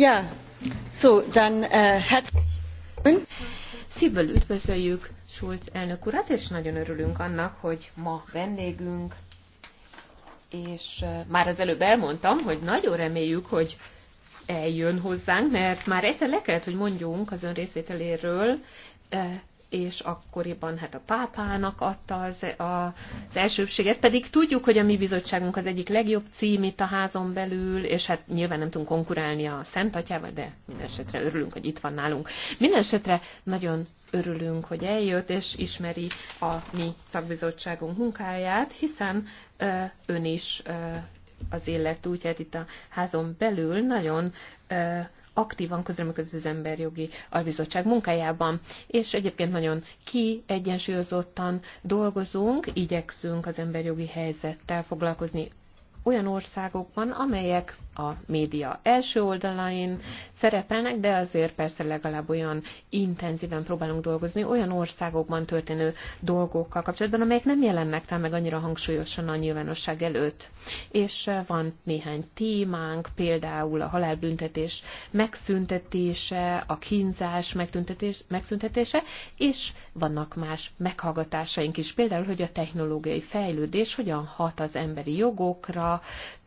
Ja, äh, Szívből üdvözöljük Schulz elnök urat, és nagyon örülünk annak, hogy ma vendégünk, és már az előbb elmondtam, hogy nagyon reméljük, hogy eljön hozzánk, mert már egyszer le kellett, hogy mondjunk az ön részvételéről, és akkoriban hát a pápának adta az, a, az elsőbséget, pedig tudjuk, hogy a mi bizottságunk az egyik legjobb cím itt a házon belül, és hát nyilván nem tudunk konkurálni a Szent Atyával, de minden esetre örülünk, hogy itt van nálunk. Minden esetre nagyon örülünk, hogy eljött, és ismeri a mi szakbizottságunk munkáját, hiszen ö, ön is ö, az élet útját itt a házon belül nagyon ö, aktívan közreműködött az Emberjogi Albizottság munkájában. És egyébként nagyon kiegyensúlyozottan dolgozunk, igyekszünk az emberjogi helyzettel foglalkozni olyan országokban, amelyek a média első oldalain szerepelnek, de azért persze legalább olyan intenzíven próbálunk dolgozni olyan országokban történő dolgokkal kapcsolatban, amelyek nem jelennek meg annyira hangsúlyosan a nyilvánosság előtt. És eh, van néhány témánk, például a halálbüntetés megszüntetése, a kínzás megszüntetése, és vannak más meghallgatásaink is, például, hogy a technológiai fejlődés hogyan hat az emberi jogokra,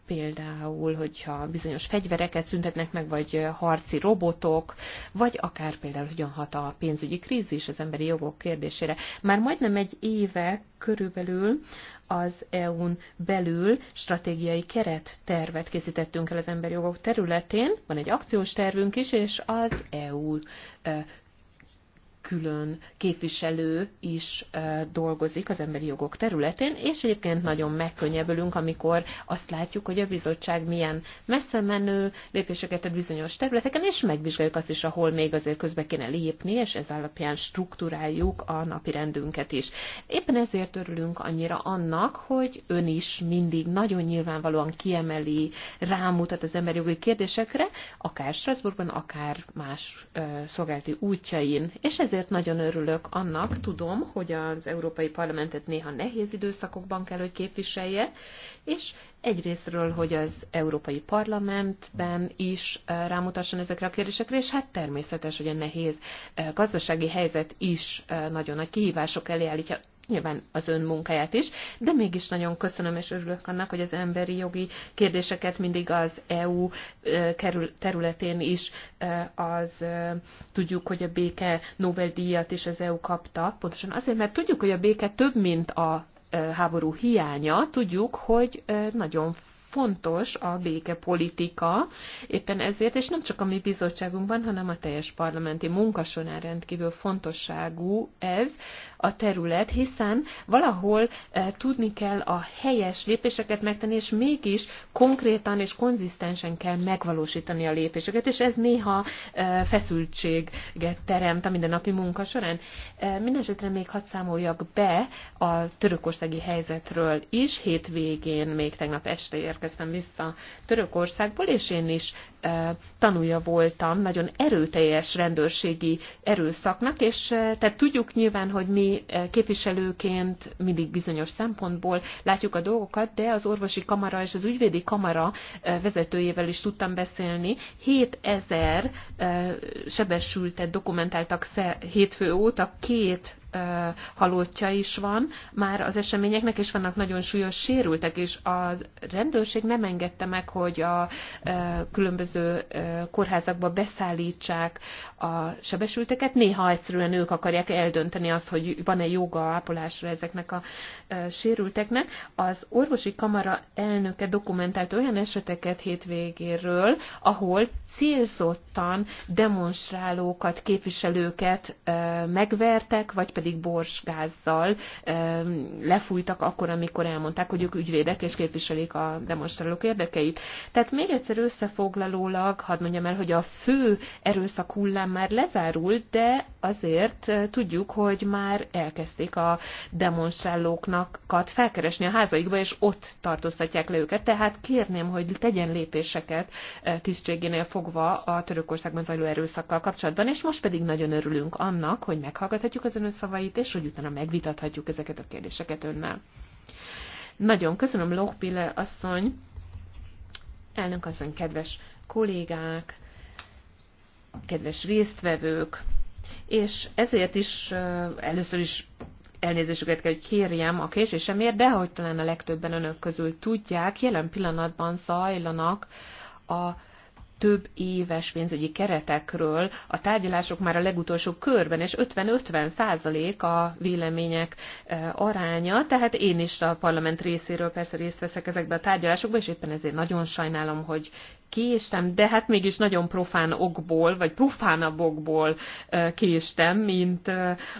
például, hogyha bizonyos fegyvereket szüntetnek meg, vagy harci robotok, vagy akár például hogyan hat a pénzügyi krízis az emberi jogok kérdésére. Már majdnem egy éve körülbelül az EU-n belül stratégiai kerettervet készítettünk el az emberi jogok területén, van egy akciós tervünk is, és az EU külön képviselő is dolgozik az emberi jogok területén, és egyébként nagyon megkönnyebbülünk, amikor azt látjuk, hogy a bizottság milyen messze menő lépéseket tett bizonyos területeken, és megvizsgáljuk azt is, ahol még azért közbe kéne lépni, és ez alapján struktúráljuk a napi rendünket is. Éppen ezért örülünk annyira annak, hogy ön is mindig nagyon nyilvánvalóan kiemeli, rámutat az emberi jogi kérdésekre, akár Strasbourgban, akár más szolgálati útjain, és ez ezért nagyon örülök annak, tudom, hogy az Európai Parlamentet néha nehéz időszakokban kell, hogy képviselje, és egyrésztről, hogy az Európai Parlamentben is rámutasson ezekre a kérdésekre, és hát természetes, hogy a nehéz gazdasági helyzet is nagyon nagy kihívások elé állítja nyilván az ön munkáját is, de mégis nagyon köszönöm és örülök annak, hogy az emberi jogi kérdéseket mindig az EU területén is az tudjuk, hogy a béke Nobel-díjat is az EU kapta, pontosan azért, mert tudjuk, hogy a béke több, mint a háború hiánya, tudjuk, hogy nagyon fontos a békepolitika, éppen ezért, és nem csak a mi bizottságunkban, hanem a teljes parlamenti munkasonál rendkívül fontosságú ez a terület, hiszen valahol e, tudni kell a helyes lépéseket megtenni, és mégis konkrétan és konzisztensen kell megvalósítani a lépéseket, és ez néha e, feszültséget teremt a mindennapi munka során. E, mindenesetre még hadd számoljak be a törökországi helyzetről is, hétvégén még tegnap este érkezett érkeztem vissza Törökországból, és én is tanulja voltam nagyon erőteljes rendőrségi erőszaknak, és tehát tudjuk nyilván, hogy mi képviselőként mindig bizonyos szempontból látjuk a dolgokat, de az orvosi kamara és az ügyvédi kamara vezetőjével is tudtam beszélni. 7000 sebesültet dokumentáltak hétfő óta, két halottja is van már az eseményeknek, és vannak nagyon súlyos sérültek, és a rendőrség nem engedte meg, hogy a különböző különböző kórházakba beszállítsák a sebesülteket. Néha egyszerűen ők akarják eldönteni azt, hogy van-e joga ápolásra ezeknek a sérülteknek. Az orvosi kamara elnöke dokumentált olyan eseteket hétvégéről, ahol célzottan demonstrálókat, képviselőket megvertek, vagy pedig borsgázzal lefújtak akkor, amikor elmondták, hogy ők ügyvédek és képviselik a demonstrálók érdekeit. Tehát még egyszer összefoglaló kizárólag, hadd mondjam el, hogy a fő erőszak hullám már lezárult, de azért eh, tudjuk, hogy már elkezdték a demonstrálóknak felkeresni a házaikba, és ott tartóztatják le őket. Tehát kérném, hogy tegyen lépéseket eh, tisztségénél fogva a Törökországban zajló erőszakkal kapcsolatban, és most pedig nagyon örülünk annak, hogy meghallgathatjuk az önön szavait, és hogy utána megvitathatjuk ezeket a kérdéseket önnel. Nagyon köszönöm, Lokpille asszony, elnök asszony, kedves kollégák, kedves résztvevők, és ezért is először is elnézésüket kell, hogy kérjem a késésemért, de ahogy talán a legtöbben önök közül tudják, jelen pillanatban zajlanak a több éves pénzügyi keretekről a tárgyalások már a legutolsó körben, és 50-50 százalék -50 a vélemények aránya, tehát én is a parlament részéről persze részt veszek ezekbe a tárgyalásokba, és éppen ezért nagyon sajnálom, hogy késtem, de hát mégis nagyon profán okból, vagy profánabb okból késtem, mint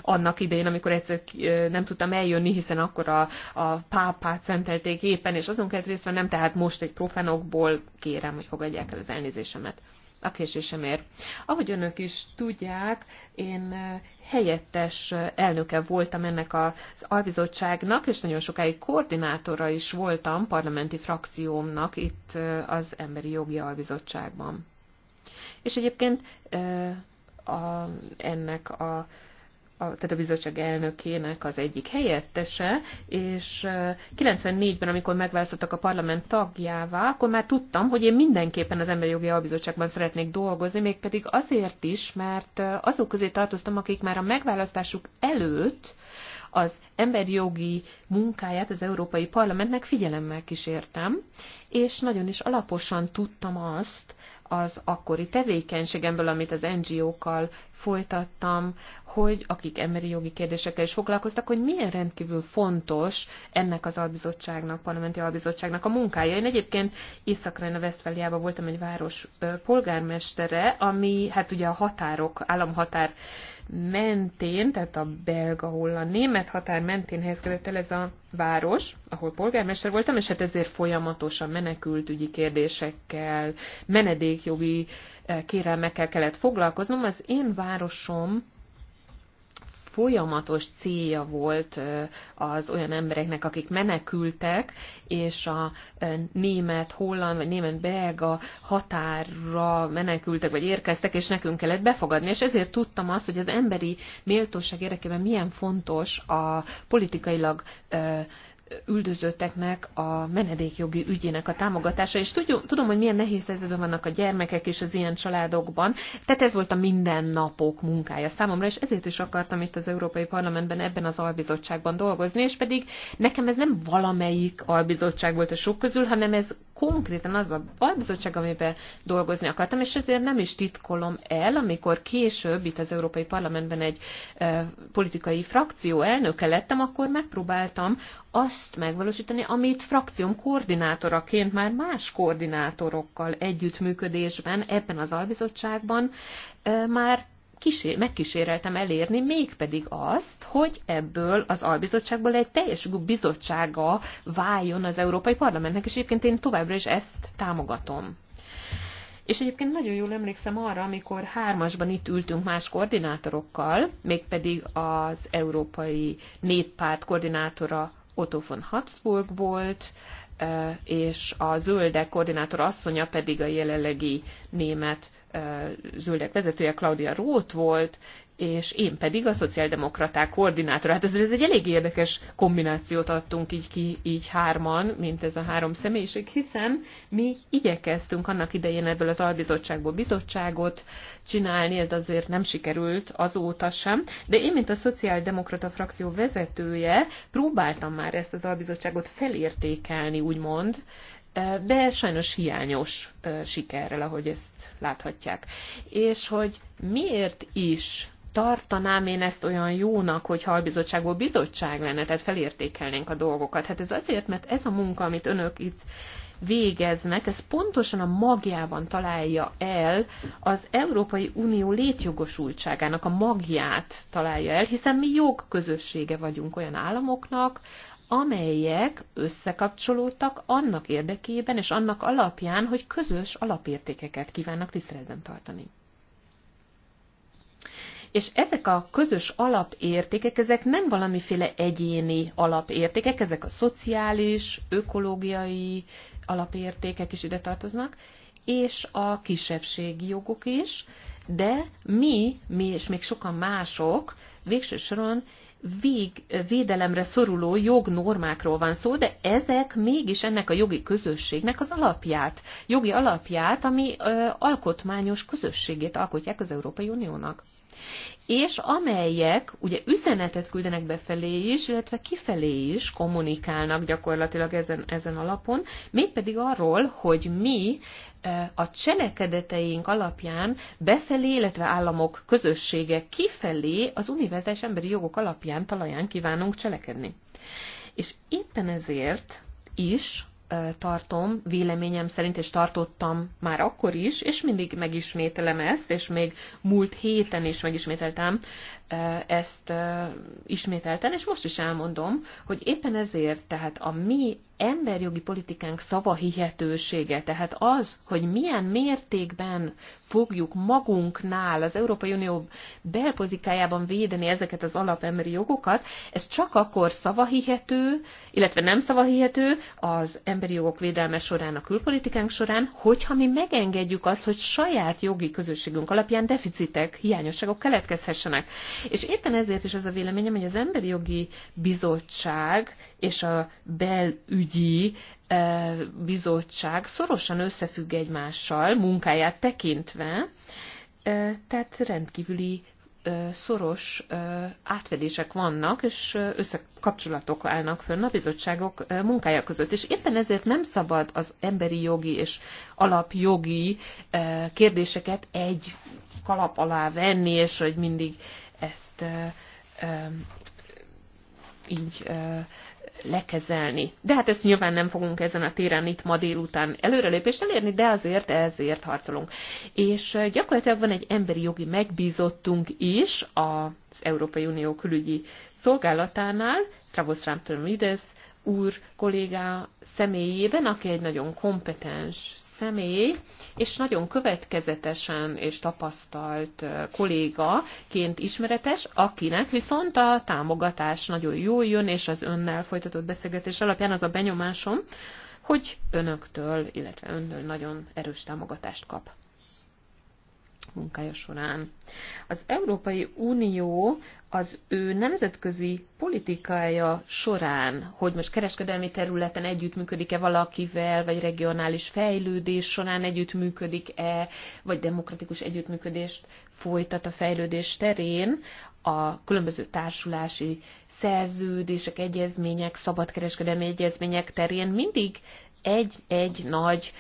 annak idején, amikor egyszer nem tudtam eljönni, hiszen akkor a, a pápát szentelték éppen, és azon kellett részt nem, tehát most egy profán okból kérem, hogy fogadják el az elnézésemet a késésem ér. Ahogy önök is tudják, én eh, helyettes eh, elnöke voltam ennek az albizottságnak, és nagyon sokáig koordinátora is voltam parlamenti frakciómnak itt eh, az Emberi Jogi Albizottságban. És egyébként a, ennek a a, tehát a bizottság elnökének az egyik helyettese, és 94-ben, amikor megválasztottak a parlament tagjává, akkor már tudtam, hogy én mindenképpen az Emberi Jogi Albizottságban szeretnék dolgozni, mégpedig azért is, mert azok közé tartoztam, akik már a megválasztásuk előtt az emberi jogi munkáját az Európai Parlamentnek figyelemmel kísértem, és nagyon is alaposan tudtam azt, az akkori tevékenységemből, amit az NGO-kkal folytattam, hogy akik emberi jogi kérdésekkel is foglalkoztak, hogy milyen rendkívül fontos ennek az albizottságnak, parlamenti albizottságnak a munkája. Én egyébként észak a Westfáliában voltam egy város polgármestere, ami hát ugye a határok, államhatár mentén, tehát a belga, holland, német határ mentén helyezkedett el ez a város, ahol polgármester voltam, és hát ezért folyamatosan menekültügyi kérdésekkel, menedékjogi eh, kérelmekkel kellett foglalkoznom. Az én városom folyamatos célja volt az olyan embereknek, akik menekültek, és a német, holland vagy német belga határra menekültek vagy érkeztek, és nekünk kellett befogadni. És ezért tudtam azt, hogy az emberi méltóság érdekében milyen fontos a politikailag üldözötteknek a menedékjogi ügyének a támogatása, és tudom, tudom, hogy milyen nehéz helyzetben vannak a gyermekek és az ilyen családokban, tehát ez volt a mindennapok munkája számomra, és ezért is akartam itt az Európai Parlamentben ebben az albizottságban dolgozni, és pedig nekem ez nem valamelyik albizottság volt a sok közül, hanem ez konkrétan az a albizottság, amiben dolgozni akartam, és ezért nem is titkolom el, amikor később itt az Európai Parlamentben egy e, politikai frakció elnöke lettem, akkor megpróbáltam azt megvalósítani, amit frakcióm koordinátoraként már más koordinátorokkal együttműködésben ebben az albizottságban már kísér, megkíséreltem elérni, mégpedig azt, hogy ebből az albizottságból egy teljes bizottsága váljon az Európai Parlamentnek, és egyébként én továbbra is ezt támogatom. És egyébként nagyon jól emlékszem arra, amikor hármasban itt ültünk más koordinátorokkal, mégpedig az Európai Néppárt koordinátora Otto von Habsburg volt, és a zöldek koordinátor asszonya pedig a jelenlegi német zöldek vezetője Claudia Roth volt, és én pedig a szociáldemokraták koordinátora. Hát ez, ez egy elég érdekes kombinációt adtunk így ki, így hárman, mint ez a három személyiség, hiszen mi igyekeztünk annak idején ebből az albizottságból bizottságot csinálni, ez azért nem sikerült azóta sem, de én, mint a szociáldemokrata frakció vezetője, próbáltam már ezt az albizottságot felértékelni, úgymond, de sajnos hiányos sikerrel, ahogy ezt láthatják. És hogy miért is tartanám én ezt olyan jónak, hogy halbizottságból bizottság lenne, tehát felértékelnénk a dolgokat. Hát ez azért, mert ez a munka, amit önök itt végeznek, ez pontosan a magjában találja el az Európai Unió létjogosultságának a magját találja el, hiszen mi jogközössége vagyunk olyan államoknak, amelyek összekapcsolódtak annak érdekében és annak alapján, hogy közös alapértékeket kívánnak tiszteletben tartani és ezek a közös alapértékek, ezek nem valamiféle egyéni alapértékek, ezek a szociális, ökológiai alapértékek is ide tartoznak, és a kisebbségi jogok is, de mi, mi és még sokan mások végső soron vég, védelemre szoruló jognormákról van szó, de ezek mégis ennek a jogi közösségnek az alapját, jogi alapját, ami ö, alkotmányos közösségét alkotják az Európai Uniónak és amelyek ugye üzenetet küldenek befelé is, illetve kifelé is kommunikálnak gyakorlatilag ezen, ezen alapon, mégpedig arról, hogy mi a cselekedeteink alapján befelé, illetve államok közössége kifelé az univerzális emberi jogok alapján talaján kívánunk cselekedni. És éppen ezért is tartom, véleményem szerint, és tartottam már akkor is, és mindig megismételem ezt, és még múlt héten is megismételtem, ezt ismételten, és most is elmondom, hogy éppen ezért, tehát a mi emberjogi politikánk hihetősége, tehát az, hogy milyen mértékben fogjuk magunknál az Európai Unió belpolitikájában védeni ezeket az alapemberi jogokat, ez csak akkor hihető, illetve nem hihető az emberi jogok védelme során, a külpolitikánk során, hogyha mi megengedjük azt, hogy saját jogi közösségünk alapján deficitek, hiányosságok keletkezhessenek. És éppen ezért is az a véleményem, hogy az Emberi Jogi Bizottság és a belügyi e, bizottság szorosan összefügg egymással munkáját tekintve, e, tehát rendkívüli e, szoros átfedések vannak, és összekapcsolatok állnak fönn a bizottságok munkája között. És éppen ezért nem szabad az emberi jogi és alapjogi kérdéseket egy kalap alá venni, és hogy mindig ezt így lekezelni. De hát ezt nyilván nem fogunk ezen a téren itt ma délután előrelépést elérni, de azért ezért harcolunk. És gyakorlatilag van egy emberi jogi megbízottunk is az Európai Unió külügyi szolgálatánál, Stravos Ramtonides úr kollégá személyében, aki egy nagyon kompetens személy, és nagyon következetesen és tapasztalt kollégaként ismeretes, akinek viszont a támogatás nagyon jól jön, és az önnel folytatott beszélgetés alapján az a benyomásom, hogy önöktől, illetve öntől nagyon erős támogatást kap munkája során. Az Európai Unió az ő nemzetközi politikája során, hogy most kereskedelmi területen együttműködik-e valakivel, vagy regionális fejlődés során együttműködik-e, vagy demokratikus együttműködést folytat a fejlődés terén, a különböző társulási szerződések, egyezmények, szabadkereskedelmi egyezmények terén mindig egy-egy nagy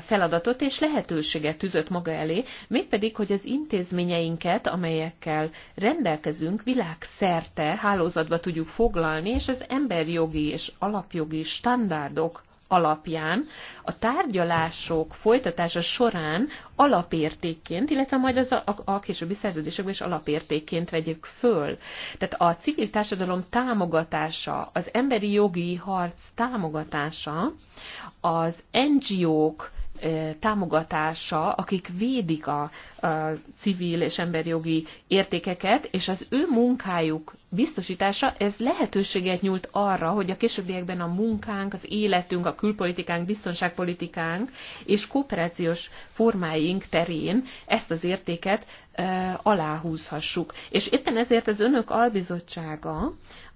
feladatot és lehetőséget tűzött maga elé, mégpedig, hogy az intézményeinket, amelyekkel rendelkezünk, világszerte hálózatba tudjuk foglalni, és az emberjogi és alapjogi standardok alapján a tárgyalások folytatása során alapértékként, illetve majd az a, a későbbi szerződésekben is alapértékként vegyük föl. Tehát a civil társadalom támogatása, az emberi jogi harc támogatása, az NGO-k támogatása, akik védik a, a civil és emberjogi értékeket, és az ő munkájuk biztosítása, ez lehetőséget nyújt arra, hogy a későbbiekben a munkánk, az életünk, a külpolitikánk, biztonságpolitikánk és kooperációs formáink terén ezt az értéket e, aláhúzhassuk. És éppen ezért az önök albizottsága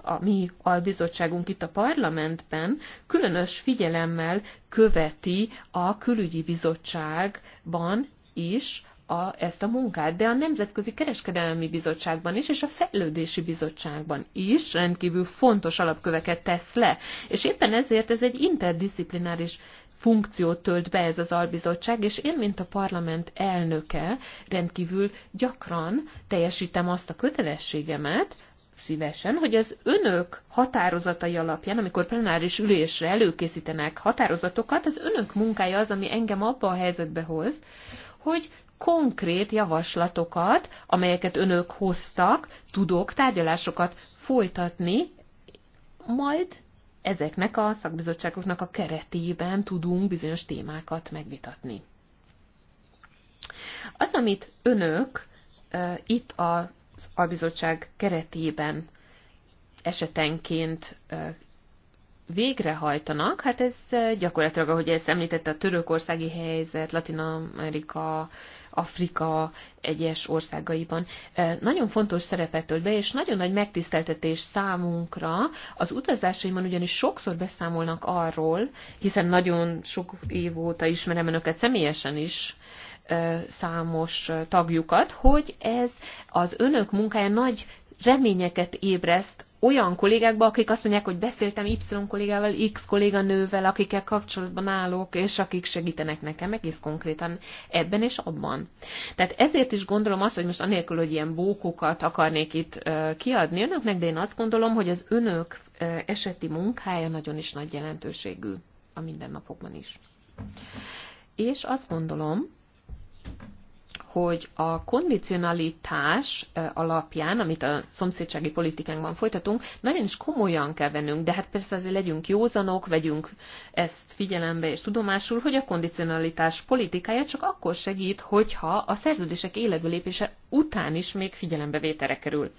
a mi albizottságunk itt a parlamentben különös figyelemmel követi a külügyi bizottságban is a, ezt a munkát, de a Nemzetközi Kereskedelmi Bizottságban is, és a Fejlődési Bizottságban is rendkívül fontos alapköveket tesz le. És éppen ezért ez egy interdisziplináris funkciót tölt be ez az albizottság, és én, mint a parlament elnöke, rendkívül gyakran teljesítem azt a kötelességemet, szívesen, hogy az önök határozatai alapján, amikor plenáris ülésre előkészítenek határozatokat, az önök munkája az, ami engem abba a helyzetbe hoz, hogy konkrét javaslatokat, amelyeket önök hoztak, tudok tárgyalásokat folytatni, majd ezeknek a szakbizottságoknak a keretében tudunk bizonyos témákat megvitatni. Az, amit önök itt a az albizottság keretében esetenként végrehajtanak, hát ez gyakorlatilag, ahogy ezt említette, a törökországi helyzet, Latin Amerika, Afrika egyes országaiban. Nagyon fontos szerepet tölt be, és nagyon nagy megtiszteltetés számunkra. Az utazásaimon ugyanis sokszor beszámolnak arról, hiszen nagyon sok év óta ismerem önöket személyesen is, számos tagjukat, hogy ez az önök munkája nagy reményeket ébreszt olyan kollégákba, akik azt mondják, hogy beszéltem Y kollégával, X kolléganővel, akikkel kapcsolatban állok, és akik segítenek nekem egész konkrétan ebben és abban. Tehát ezért is gondolom azt, hogy most anélkül, hogy ilyen bókokat akarnék itt kiadni önöknek, de én azt gondolom, hogy az önök eseti munkája nagyon is nagy jelentőségű a mindennapokban is. És azt gondolom, hogy a kondicionalitás alapján, amit a szomszédsági politikánkban folytatunk, nagyon is komolyan kell vennünk, de hát persze azért legyünk józanok, vegyünk ezt figyelembe és tudomásul, hogy a kondicionalitás politikája csak akkor segít, hogyha a szerződések életbe lépése után is még figyelembevételre kerül.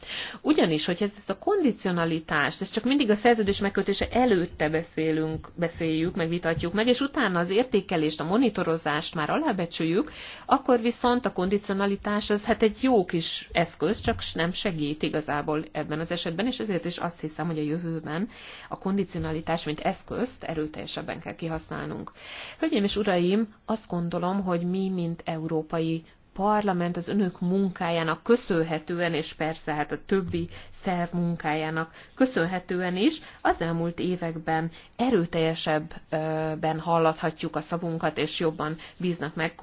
Ugyanis, hogy ez, ez a kondicionalitást, ez csak mindig a szerződés megkötése előtte beszélünk, beszéljük, megvitatjuk meg, és utána az értékelést, a monitorozást már alábecsüljük, akkor viszont a kondicionalitás az hát egy jó kis eszköz, csak nem segít igazából ebben az esetben, és ezért is azt hiszem, hogy a jövőben a kondicionalitás, mint eszközt erőteljesebben kell kihasználnunk. Hölgyeim és uraim, azt gondolom, hogy mi, mint európai parlament az önök munkájának köszönhetően, és persze hát a többi szerv munkájának köszönhetően is az elmúlt években erőteljesebben hallathatjuk a szavunkat, és jobban bíznak meg.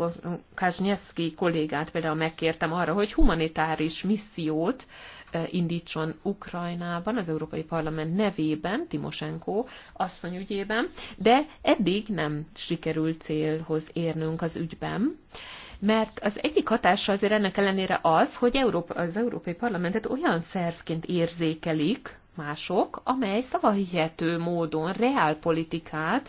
Kaznyeszki kollégát például megkértem arra, hogy humanitáris missziót indítson Ukrajnában, az Európai Parlament nevében, Timosenko asszony ügyében, de eddig nem sikerült célhoz érnünk az ügyben mert az egyik hatása azért ennek ellenére az, hogy Európa, az Európai Parlamentet olyan szervként érzékelik mások, amely szavahihető módon reálpolitikát,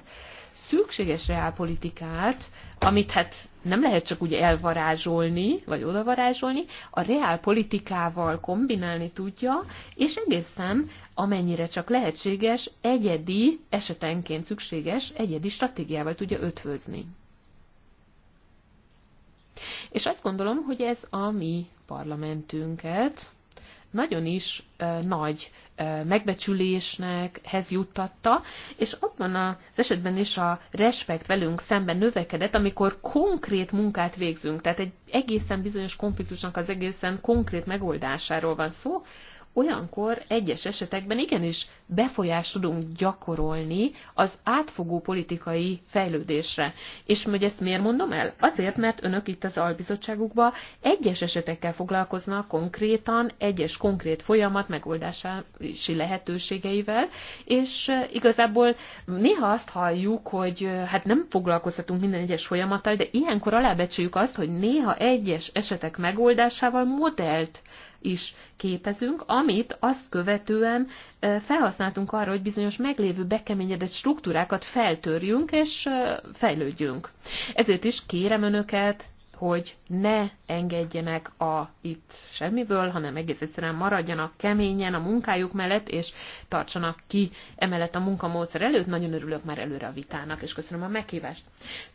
szükséges reálpolitikát, amit hát nem lehet csak úgy elvarázsolni, vagy odavarázsolni, a reálpolitikával kombinálni tudja, és egészen amennyire csak lehetséges, egyedi, esetenként szükséges, egyedi stratégiával tudja ötvözni. És azt gondolom, hogy ez a mi parlamentünket nagyon is ö, nagy ö, hez juttatta, és abban az esetben is a respekt velünk szemben növekedett, amikor konkrét munkát végzünk, tehát egy egészen bizonyos konfliktusnak az egészen konkrét megoldásáról van szó, olyankor egyes esetekben igenis befolyást tudunk gyakorolni az átfogó politikai fejlődésre. És hogy ezt miért mondom el? Azért, mert önök itt az albizottságukban egyes esetekkel foglalkoznak konkrétan, egyes konkrét folyamat megoldási lehetőségeivel, és eh, igazából néha azt halljuk, hogy eh, hát nem foglalkozhatunk minden egyes folyamattal, de ilyenkor alábecsüljük azt, hogy néha egyes esetek megoldásával modellt is képezünk, amit azt követően felhasználtunk arra, hogy bizonyos meglévő bekeményedett struktúrákat feltörjünk és fejlődjünk. Ezért is kérem önöket, hogy ne engedjenek a itt semmiből, hanem egész egyszerűen maradjanak keményen a munkájuk mellett, és tartsanak ki emellett a munkamódszer előtt. Nagyon örülök már előre a vitának, és köszönöm a meghívást.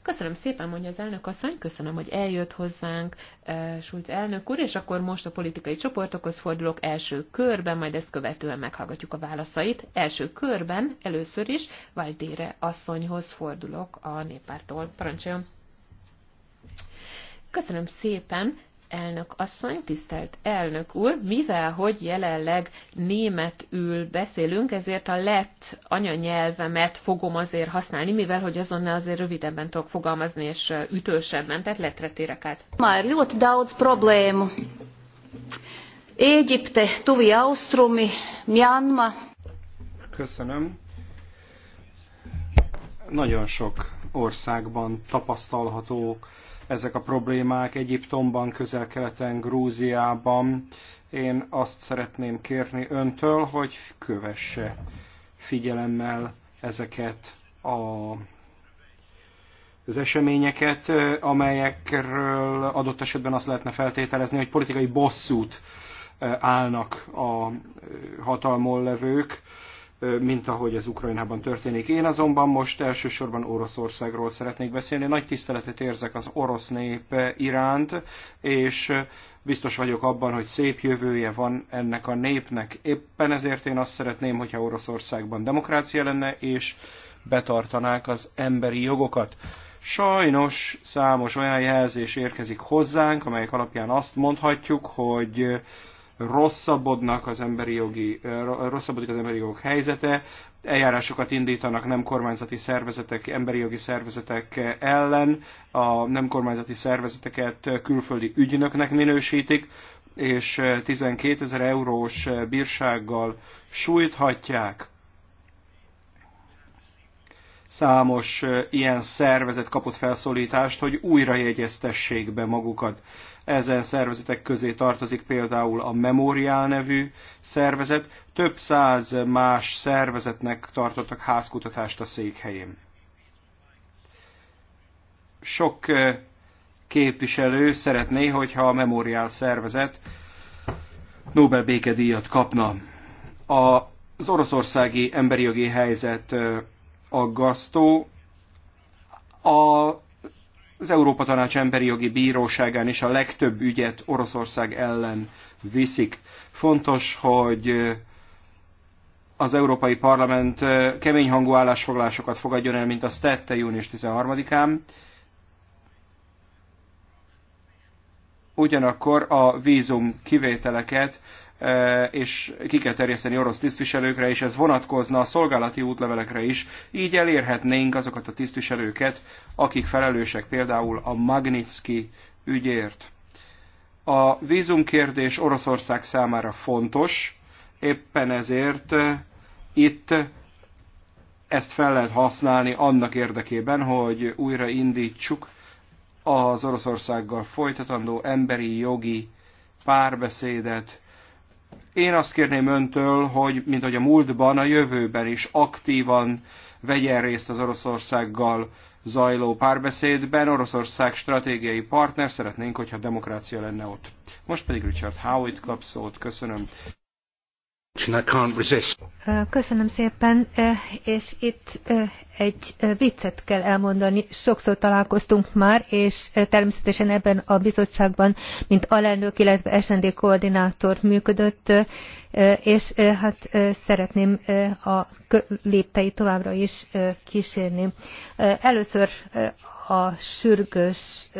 Köszönöm szépen, mondja az elnök asszony, köszönöm, hogy eljött hozzánk e, elnök úr, és akkor most a politikai csoportokhoz fordulok első körben, majd ezt követően meghallgatjuk a válaszait. Első körben először is Valdére asszonyhoz fordulok a néppártól. Parancsoljon! Köszönöm szépen, elnök asszony, tisztelt elnök úr, mivel hogy jelenleg németül beszélünk, ezért a lett anyanyelvemet fogom azért használni, mivel hogy azonnal azért rövidebben tudok fogalmazni, és ütősebben, tehát lettre térek át. Már ļoti daudz problém. Egypte, tuvi Ausztrumi, Myanma. Köszönöm. Nagyon sok országban tapasztalhatók ezek a problémák Egyiptomban, közel-keleten, Grúziában. Én azt szeretném kérni öntől, hogy kövesse figyelemmel ezeket a, az eseményeket, amelyekről adott esetben azt lehetne feltételezni, hogy politikai bosszút állnak a hatalmon levők mint ahogy ez Ukrajnában történik. Én azonban most elsősorban Oroszországról szeretnék beszélni. Nagy tiszteletet érzek az orosz nép iránt, és biztos vagyok abban, hogy szép jövője van ennek a népnek. Éppen ezért én azt szeretném, hogyha Oroszországban demokrácia lenne, és betartanák az emberi jogokat. Sajnos számos olyan jelzés érkezik hozzánk, amelyek alapján azt mondhatjuk, hogy rosszabbodnak az emberi jogi, rosszabbodik az emberi jogok helyzete, eljárásokat indítanak nem kormányzati szervezetek, emberi jogi szervezetek ellen, a nem kormányzati szervezeteket külföldi ügynöknek minősítik, és 12 ezer eurós bírsággal sújthatják. Számos ilyen szervezet kapott felszólítást, hogy újra jegyeztessék be magukat. Ezen szervezetek közé tartozik például a Memorial nevű szervezet. Több száz más szervezetnek tartottak házkutatást a székhelyén. Sok képviselő szeretné, hogyha a Memorial szervezet Nobel békedíjat kapna. Az oroszországi emberi jogi helyzet aggasztó. A az Európa Tanács Emberi Jogi Bíróságán is a legtöbb ügyet Oroszország ellen viszik. Fontos, hogy az Európai Parlament kemény hangú állásfoglalásokat fogadjon el, mint azt tette június 13-án. Ugyanakkor a vízum kivételeket E, és ki kell terjeszteni orosz tisztviselőkre, és ez vonatkozna a szolgálati útlevelekre is. Így elérhetnénk azokat a tisztviselőket, akik felelősek például a Magnitsky ügyért. A vízumkérdés Oroszország számára fontos, éppen ezért e, itt ezt fel lehet használni annak érdekében, hogy újra indítsuk az Oroszországgal folytatandó emberi jogi párbeszédet, én azt kérném öntől, hogy mint hogy a múltban, a jövőben is aktívan vegyen részt az Oroszországgal zajló párbeszédben. Oroszország stratégiai partner, szeretnénk, hogyha demokrácia lenne ott. Most pedig Richard Howitt kap szót. Köszönöm. Köszönöm szépen, és itt egy viccet kell elmondani. Sokszor találkoztunk már, és természetesen ebben a bizottságban, mint alelnök, illetve SND koordinátor működött, és hát szeretném a léptei továbbra is kísérni. Először a sürgős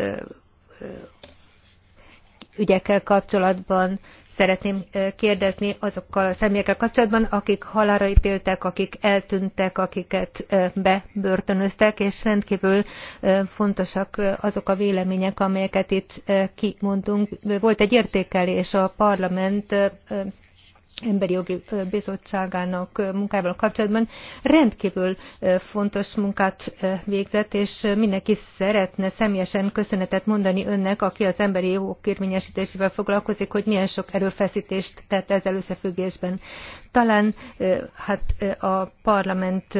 ügyekkel kapcsolatban Szeretném kérdezni azokkal a személyekkel kapcsolatban, akik halálra téltek akik eltűntek, akiket bebörtönöztek, és rendkívül fontosak azok a vélemények, amelyeket itt kimondtunk. Volt egy értékelés a parlament Emberi Jogi Bizottságának munkával kapcsolatban rendkívül fontos munkát végzett, és mindenki szeretne személyesen köszönetet mondani önnek, aki az emberi jogok érvényesítésével foglalkozik, hogy milyen sok erőfeszítést tett ezzel összefüggésben. Talán hát a parlament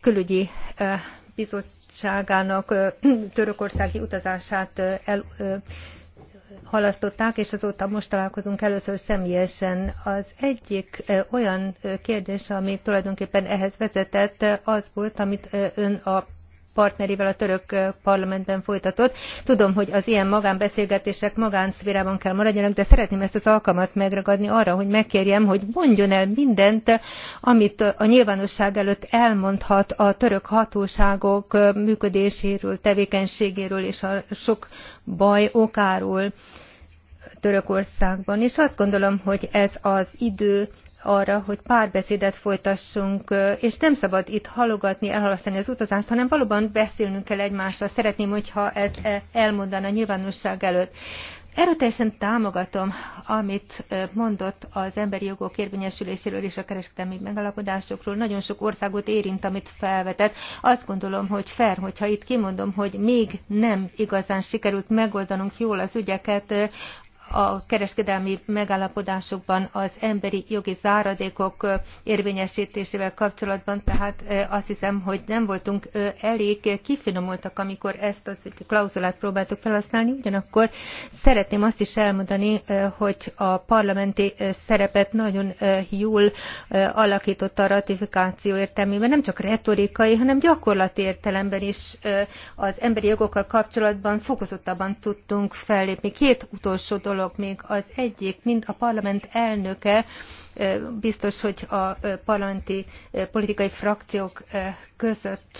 külügyi bizottságának törökországi utazását el, halasztották, és azóta most találkozunk először személyesen. Az egyik olyan kérdés, ami tulajdonképpen ehhez vezetett, az volt, amit ön a partnerével a török parlamentben folytatott. Tudom, hogy az ilyen magánbeszélgetések magánszférában kell maradjanak, de szeretném ezt az alkalmat megragadni arra, hogy megkérjem, hogy mondjon el mindent, amit a nyilvánosság előtt elmondhat a török hatóságok működéséről, tevékenységéről és a sok baj okáról. Törökországban, és azt gondolom, hogy ez az idő arra, hogy párbeszédet folytassunk, és nem szabad itt halogatni, elhalasztani az utazást, hanem valóban beszélnünk kell egymással. Szeretném, hogyha ezt e, elmondaná a nyilvánosság előtt. Erőteljesen támogatom, amit mondott az emberi jogok érvényesüléséről és a kereskedelmi megalapodásokról. Nagyon sok országot érint, amit felvetett. Azt gondolom, hogy fel, hogyha itt kimondom, hogy még nem igazán sikerült megoldanunk jól az ügyeket, a kereskedelmi megállapodásokban az emberi jogi záradékok érvényesítésével kapcsolatban, tehát azt hiszem, hogy nem voltunk elég kifinomultak, amikor ezt a klauzulát próbáltuk felhasználni, ugyanakkor szeretném azt is elmondani, hogy a parlamenti szerepet nagyon jól alakította a ratifikáció értelmében, Nemcsak retorikai, hanem gyakorlati értelemben is az emberi jogokkal kapcsolatban fokozottabban tudtunk fellépni. Két utolsó dolog dolog még az egyik, mind a parlament elnöke, biztos, hogy a parlamenti politikai frakciók között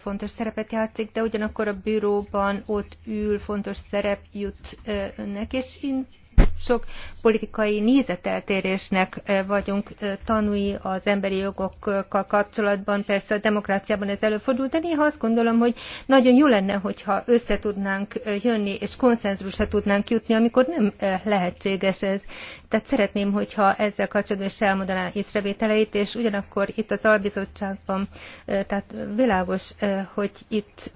fontos szerepet játszik, de ugyanakkor a bíróban ott ül, fontos szerep jut önnek, és én sok politikai nézeteltérésnek eh, vagyunk eh, tanúi az emberi jogokkal kapcsolatban. Persze a demokráciában ez előfordul, de néha azt gondolom, hogy nagyon jó lenne, hogyha összetudnánk eh, jönni, és konszenzusra tudnánk jutni, amikor nem lehetséges ez. Tehát szeretném, hogyha ezzel kapcsolatban is elmondaná észrevételeit, és ugyanakkor itt az albizottságban, tehát világos, hogy itt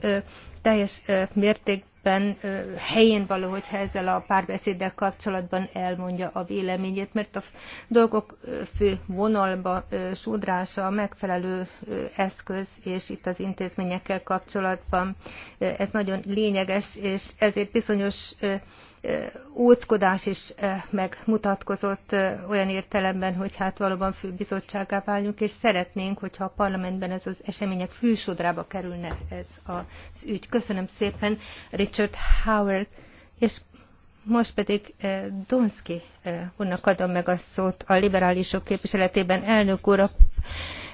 teljes mértékben mindenképpen helyén való, hogyha ezzel a párbeszéddel kapcsolatban elmondja a véleményét, mert a dolgok fő vonalba sodrása a megfelelő eszköz, és itt az intézményekkel kapcsolatban ez nagyon lényeges, és ezért bizonyos óckodás is megmutatkozott olyan értelemben, hogy hát valóban főbizottságá váljunk, és szeretnénk, hogyha a parlamentben ez az események fűsodrába kerülne ez az ügy. Köszönöm szépen Richard Howard, és most pedig Donski úrnak adom meg a szót a liberálisok képviseletében. Elnök úr, a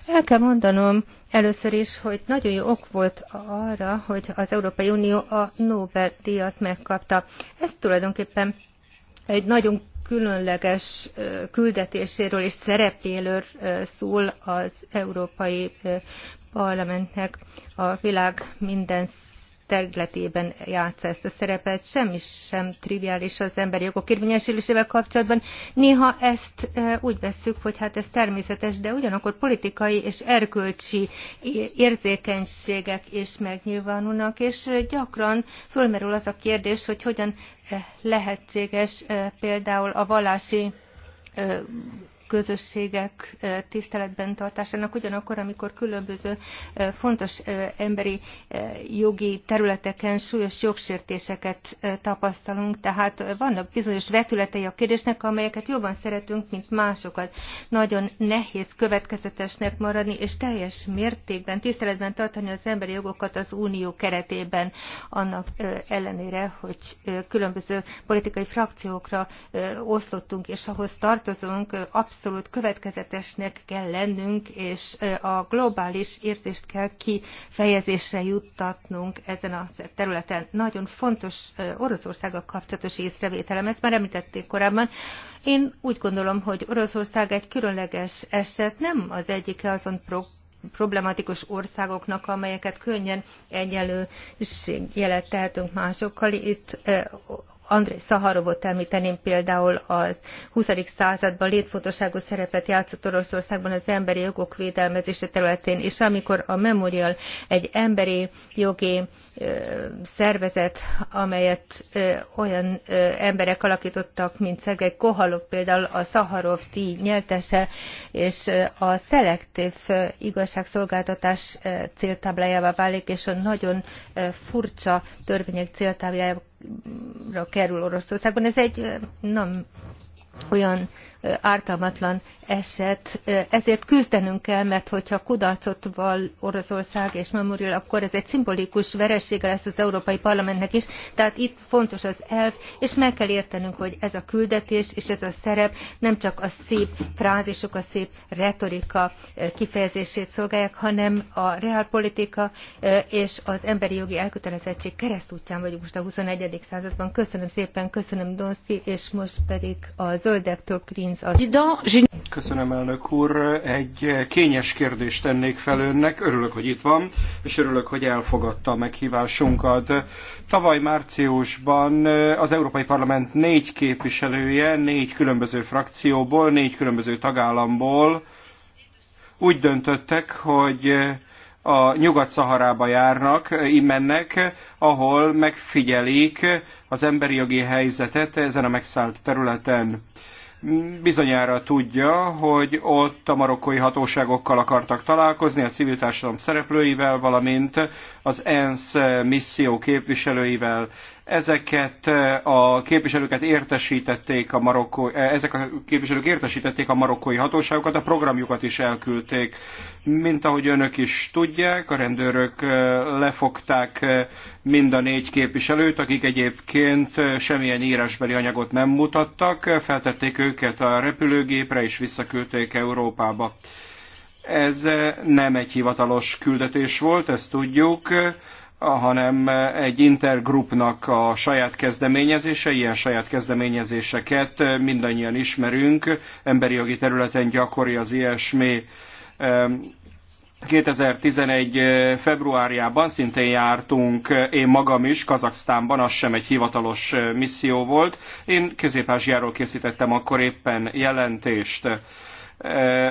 el kell mondanom először is, hogy nagyon jó ok volt arra, hogy az Európai Unió a Nobel-díjat megkapta. Ez tulajdonképpen egy nagyon különleges küldetéséről és szerepéről szól az Európai Parlamentnek a világ minden területében játsza ezt a szerepet, semmi sem triviális az emberi jogok érvényesülésével kapcsolatban. Néha ezt úgy veszük, hogy hát ez természetes, de ugyanakkor politikai és erkölcsi érzékenységek is megnyilvánulnak, és gyakran fölmerül az a kérdés, hogy hogyan lehetséges például a vallási közösségek tiszteletben tartásának, ugyanakkor, amikor különböző fontos emberi jogi területeken súlyos jogsértéseket tapasztalunk, tehát vannak bizonyos vetületei a kérdésnek, amelyeket jobban szeretünk, mint másokat. Nagyon nehéz következetesnek maradni, és teljes mértékben tiszteletben tartani az emberi jogokat az unió keretében, annak ellenére, hogy különböző politikai frakciókra oszlottunk, és ahhoz tartozunk, abszolút abszolút következetesnek kell lennünk, és a globális érzést kell kifejezésre juttatnunk ezen a területen. Nagyon fontos Oroszországgal kapcsolatos észrevételem, ezt már említették korábban. Én úgy gondolom, hogy Oroszország egy különleges eset, nem az egyik azon pro problematikus országoknak, amelyeket könnyen jelet tehetünk másokkal. Itt André Szaharovot említeném például az 20. században létfontosságú szerepet játszott Oroszországban az emberi jogok védelmezése területén, és amikor a Memorial egy emberi jogi szervezet, amelyet olyan emberek alakítottak, mint Szegely Kohalov például a Szaharov díj nyertese, és a szelektív igazságszolgáltatás céltáblájává válik, és a nagyon furcsa törvények céltáblájává kerül Oroszországban. Ez egy nem olyan ártalmatlan eset. Ezért küzdenünk kell, mert hogyha kudarcot val Oroszország és Memorial, akkor ez egy szimbolikus veressége lesz az Európai Parlamentnek is. Tehát itt fontos az elv, és meg kell értenünk, hogy ez a küldetés és ez a szerep nem csak a szép frázisok, a szép retorika eh, kifejezését szolgálják, hanem a realpolitika eh, és az emberi jogi elkötelezettség keresztútján vagyunk most a 21. században. Köszönöm szépen, köszönöm Donszki, és most pedig a zöldektől Green Köszönöm, elnök úr. Egy kényes kérdést tennék fel önnek. Örülök, hogy itt van, és örülök, hogy elfogadta a meghívásunkat. Tavaly márciusban az Európai Parlament négy képviselője, négy különböző frakcióból, négy különböző tagállamból úgy döntöttek, hogy a Nyugat-Szaharába járnak, imennek, ahol megfigyelik az emberi jogi helyzetet ezen a megszállt területen bizonyára tudja, hogy ott a marokkói hatóságokkal akartak találkozni, a civil társadalom szereplőivel, valamint az ENSZ misszió képviselőivel. Ezeket eh, a képviselőket értesítették a marokkó, eh, ezek a képviselők értesítették a marokkói hatóságokat, a programjukat is elküldték. Mint ahogy önök is tudják, a rendőrök eh, lefogták mind a négy képviselőt, akik egyébként semmilyen írásbeli anyagot nem mutattak, feltették őket a repülőgépre és visszaküldték Európába. Ez nem egy hivatalos küldetés volt, ezt tudjuk hanem egy intergrupnak a saját kezdeményezése, ilyen saját kezdeményezéseket mindannyian ismerünk, emberi jogi területen gyakori az ilyesmi. 2011. februárjában szintén jártunk, én magam is, Kazaksztánban, az sem egy hivatalos eh, misszió volt. Én közép készítettem akkor éppen jelentést.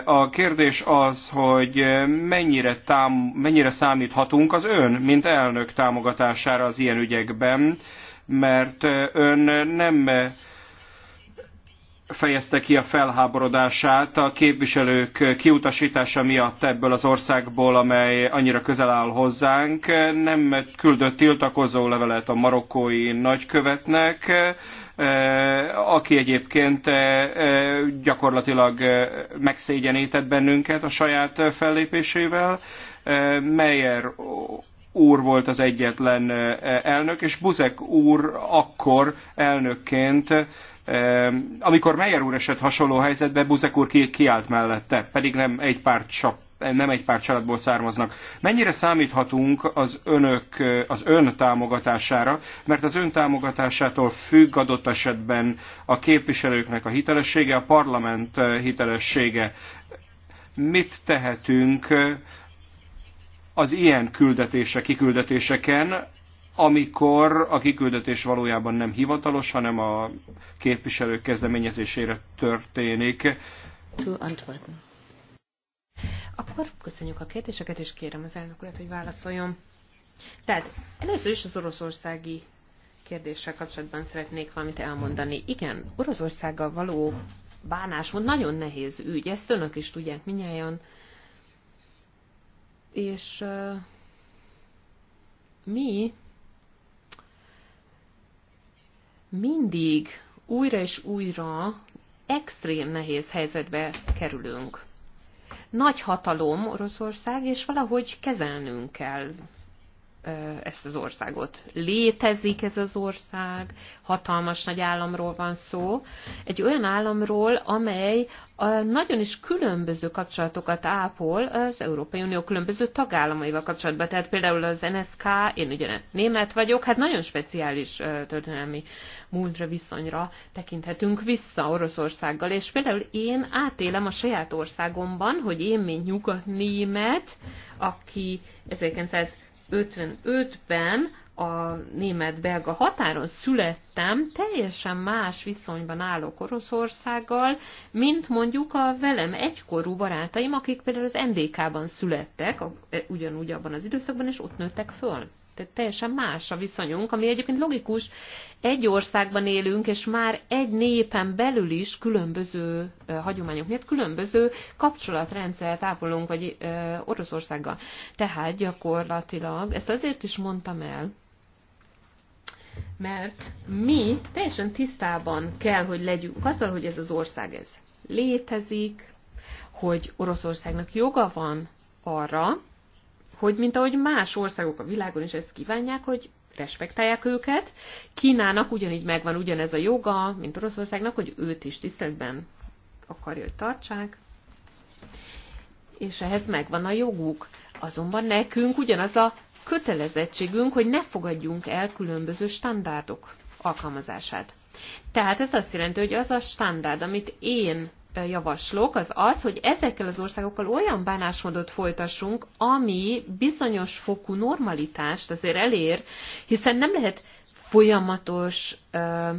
A kérdés az, hogy mennyire, tám, mennyire számíthatunk az ön, mint elnök támogatására az ilyen ügyekben, mert ön nem fejezte ki a felháborodását a képviselők kiutasítása miatt ebből az országból, amely annyira közel áll hozzánk. Nem küldött tiltakozó levelet a marokkói nagykövetnek, Eh, aki egyébként eh, eh, gyakorlatilag megszégyenített bennünket a saját fellépésével. Meyer úr volt az egyetlen elnök, és Buzek úr akkor elnökként, amikor Meyer úr esett hasonló helyzetbe, Buzek úr kiállt mellette, pedig nem egy párt csak nem egy pár családból származnak. Mennyire számíthatunk az önök, az ön támogatására, mert az ön támogatásától függ adott esetben a képviselőknek a hitelessége, a parlament eh, hitelessége. Mit tehetünk eh, az ilyen küldetése, kiküldetéseken, amikor a kiküldetés valójában nem hivatalos, hanem a képviselők kezdeményezésére történik. Zu antworten. Akkor köszönjük a kérdéseket, és kérem az elnök urat, hogy válaszoljon. Tehát először is az oroszországi kérdéssel kapcsolatban szeretnék valamit elmondani. Igen, Oroszországgal való bánásmód nagyon nehéz ügy, ezt önök is tudják minnyáján. És uh, mi mindig újra és újra extrém nehéz helyzetbe kerülünk nagy hatalom Oroszország, és valahogy kezelnünk kell ezt az országot. Létezik ez az ország, hatalmas nagy államról van szó, egy olyan államról, amely nagyon is különböző kapcsolatokat ápol az Európai Unió különböző tagállamaival kapcsolatban. Tehát például az NSK, én ugye német vagyok, hát nagyon speciális történelmi múltra viszonyra tekinthetünk vissza Oroszországgal, és például én átélem a saját országomban, hogy én, mint nyugat-német, aki 1900 55-ben a német-belga határon születtem, teljesen más viszonyban állok Oroszországgal, mint mondjuk a velem egykorú barátaim, akik például az NDK-ban születtek, ugyanúgy abban az időszakban, és ott nőttek föl. Tehát teljesen más a viszonyunk, ami egyébként logikus. Egy országban élünk, és már egy népen belül is különböző hagyományok miatt különböző kapcsolatrendszert ápolunk, vagy Oroszországgal. Tehát gyakorlatilag, ezt azért is mondtam el, mert mi teljesen tisztában kell, hogy legyünk azzal, hogy ez az ország ez létezik, hogy Oroszországnak joga van arra, hogy mint ahogy más országok a világon is ezt kívánják, hogy respektálják őket. Kínának ugyanígy megvan ugyanez a joga, mint Oroszországnak, hogy őt is tiszteletben akarja, hogy tartsák. És ehhez megvan a joguk. Azonban nekünk ugyanaz a kötelezettségünk, hogy ne fogadjunk el különböző standardok alkalmazását. Tehát ez azt jelenti, hogy az a standard, amit én javaslok, az az, hogy ezekkel az országokkal olyan bánásmódot folytassunk, ami bizonyos fokú normalitást azért elér, hiszen nem lehet folyamatos ö,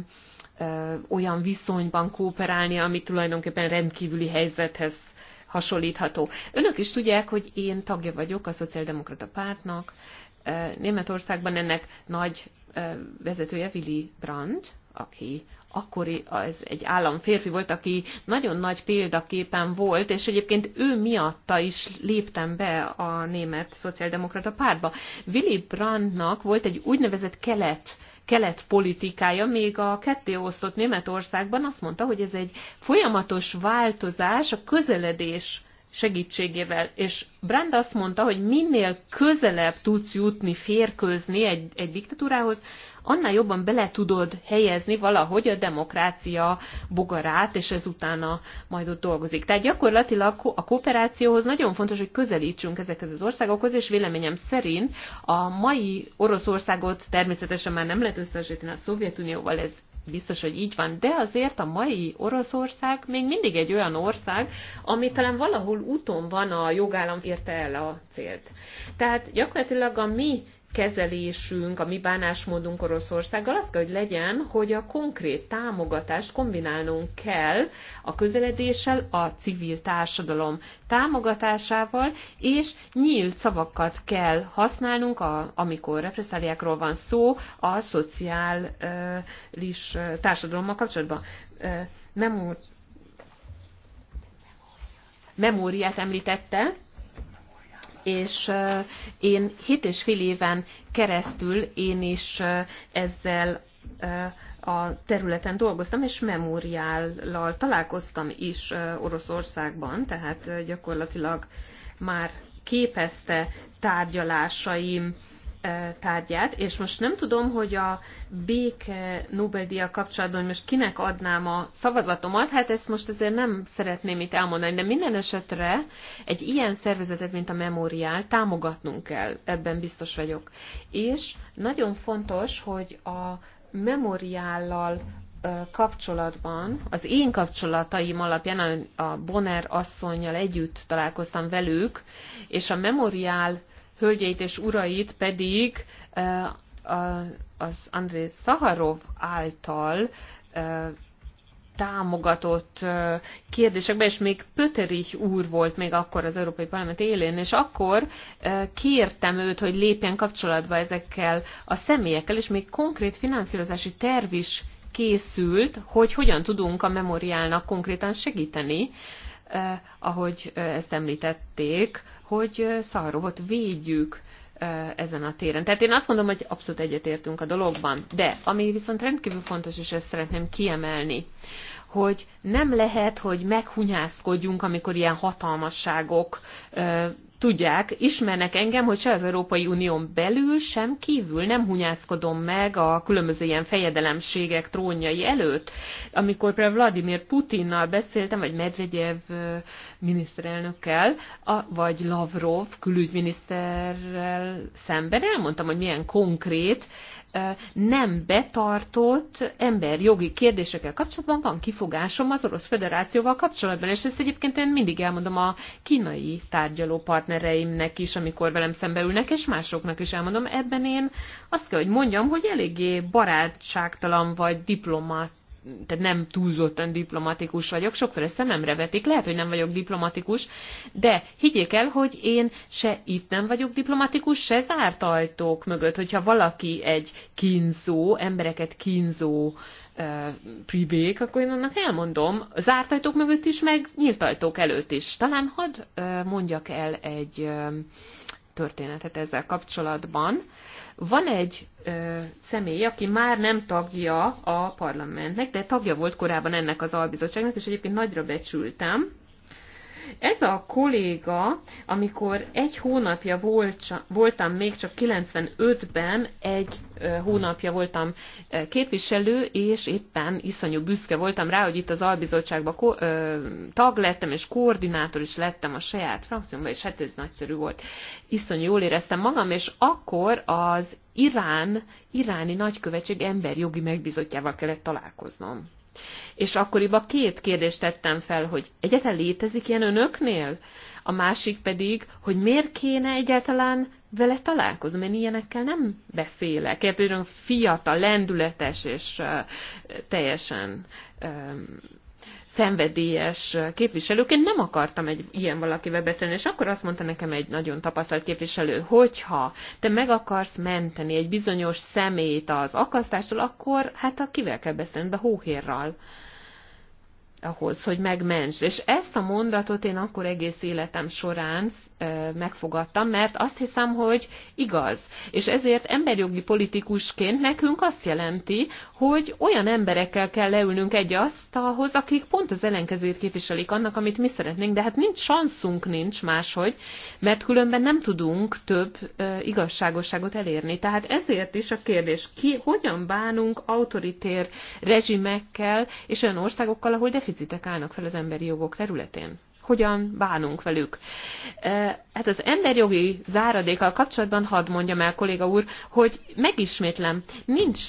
ö, olyan viszonyban kooperálni, ami tulajdonképpen rendkívüli helyzethez hasonlítható. Önök is tudják, hogy én tagja vagyok a Szociáldemokrata Pártnak. Németországban ennek nagy vezetője Willy Brandt, aki akkori az egy államférfi volt, aki nagyon nagy példaképen volt, és egyébként ő miatta is léptem be a német szociáldemokrata pártba. Willy Brandtnak volt egy úgynevezett kelet kelet politikája, még a kettéosztott Németországban azt mondta, hogy ez egy folyamatos változás, a közeledés segítségével. És Brand azt mondta, hogy minél közelebb tudsz jutni, férkőzni egy, egy diktatúrához, annál jobban bele tudod helyezni valahogy a demokrácia bogarát, és ez utána majd ott dolgozik. Tehát gyakorlatilag a kooperációhoz nagyon fontos, hogy közelítsünk ezekhez az országokhoz, és véleményem szerint a mai Oroszországot természetesen már nem lehet összehasonlítani a Szovjetunióval, ez biztos, hogy így van, de azért a mai Oroszország még mindig egy olyan ország, ami talán valahol úton van a jogállam érte el a célt. Tehát gyakorlatilag a mi kezelésünk, a mi bánásmódunk Oroszországgal az kell, hogy legyen, hogy a konkrét támogatást kombinálnunk kell a közeledéssel, a civil társadalom támogatásával, és nyílt szavakat kell használnunk, a, amikor represszáliákról van szó, a szociális társadalommal kapcsolatban. Memór memóriát említette, és én hét és fél éven keresztül én is ezzel a területen dolgoztam, és memóriállal találkoztam is Oroszországban, tehát gyakorlatilag már képezte tárgyalásaim tárgyát, és most nem tudom, hogy a béke Nobel-díja kapcsolatban hogy most kinek adnám a szavazatomat, hát ezt most azért nem szeretném itt elmondani, de minden esetre egy ilyen szervezetet, mint a Memorial támogatnunk kell, ebben biztos vagyok. És nagyon fontos, hogy a memoriállal kapcsolatban, az én kapcsolataim alapján a Bonner asszonynal együtt találkoztam velük, és a memoriál hölgyeit és urait pedig eh, az André Szaharov által eh, támogatott eh, kérdésekben, és még Pöterich úr volt még akkor az Európai Parlament élén, és akkor kértem őt, hogy lépjen kapcsolatba ezekkel a személyekkel, és még konkrét finanszírozási terv is készült, hogy hogyan tudunk a memoriálnak konkrétan segíteni, Eh, ahogy eh, ezt említették, hogy eh, Szarrovot védjük ezen a téren. Tehát én azt mondom, hogy abszolút egyetértünk a dologban. De ami viszont rendkívül fontos, és ezt szeretném kiemelni, hogy nem lehet, hogy meghunyászkodjunk, amikor ilyen hatalmasságok tudják, ismernek engem, hogy se az Európai Unión belül, sem kívül nem hunyászkodom meg a különböző ilyen fejedelemségek trónjai előtt. Amikor például Vladimir Putinnal beszéltem, vagy Medvegyev miniszterelnökkel, a, vagy Lavrov külügyminiszterrel szemben elmondtam, hogy milyen konkrét nem betartott emberjogi kérdésekkel kapcsolatban van kifogásom az Orosz Föderációval kapcsolatban, és ezt egyébként én mindig elmondom a kínai tárgyaló partnereimnek is, amikor velem szembe ülnek, és másoknak is elmondom. Ebben én azt kell, hogy mondjam, hogy eléggé barátságtalan vagy diplomat tehát nem túlzottan diplomatikus vagyok, sokszor ezt szememre vetik, lehet, hogy nem vagyok diplomatikus, de higgyék el, hogy én se itt nem vagyok diplomatikus, se zárt ajtók mögött, hogyha valaki egy kínzó, embereket kínzó e, privék, akkor én annak elmondom, zárt ajtók mögött is, meg nyílt ajtók előtt is. Talán hadd e, mondjak el egy e, történetet ezzel kapcsolatban. Van egy ö, személy, aki már nem tagja a parlamentnek, de tagja volt korábban ennek az albizottságnak, és egyébként nagyra becsültem, ez a kolléga, amikor egy hónapja volt, voltam még csak 95-ben, egy hónapja voltam képviselő, és éppen iszonyú büszke voltam rá, hogy itt az albizottságban tag lettem, és koordinátor is lettem a saját frakciómban, és hát ez nagyszerű volt. Iszonyú jól éreztem magam, és akkor az Irán, iráni nagykövetség emberjogi megbizotjával kellett találkoznom és akkoriban két kérdést tettem fel, hogy egyetlen létezik ilyen önöknél? A másik pedig, hogy miért kéne egyáltalán vele találkozom, én ilyenekkel nem beszélek. Érted, fiatal, lendületes és uh, teljesen um, szenvedélyes képviselőként nem akartam egy ilyen valakivel beszélni, és akkor azt mondta nekem egy nagyon tapasztalt képviselő, hogyha te meg akarsz menteni egy bizonyos szemét az akasztástól, akkor hát a kivel kell beszélned, a hóhérral ahhoz, hogy megments. És ezt a mondatot én akkor egész életem során megfogadtam, mert azt hiszem, hogy igaz. És ezért emberjogi politikusként nekünk azt jelenti, hogy olyan emberekkel kell leülnünk egy asztalhoz, akik pont az ellenkezőjét képviselik annak, amit mi szeretnénk, de hát nincs sanszunk nincs máshogy, mert különben nem tudunk több igazságosságot elérni. Tehát ezért is a kérdés, ki, hogyan bánunk autoritér rezsimekkel és olyan országokkal, ahol deficitek állnak fel az emberi jogok területén? hogyan bánunk velük. Hát az emberjogi záradékkal kapcsolatban hadd mondjam el, kolléga úr, hogy megismétlem, nincs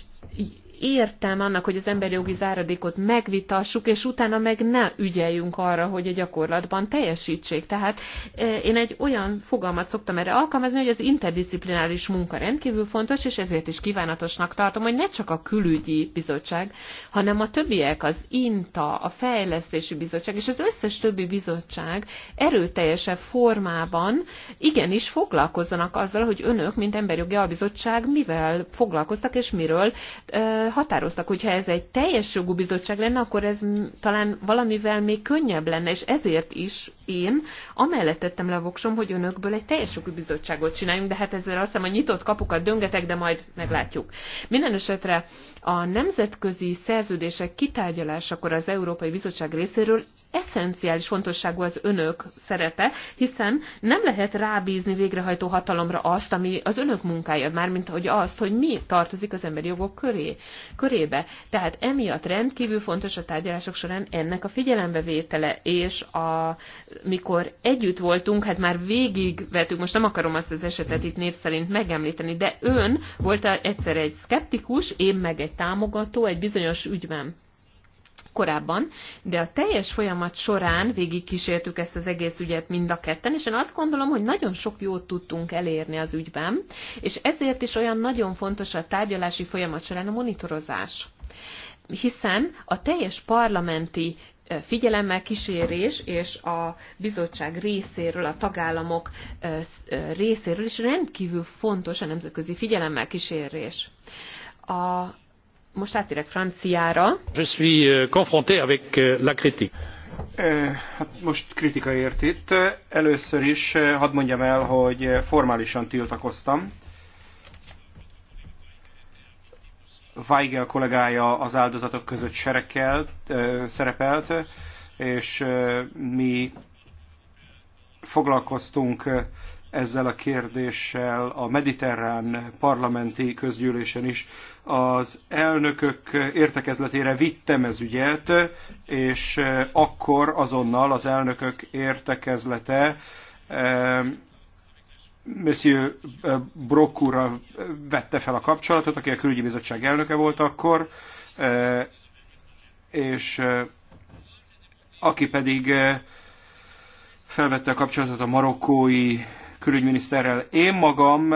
értem annak, hogy az emberi jogi záradékot megvitassuk, és utána meg ne ügyeljünk arra, hogy a gyakorlatban teljesítsék. Tehát e, én egy olyan fogalmat szoktam erre alkalmazni, hogy az interdisziplináris munka rendkívül fontos, és ezért is kívánatosnak tartom, hogy ne csak a külügyi bizottság, hanem a többiek, az INTA, a fejlesztési bizottság, és az összes többi bizottság erőteljesebb formában igenis foglalkozzanak azzal, hogy önök, mint emberi jogi albizottság, mivel foglalkoztak, és miről e, határoztak. Hogyha ez egy teljes jogú bizottság lenne, akkor ez talán valamivel még könnyebb lenne, és ezért is én amellett tettem le a voksom, hogy önökből egy teljes jogú bizottságot csináljunk, de hát ezzel azt hiszem a nyitott kapukat döngetek, de majd meglátjuk. Minden esetre a nemzetközi szerződések kitárgyalásakor az Európai Bizottság részéről eszenciális fontosságú az önök szerepe, hiszen nem lehet rábízni végrehajtó hatalomra azt, ami az önök munkája, mármint hogy azt, hogy mi tartozik az emberi jogok köré, körébe. Tehát emiatt rendkívül fontos a tárgyalások során ennek a figyelembevétele, és a, mikor együtt voltunk, hát már végigvetünk, most nem akarom azt az esetet itt név szerint megemlíteni, de ön volt egyszer egy szkeptikus, én meg egy támogató egy bizonyos ügyben korábban, de a teljes folyamat során végigkísértük ezt az egész ügyet mind a ketten, és én azt gondolom, hogy nagyon sok jót tudtunk elérni az ügyben, és ezért is olyan nagyon fontos a tárgyalási folyamat során a monitorozás hiszen a teljes parlamenti eh, figyelemmel kísérés és a bizottság részéről, a tagállamok eh, eh, részéről is rendkívül fontos a nemzetközi figyelemmel kísérés. A most átérek franciára. Je suis euh, confronté avec euh, la critique. Eh, hát most kritika ért itt. Először is eh, hadd mondjam el, hogy eh, formálisan tiltakoztam. Weigel kollégája az áldozatok között serekelt, szerepelt, és mi foglalkoztunk ezzel a kérdéssel a mediterrán parlamenti közgyűlésen is. Az elnökök értekezletére vittem ez ügyet, és eh, akkor azonnal az elnökök értekezlete eh, Monsieur eh, Brock vette fel a kapcsolatot, aki a külügyi bizottság elnöke volt akkor, és aki pedig felvette a kapcsolatot a marokkói külügyminiszterrel. Én magam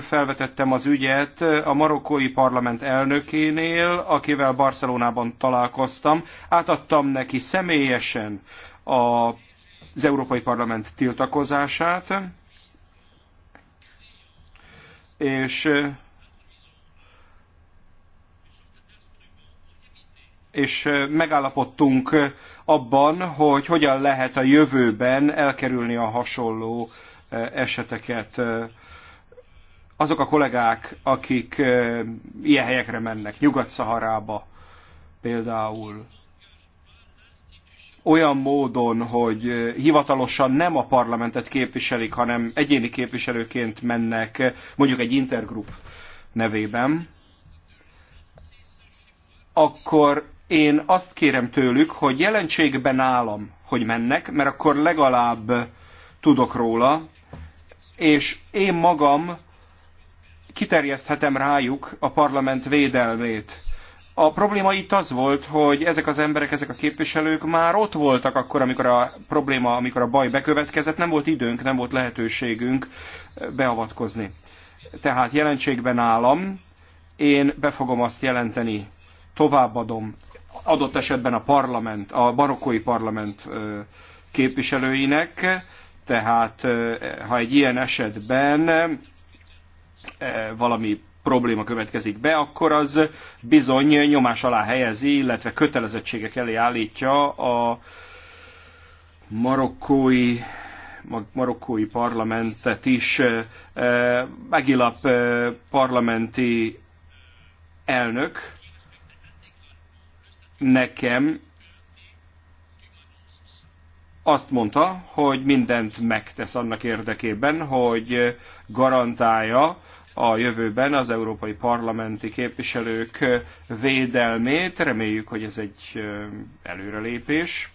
felvetettem az ügyet a marokkói parlament elnökénél, akivel Barcelonában találkoztam. Átadtam neki személyesen az Európai Parlament tiltakozását, és és megállapodtunk abban, hogy hogyan lehet a jövőben elkerülni a hasonló eseteket azok a kollégák, akik ilyen helyekre mennek, Nyugat-Szaharába például, olyan módon, hogy hivatalosan nem a parlamentet képviselik, hanem egyéni képviselőként mennek, mondjuk egy intergrup nevében, akkor én azt kérem tőlük, hogy jelentségben állam, hogy mennek, mert akkor legalább tudok róla, és én magam kiterjeszthetem rájuk a parlament védelmét. A probléma itt az volt, hogy ezek az emberek, ezek a képviselők már ott voltak akkor, amikor a probléma, amikor a baj bekövetkezett, nem volt időnk, nem volt lehetőségünk beavatkozni. Tehát jelentségben állam, én be fogom azt jelenteni, továbbadom adott esetben a parlament, a barokkói parlament képviselőinek, tehát ha egy ilyen esetben valami probléma következik be, akkor az bizony nyomás alá helyezi, illetve kötelezettségek elé állítja a marokkói marokkói parlamentet is. Megilap parlamenti elnök nekem azt mondta, hogy mindent megtesz annak érdekében, hogy garantálja a jövőben az európai parlamenti képviselők védelmét. Reméljük, hogy ez egy előrelépés.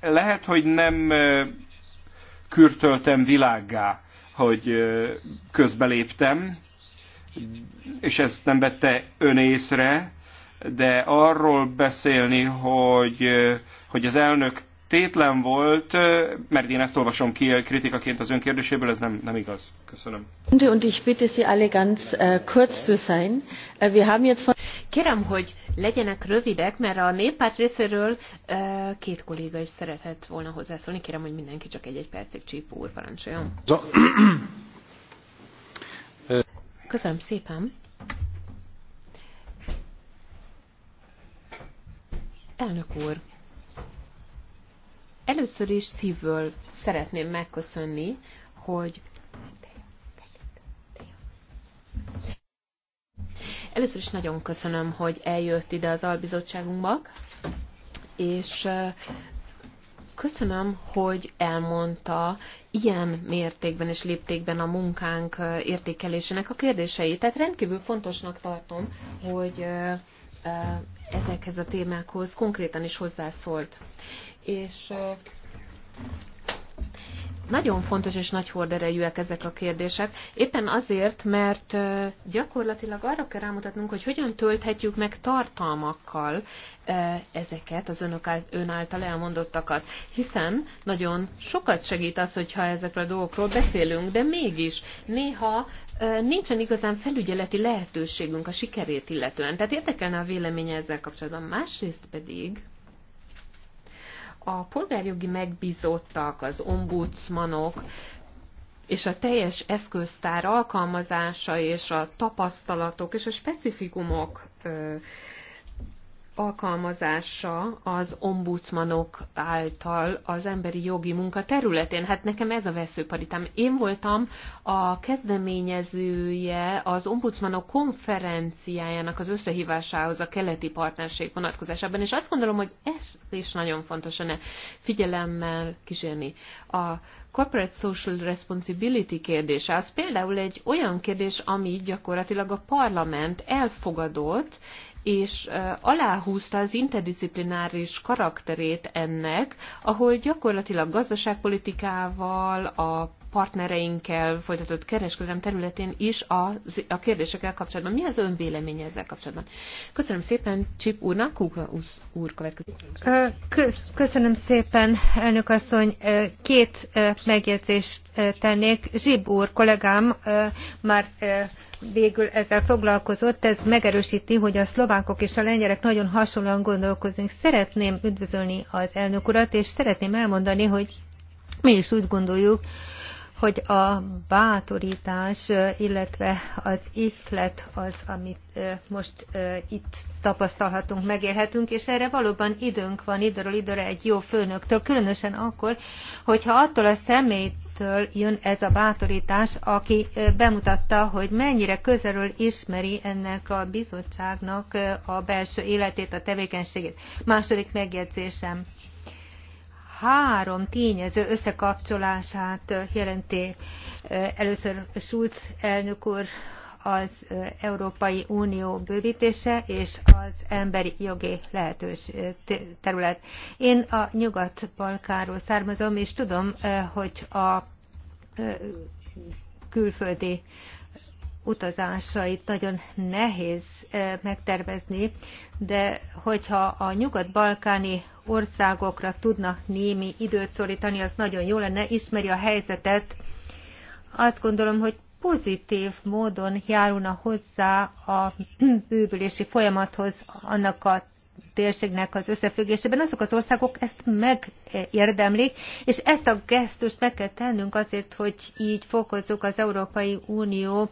Lehet, hogy nem kürtöltem világgá, hogy közbeléptem, és ezt nem vette ön észre, de arról beszélni, hogy, hogy az elnök tétlen volt, mert én ezt olvasom ki kritikaként az önkérdéséből, ez nem, nem igaz. Köszönöm. Und ich bitte Sie alle ganz äh, kurz zu sein. Äh, wir haben jetzt von... Kérem, hogy legyenek rövidek, mert a néppárt részéről két kolléga is szeretett volna hozzászólni. Kérem, hogy mindenki csak egy-egy percig csípó úr parancsoljon. Köszönöm szépen. Elnök úr, először is szívből szeretném megköszönni, hogy Először is nagyon köszönöm, hogy eljött ide az albizottságunkba, és köszönöm, hogy elmondta ilyen mértékben és léptékben a munkánk értékelésének a kérdéseit. Tehát rendkívül fontosnak tartom, hogy ezekhez a témákhoz konkrétan is hozzászólt. És nagyon fontos és nagy horderejűek ezek a kérdések, éppen azért, mert gyakorlatilag arra kell rámutatnunk, hogy hogyan tölthetjük meg tartalmakkal ezeket az önök ön által elmondottakat, hiszen nagyon sokat segít az, hogyha ezekről a dolgokról beszélünk, de mégis néha nincsen igazán felügyeleti lehetőségünk a sikerét illetően. Tehát érdekelne a véleménye ezzel kapcsolatban. Másrészt pedig a polgárjogi megbízottak, az ombudsmanok és a teljes eszköztár alkalmazása és a tapasztalatok és a specifikumok alkalmazása az ombudsmanok által az emberi jogi munka területén. Hát nekem ez a veszőparitám. Én voltam a kezdeményezője az ombudsmanok konferenciájának az összehívásához a keleti partnerség vonatkozásában, és azt gondolom, hogy ez is nagyon fontos lenne figyelemmel kísérni. A corporate social responsibility kérdése, az például egy olyan kérdés, amit gyakorlatilag a parlament elfogadott, és aláhúzta az interdisziplináris karakterét ennek, ahol gyakorlatilag gazdaságpolitikával, a partnereinkkel folytatott kereskedelem területén is a, a kérdésekkel kapcsolatban. Mi az ön véleménye ezzel kapcsolatban? Köszönöm szépen Csip úrnak, Kuka úr következik. Köszönöm szépen, elnök asszony. Két megjegyzést tennék. Zsib úr kollégám már végül ezzel foglalkozott, ez megerősíti, hogy a szlovákok és a lengyelek nagyon hasonlóan gondolkozunk. Szeretném üdvözölni az elnök urat, és szeretném elmondani, hogy mi is úgy gondoljuk, hogy a bátorítás, illetve az iflet az, amit most itt tapasztalhatunk, megélhetünk, és erre valóban időnk van időről időre egy jó főnöktől, különösen akkor, hogyha attól a személyt jön ez a bátorítás, aki bemutatta, hogy mennyire közelről ismeri ennek a bizottságnak a belső életét, a tevékenységét. Második megjegyzésem három tényező összekapcsolását jelenti. Először Schulz elnök úr az Európai Unió bővítése és az emberi jogi lehetős terület. Én a Nyugat-Balkáról származom, és tudom, eh, hogy a eh, külföldi utazásait nagyon nehéz eh, megtervezni, de hogyha a nyugat-balkáni országokra tudna némi időt szorítani, az nagyon jó lenne, ismeri a helyzetet. Azt gondolom, hogy pozitív módon járulna hozzá a bővülési folyamathoz annak a térségnek az összefüggésében, azok az országok ezt megérdemlik, és ezt a gesztust meg kell tennünk azért, hogy így fokozzuk az Európai Unió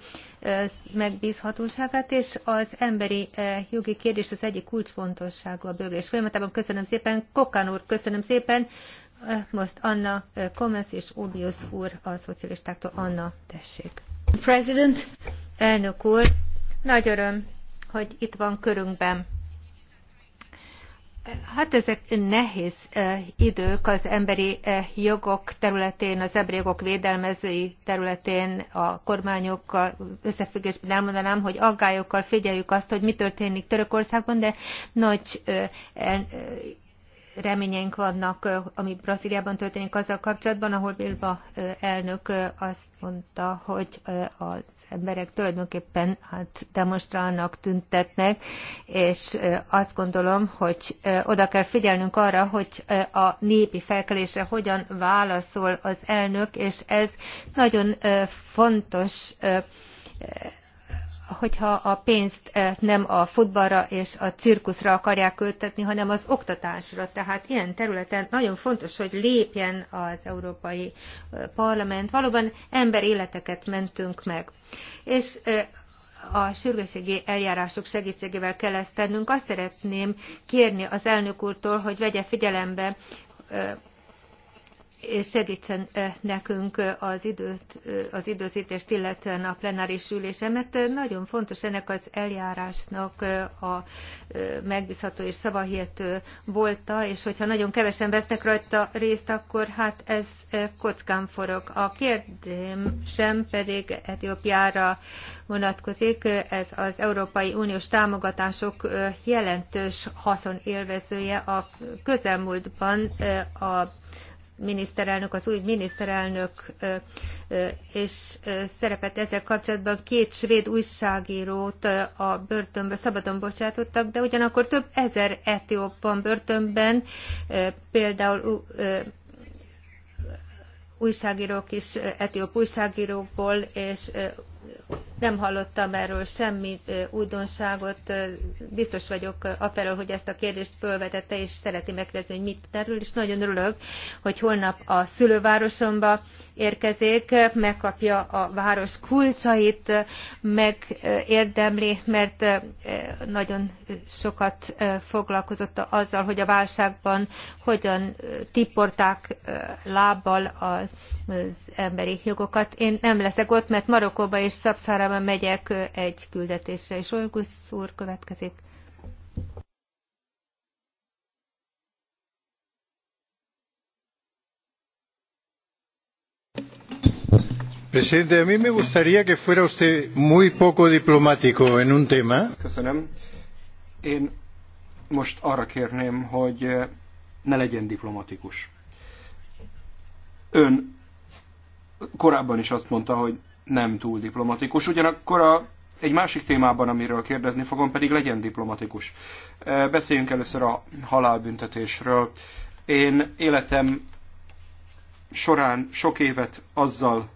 megbízhatóságát, és az emberi jogi kérdés az egyik kulcsfontosságú a bővülés folyamatában. Köszönöm szépen, Kokán úr, köszönöm szépen. Most Anna Komesz és Óbiusz úr a szocialistáktól. Anna, tessék. President. Elnök úr, nagy öröm, hogy itt van körünkben Hát ezek nehéz idők az emberi jogok területén, az emberi jogok védelmezői területén, a kormányokkal összefüggésben elmondanám, hogy aggályokkal figyeljük azt, hogy mi történik Törökországban, de nagy reményeink vannak, ami Brazíliában történik azzal kapcsolatban, ahol Bilba elnök azt mondta, hogy az emberek tulajdonképpen hát demonstrálnak, tüntetnek, és azt gondolom, hogy oda kell figyelnünk arra, hogy a népi felkelésre hogyan válaszol az elnök, és ez nagyon fontos hogyha a pénzt eh, nem a futballra és a cirkuszra akarják költetni, hanem az oktatásra. Tehát ilyen területen nagyon fontos, hogy lépjen az Európai eh, Parlament. Valóban ember életeket mentünk meg. És eh, a sürgőségi eljárások segítségével kell ezt tennünk. Azt szeretném kérni az elnök úrtól, hogy vegye figyelembe és segítsen nekünk az, időt, az időzítést, illetve a plenáris ülésen, mert nagyon fontos ennek az eljárásnak a megbízható és szavahihető volta, és hogyha nagyon kevesen vesznek rajta részt, akkor hát ez kockán forog. A kérdém sem pedig Etiópiára vonatkozik, ez az Európai Uniós támogatások jelentős haszonélvezője a közelmúltban a miniszterelnök, az új miniszterelnök és szerepet ezzel kapcsolatban két svéd újságírót a börtönbe szabadon bocsátottak, de ugyanakkor több ezer etióban börtönben, például újságírók is, etióp újságírókból, és nem hallottam erről semmi újdonságot. Biztos vagyok afelől, hogy ezt a kérdést fölvetette, és szereti megkérdezni, hogy mit erről, és nagyon örülök, hogy holnap a szülővárosomba érkezik, megkapja a város kulcsait, megérdemli, mert nagyon sokat foglalkozott azzal, hogy a válságban hogyan tipporták lábbal az emberi jogokat. Én nem leszek ott, mert Marokkóba és és Szabszárában megyek egy küldetésre, és Olgusz úr következik. Presidente, a mí me gustaría que fuera usted muy poco diplomático en un tema. Köszönöm. Én most arra kérném, hogy ne legyen diplomatikus. Ön korábban is azt mondta, hogy nem túl diplomatikus. Ugyanakkor a, egy másik témában, amiről kérdezni fogom, pedig legyen diplomatikus. Beszéljünk először a halálbüntetésről. Én életem során sok évet azzal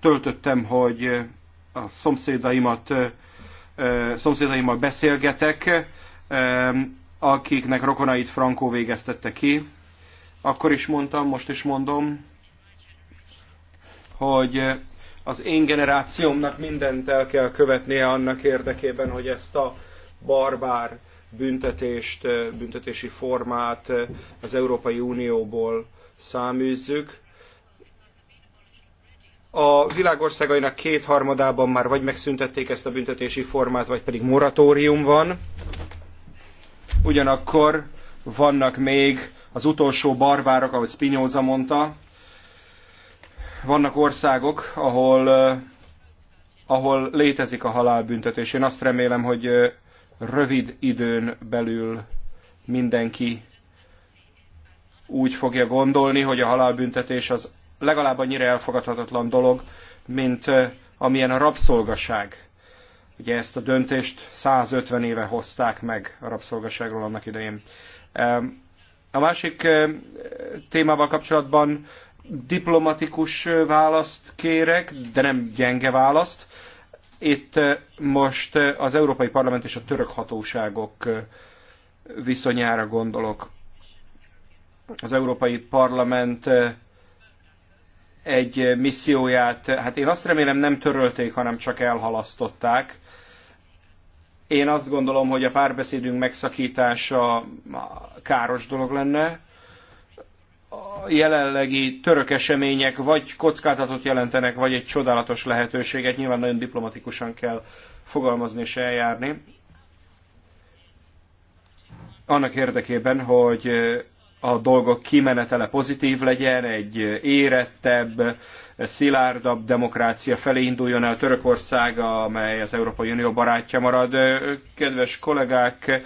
töltöttem, hogy a szomszédaimat, szomszédaimmal beszélgetek, akiknek rokonait Frankó végeztette ki. Akkor is mondtam, most is mondom, hogy eh, az én generációmnak mindent el kell követnie annak érdekében, hogy ezt a barbár büntetést, eh, büntetési formát eh, az Európai Unióból száműzzük. A világországainak kétharmadában már vagy megszüntették ezt a büntetési formát, vagy pedig moratórium van. Ugyanakkor vannak még az utolsó barbárok, ahogy Spinoza mondta, vannak országok, ahol, ahol létezik a halálbüntetés. Én azt remélem, hogy rövid időn belül mindenki úgy fogja gondolni, hogy a halálbüntetés az legalább annyira elfogadhatatlan dolog, mint amilyen a rabszolgaság. Ugye ezt a döntést 150 éve hozták meg a rabszolgaságról annak idején. A másik témával kapcsolatban diplomatikus választ kérek, de nem gyenge választ. Itt most az Európai Parlament és a török hatóságok viszonyára gondolok. Az Európai Parlament egy misszióját, hát én azt remélem nem törölték, hanem csak elhalasztották. Én azt gondolom, hogy a párbeszédünk megszakítása káros dolog lenne, jelenlegi török események vagy kockázatot jelentenek, vagy egy csodálatos lehetőséget. Nyilván nagyon diplomatikusan kell fogalmazni és eljárni. Annak érdekében, hogy a dolgok kimenetele pozitív legyen, egy érettebb, szilárdabb demokrácia felé induljon el Törökország, amely az Európai Unió barátja marad. Kedves kollégák,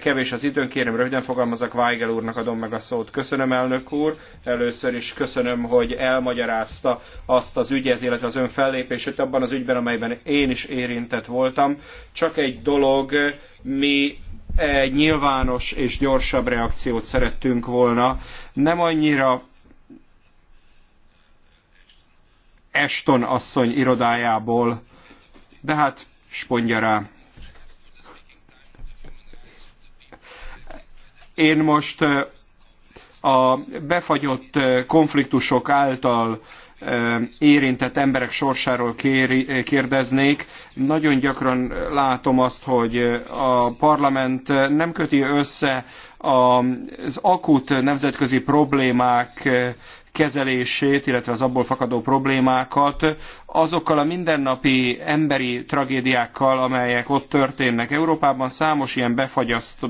kevés az időn, kérem röviden fogalmazok, Weigel úrnak adom meg a szót. Köszönöm, elnök úr. Először is köszönöm, hogy elmagyarázta azt az ügyet, illetve az ön fellépését abban az ügyben, amelyben én is érintett voltam. Csak egy dolog, mi nyilvános és gyorsabb reakciót szerettünk volna. Nem annyira Eston asszony irodájából, de hát spondja rá. Én most a befagyott konfliktusok által érintett emberek sorsáról kérdeznék. Nagyon gyakran látom azt, hogy a parlament nem köti össze az akut nemzetközi problémák kezelését, illetve az abból fakadó problémákat azokkal a mindennapi emberi tragédiákkal, amelyek ott történnek. Európában számos ilyen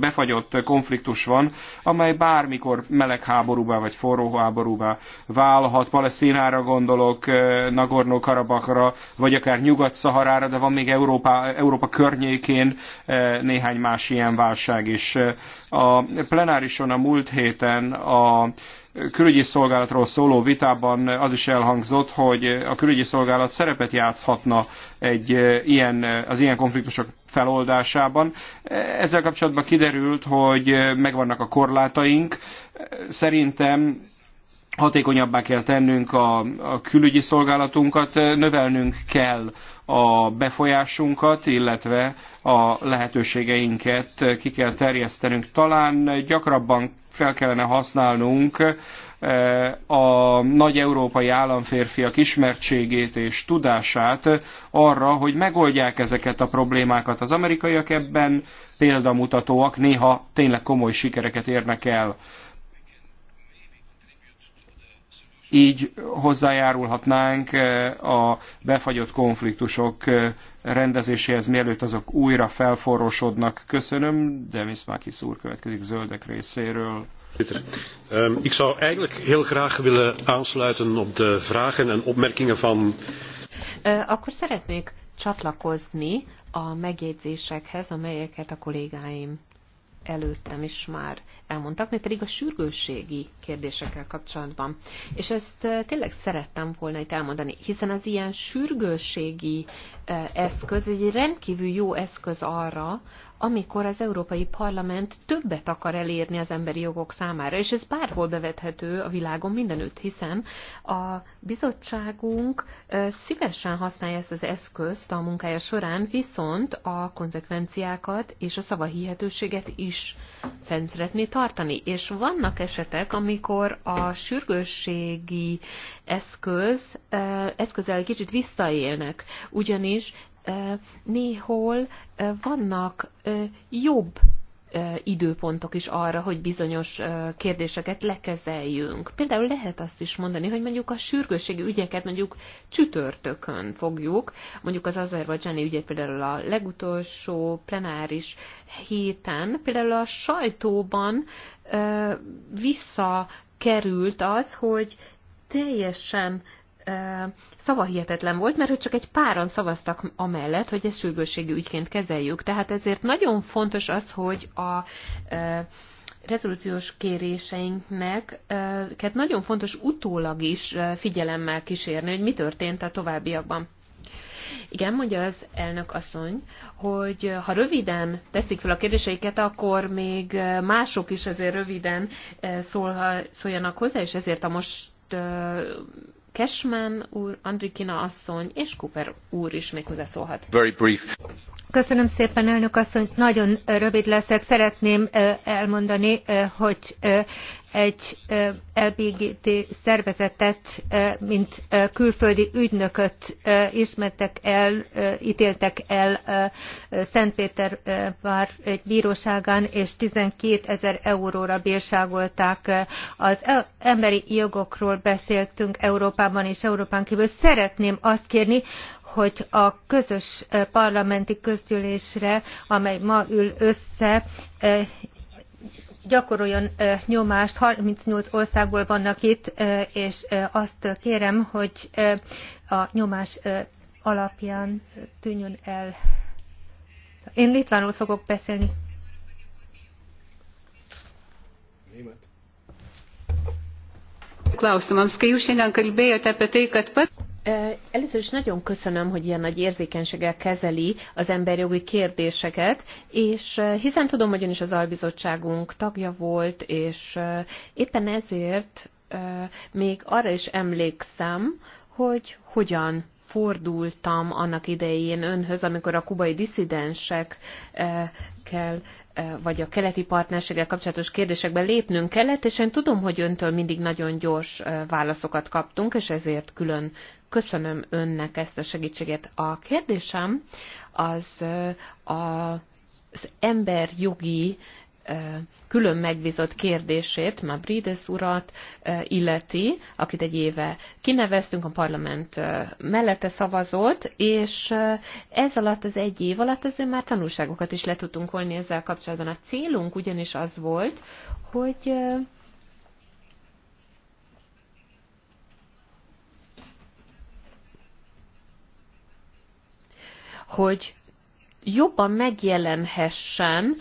befagyott konfliktus van, amely bármikor melegháborúvá vagy forró háborúvá válhat. Palesztinára gondolok, eh, Nagorno-Karabakra, vagy akár Nyugat-Szaharára, de van még Európa, Európa környékén eh, néhány más ilyen válság is. Eh, a plenárison a múlt héten a külügyi szolgálatról szóló vitában az is elhangzott, hogy a külügyi szolgálat szerepet játszhatna egy eh, ilyen, eh, az ilyen konfliktusok feloldásában. Eh, ezzel kapcsolatban kiderült, hogy megvannak a korlátaink. Szerintem hatékonyabbá kell tennünk a, a külügyi szolgálatunkat, növelnünk kell a befolyásunkat, illetve a lehetőségeinket ki kell terjesztenünk. Talán gyakrabban fel kellene használnunk eh, a nagy európai államférfiak ismertségét és tudását arra, hogy megoldják ezeket a problémákat. Az amerikaiak ebben példamutatóak, néha tényleg komoly sikereket érnek el így hozzájárulhatnánk eh, a befagyott konfliktusok eh, rendezéséhez, mielőtt azok újra felforrosodnak. Köszönöm, de Makis úr következik zöldek részéről. Ehm, ik zou eigenlijk heel graag willen aansluiten op de vragen en opmerkingen van... Akkor szeretnék csatlakozni a megjegyzésekhez, amelyeket a kollégáim előttem is már elmondtak, mert pedig a sürgősségi kérdésekkel kapcsolatban. És ezt eh, tényleg szerettem volna itt elmondani, hiszen az ilyen sürgősségi eh, eszköz egy rendkívül jó eszköz arra, amikor az Európai Parlament többet akar elérni az emberi jogok számára, és ez bárhol bevethető a világon mindenütt, hiszen a bizottságunk szívesen használja ezt az eszközt a munkája során, viszont a konzekvenciákat és a szavahihetőséget is fent szeretné tartani. És vannak esetek, amikor a sürgősségi eszköz, eszközel kicsit visszaélnek, ugyanis néhol vannak jobb időpontok is arra, hogy bizonyos kérdéseket lekezeljünk. Például lehet azt is mondani, hogy mondjuk a sürgősségi ügyeket mondjuk csütörtökön fogjuk, mondjuk az azerbajdzsáni ügyet például a legutolsó plenáris héten, például a sajtóban visszakerült az, hogy teljesen szavahihetetlen volt, mert hogy csak egy páran szavaztak amellett, hogy ezt sürgősségi ügyként kezeljük. Tehát ezért nagyon fontos az, hogy a rezolúciós kéréseinknek hát nagyon fontos utólag is figyelemmel kísérni, hogy mi történt a továbbiakban. Igen, mondja az elnök asszony, hogy ha röviden teszik fel a kérdéseiket, akkor még mások is azért röviden szólha, szóljanak hozzá, és ezért a most Cashman úr, Andrikina asszony és Cooper úr is még hozzászólhat. Very brief. Köszönöm szépen, elnök asszony. Nagyon rövid leszek. Szeretném elmondani, hogy egy LBGT szervezetet, mint külföldi ügynököt ismertek el, ítéltek el Szentpétervár egy bíróságán, és 12 ezer euróra bírságolták. Az emberi jogokról beszéltünk Európában és Európán kívül. Szeretném azt kérni, hogy a közös eh, parlamenti közgyűlésre, amely ma ül össze, eh, gyakoroljon eh, nyomást. 38 országból vannak itt, és azt kérem, hogy a nyomás alapján tűnjön el. Én litvánul fogok beszélni. Klausimams, kai jūs šiandien kalbėjote apie tai, kad pat Először is nagyon köszönöm, hogy ilyen nagy érzékenységgel kezeli az emberjogi kérdéseket, és hiszen tudom, hogy ön is az albizottságunk tagja volt, és éppen ezért még arra is emlékszem, hogy hogyan fordultam annak idején önhöz, amikor a kubai disszidensekkel, vagy a keleti partnerséggel kapcsolatos kérdésekben lépnünk kellett, és én tudom, hogy öntől mindig nagyon gyors válaszokat kaptunk, és ezért külön Köszönöm önnek ezt a segítséget. A kérdésem az az emberjogi külön megbízott kérdését Mabrides urat illeti, akit egy éve kineveztünk, a parlament mellette szavazott, és ez alatt az egy év alatt azért már tanulságokat is le tudtunk holni ezzel kapcsolatban. A célunk ugyanis az volt, hogy hogy jobban megjelenhessen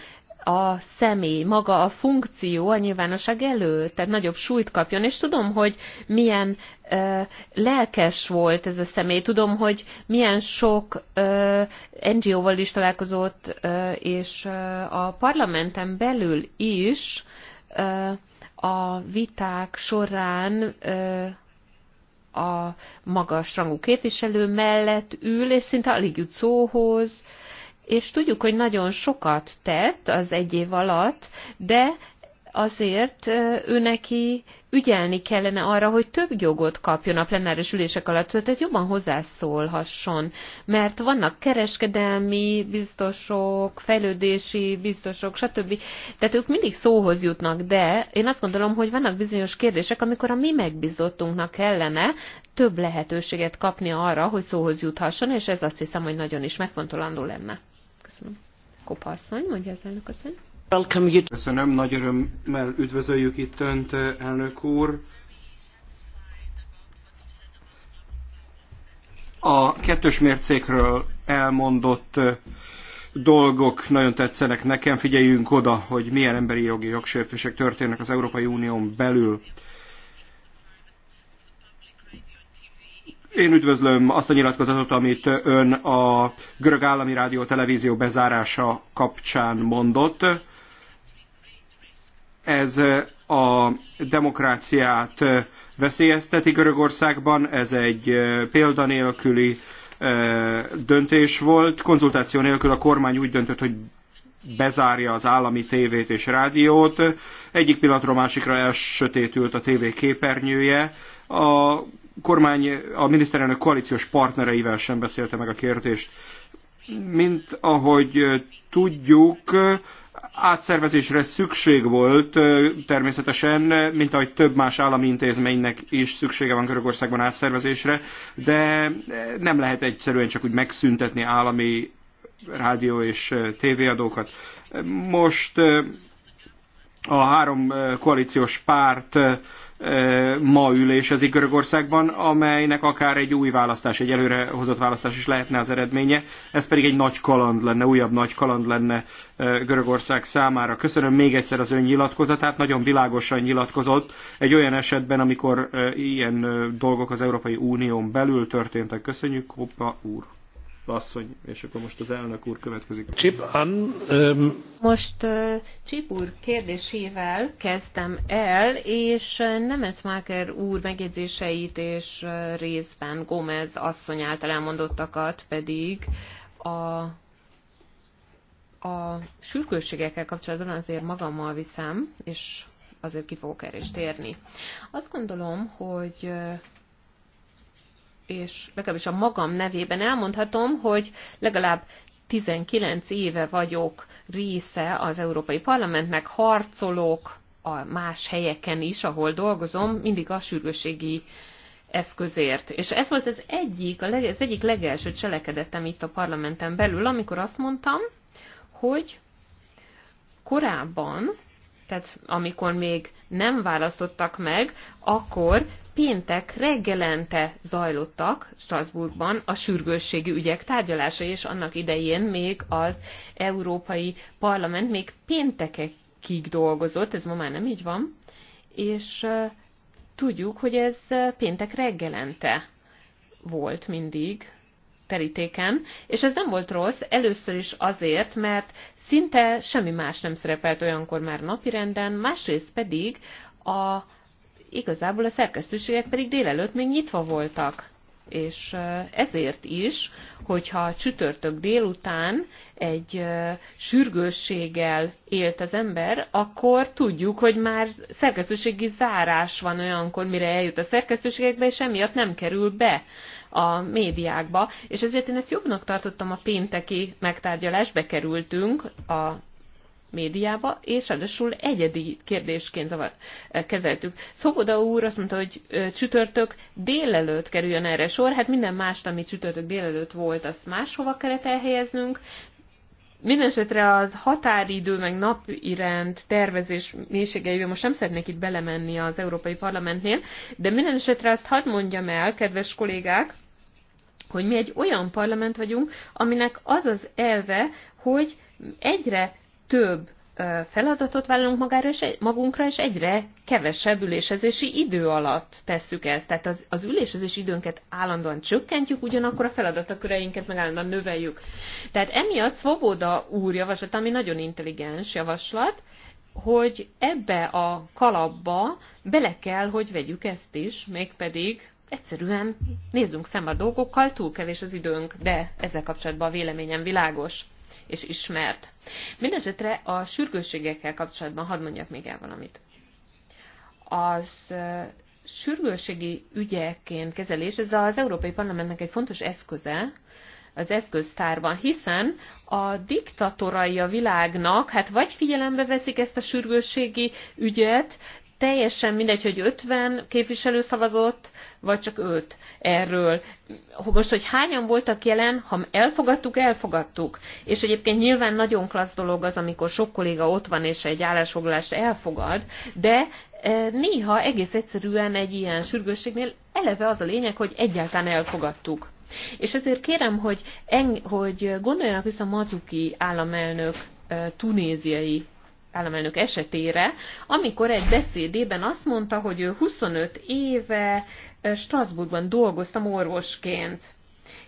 a személy, maga a funkció a nyilvánosság előtt, tehát nagyobb súlyt kapjon, és tudom, hogy milyen ö, lelkes volt ez a személy, tudom, hogy milyen sok NGO-val is találkozott, ö, és ö, a parlamenten belül is ö, a viták során ö, a magas rangú képviselő mellett ül, és szinte alig jut szóhoz, és tudjuk, hogy nagyon sokat tett az egy év alatt, de azért ő neki ügyelni kellene arra, hogy több jogot kapjon a plenáris ülések alatt, tehát jobban hozzászólhasson, mert vannak kereskedelmi biztosok, fejlődési biztosok, stb. Tehát ők mindig szóhoz jutnak, de én azt gondolom, hogy vannak bizonyos kérdések, amikor a mi megbizottunknak kellene több lehetőséget kapni arra, hogy szóhoz juthasson, és ez azt hiszem, hogy nagyon is megfontolandó lenne. Köszönöm. Kopasszony, mondja az elnök asszony. Köszönöm, nagy örömmel üdvözöljük itt Önt, elnök úr. A kettős mércékről elmondott dolgok nagyon tetszenek nekem, figyeljünk oda, hogy milyen emberi jogi jogsértések történnek az Európai Unión belül. Én üdvözlöm azt a nyilatkozatot, amit ön a görög állami rádió televízió bezárása kapcsán mondott ez a demokráciát veszélyezteti Görögországban, ez egy példanélküli döntés volt. Konzultáció nélkül a kormány úgy döntött, hogy bezárja az állami tévét és rádiót. Egyik pillanatról másikra elsötétült a tévé képernyője. A kormány a miniszterelnök koalíciós partnereivel sem beszélte meg a kérdést. Mint ahogy tudjuk, átszervezésre szükség volt természetesen, mint ahogy több más állami intézménynek is szüksége van Görögországban átszervezésre, de nem lehet egyszerűen csak úgy megszüntetni állami rádió és tévéadókat. Most a három koalíciós párt ma az Görögországban, amelynek akár egy új választás, egy előre hozott választás is lehetne az eredménye. Ez pedig egy nagy kaland lenne, újabb nagy kaland lenne Görögország számára. Köszönöm még egyszer az ön nyilatkozatát, nagyon világosan nyilatkozott egy olyan esetben, amikor ilyen dolgok az Európai Unión belül történtek. Köszönjük, Kopa úr! asszony, és akkor most az elnök úr következik. Csip, an, um... Most uh, Csip úr kérdésével kezdtem el, és Nemetsmáker úr megjegyzéseit és uh, részben Gomez asszony által elmondottakat pedig a a sürgősségekkel kapcsolatban azért magammal viszem, és azért ki fogok erre is térni. Azt gondolom, hogy és legalábbis a magam nevében elmondhatom, hogy legalább 19 éve vagyok része az Európai Parlamentnek, harcolok a más helyeken is, ahol dolgozom, mindig a sürgőségi eszközért. És ez volt az egyik, az egyik legelső cselekedetem itt a parlamenten belül, amikor azt mondtam, hogy korábban tehát amikor még nem választottak meg, akkor péntek reggelente zajlottak Strasbourgban a sürgősségi ügyek tárgyalása, és annak idején még az Európai Parlament még péntekekig dolgozott, ez ma már nem így van, és tudjuk, hogy ez péntek reggelente volt mindig, terítéken, és ez nem volt rossz, először is azért, mert szinte semmi más nem szerepelt olyankor már napirenden, másrészt pedig a, igazából a szerkesztőségek pedig délelőtt még nyitva voltak és ezért is, hogyha csütörtök délután egy sürgősséggel élt az ember, akkor tudjuk, hogy már szerkesztőségi zárás van olyankor, mire eljut a szerkesztőségekbe, és emiatt nem kerül be a médiákba, és ezért én ezt jobbnak tartottam a pénteki megtárgyalás, bekerültünk a médiába, és ráadásul egyedi kérdésként eh, kezeltük. Szoboda úr azt mondta, hogy eh, csütörtök délelőtt kerüljön erre sor, hát minden mást, ami csütörtök délelőtt volt, azt máshova kellett elhelyeznünk, Mindenesetre az határidő, meg rend tervezés mélységeivel most nem szeretnék itt belemenni az Európai Parlamentnél, de mindenesetre azt hadd mondjam el, kedves kollégák, hogy mi egy olyan parlament vagyunk, aminek az az elve, hogy egyre több feladatot vállalunk magára és magunkra, és egyre kevesebb ülésezési idő alatt tesszük ezt. Tehát az, az ülésezési időnket állandóan csökkentjük, ugyanakkor a feladataköreinket meg állandóan növeljük. Tehát emiatt Svoboda úr javaslat, ami nagyon intelligens javaslat, hogy ebbe a kalapba bele kell, hogy vegyük ezt is, mégpedig egyszerűen nézzünk szembe a dolgokkal, túl kevés az időnk, de ezzel kapcsolatban a véleményem világos és ismert. Mindenesetre a sürgősségekkel kapcsolatban hadd mondjak még el valamit. Az sürgősségi ügyeként kezelés, ez az Európai Parlamentnek egy fontos eszköze, az eszköztárban, hiszen a diktatorai a világnak, hát vagy figyelembe veszik ezt a sürgősségi ügyet, teljesen mindegy, hogy 50 képviselő szavazott, vagy csak 5 erről. Most, hogy hányan voltak jelen, ha elfogadtuk, elfogadtuk. És egyébként nyilván nagyon klassz dolog az, amikor sok kolléga ott van, és egy állásfoglalás elfogad, de e, néha egész egyszerűen egy ilyen sürgősségnél eleve az a lényeg, hogy egyáltalán elfogadtuk. És ezért kérem, hogy, eng, hogy gondoljanak vissza Mazuki államelnök e, tunéziai államelnök esetére, amikor egy beszédében azt mondta, hogy ő 25 éve Strasbourgban dolgoztam orvosként,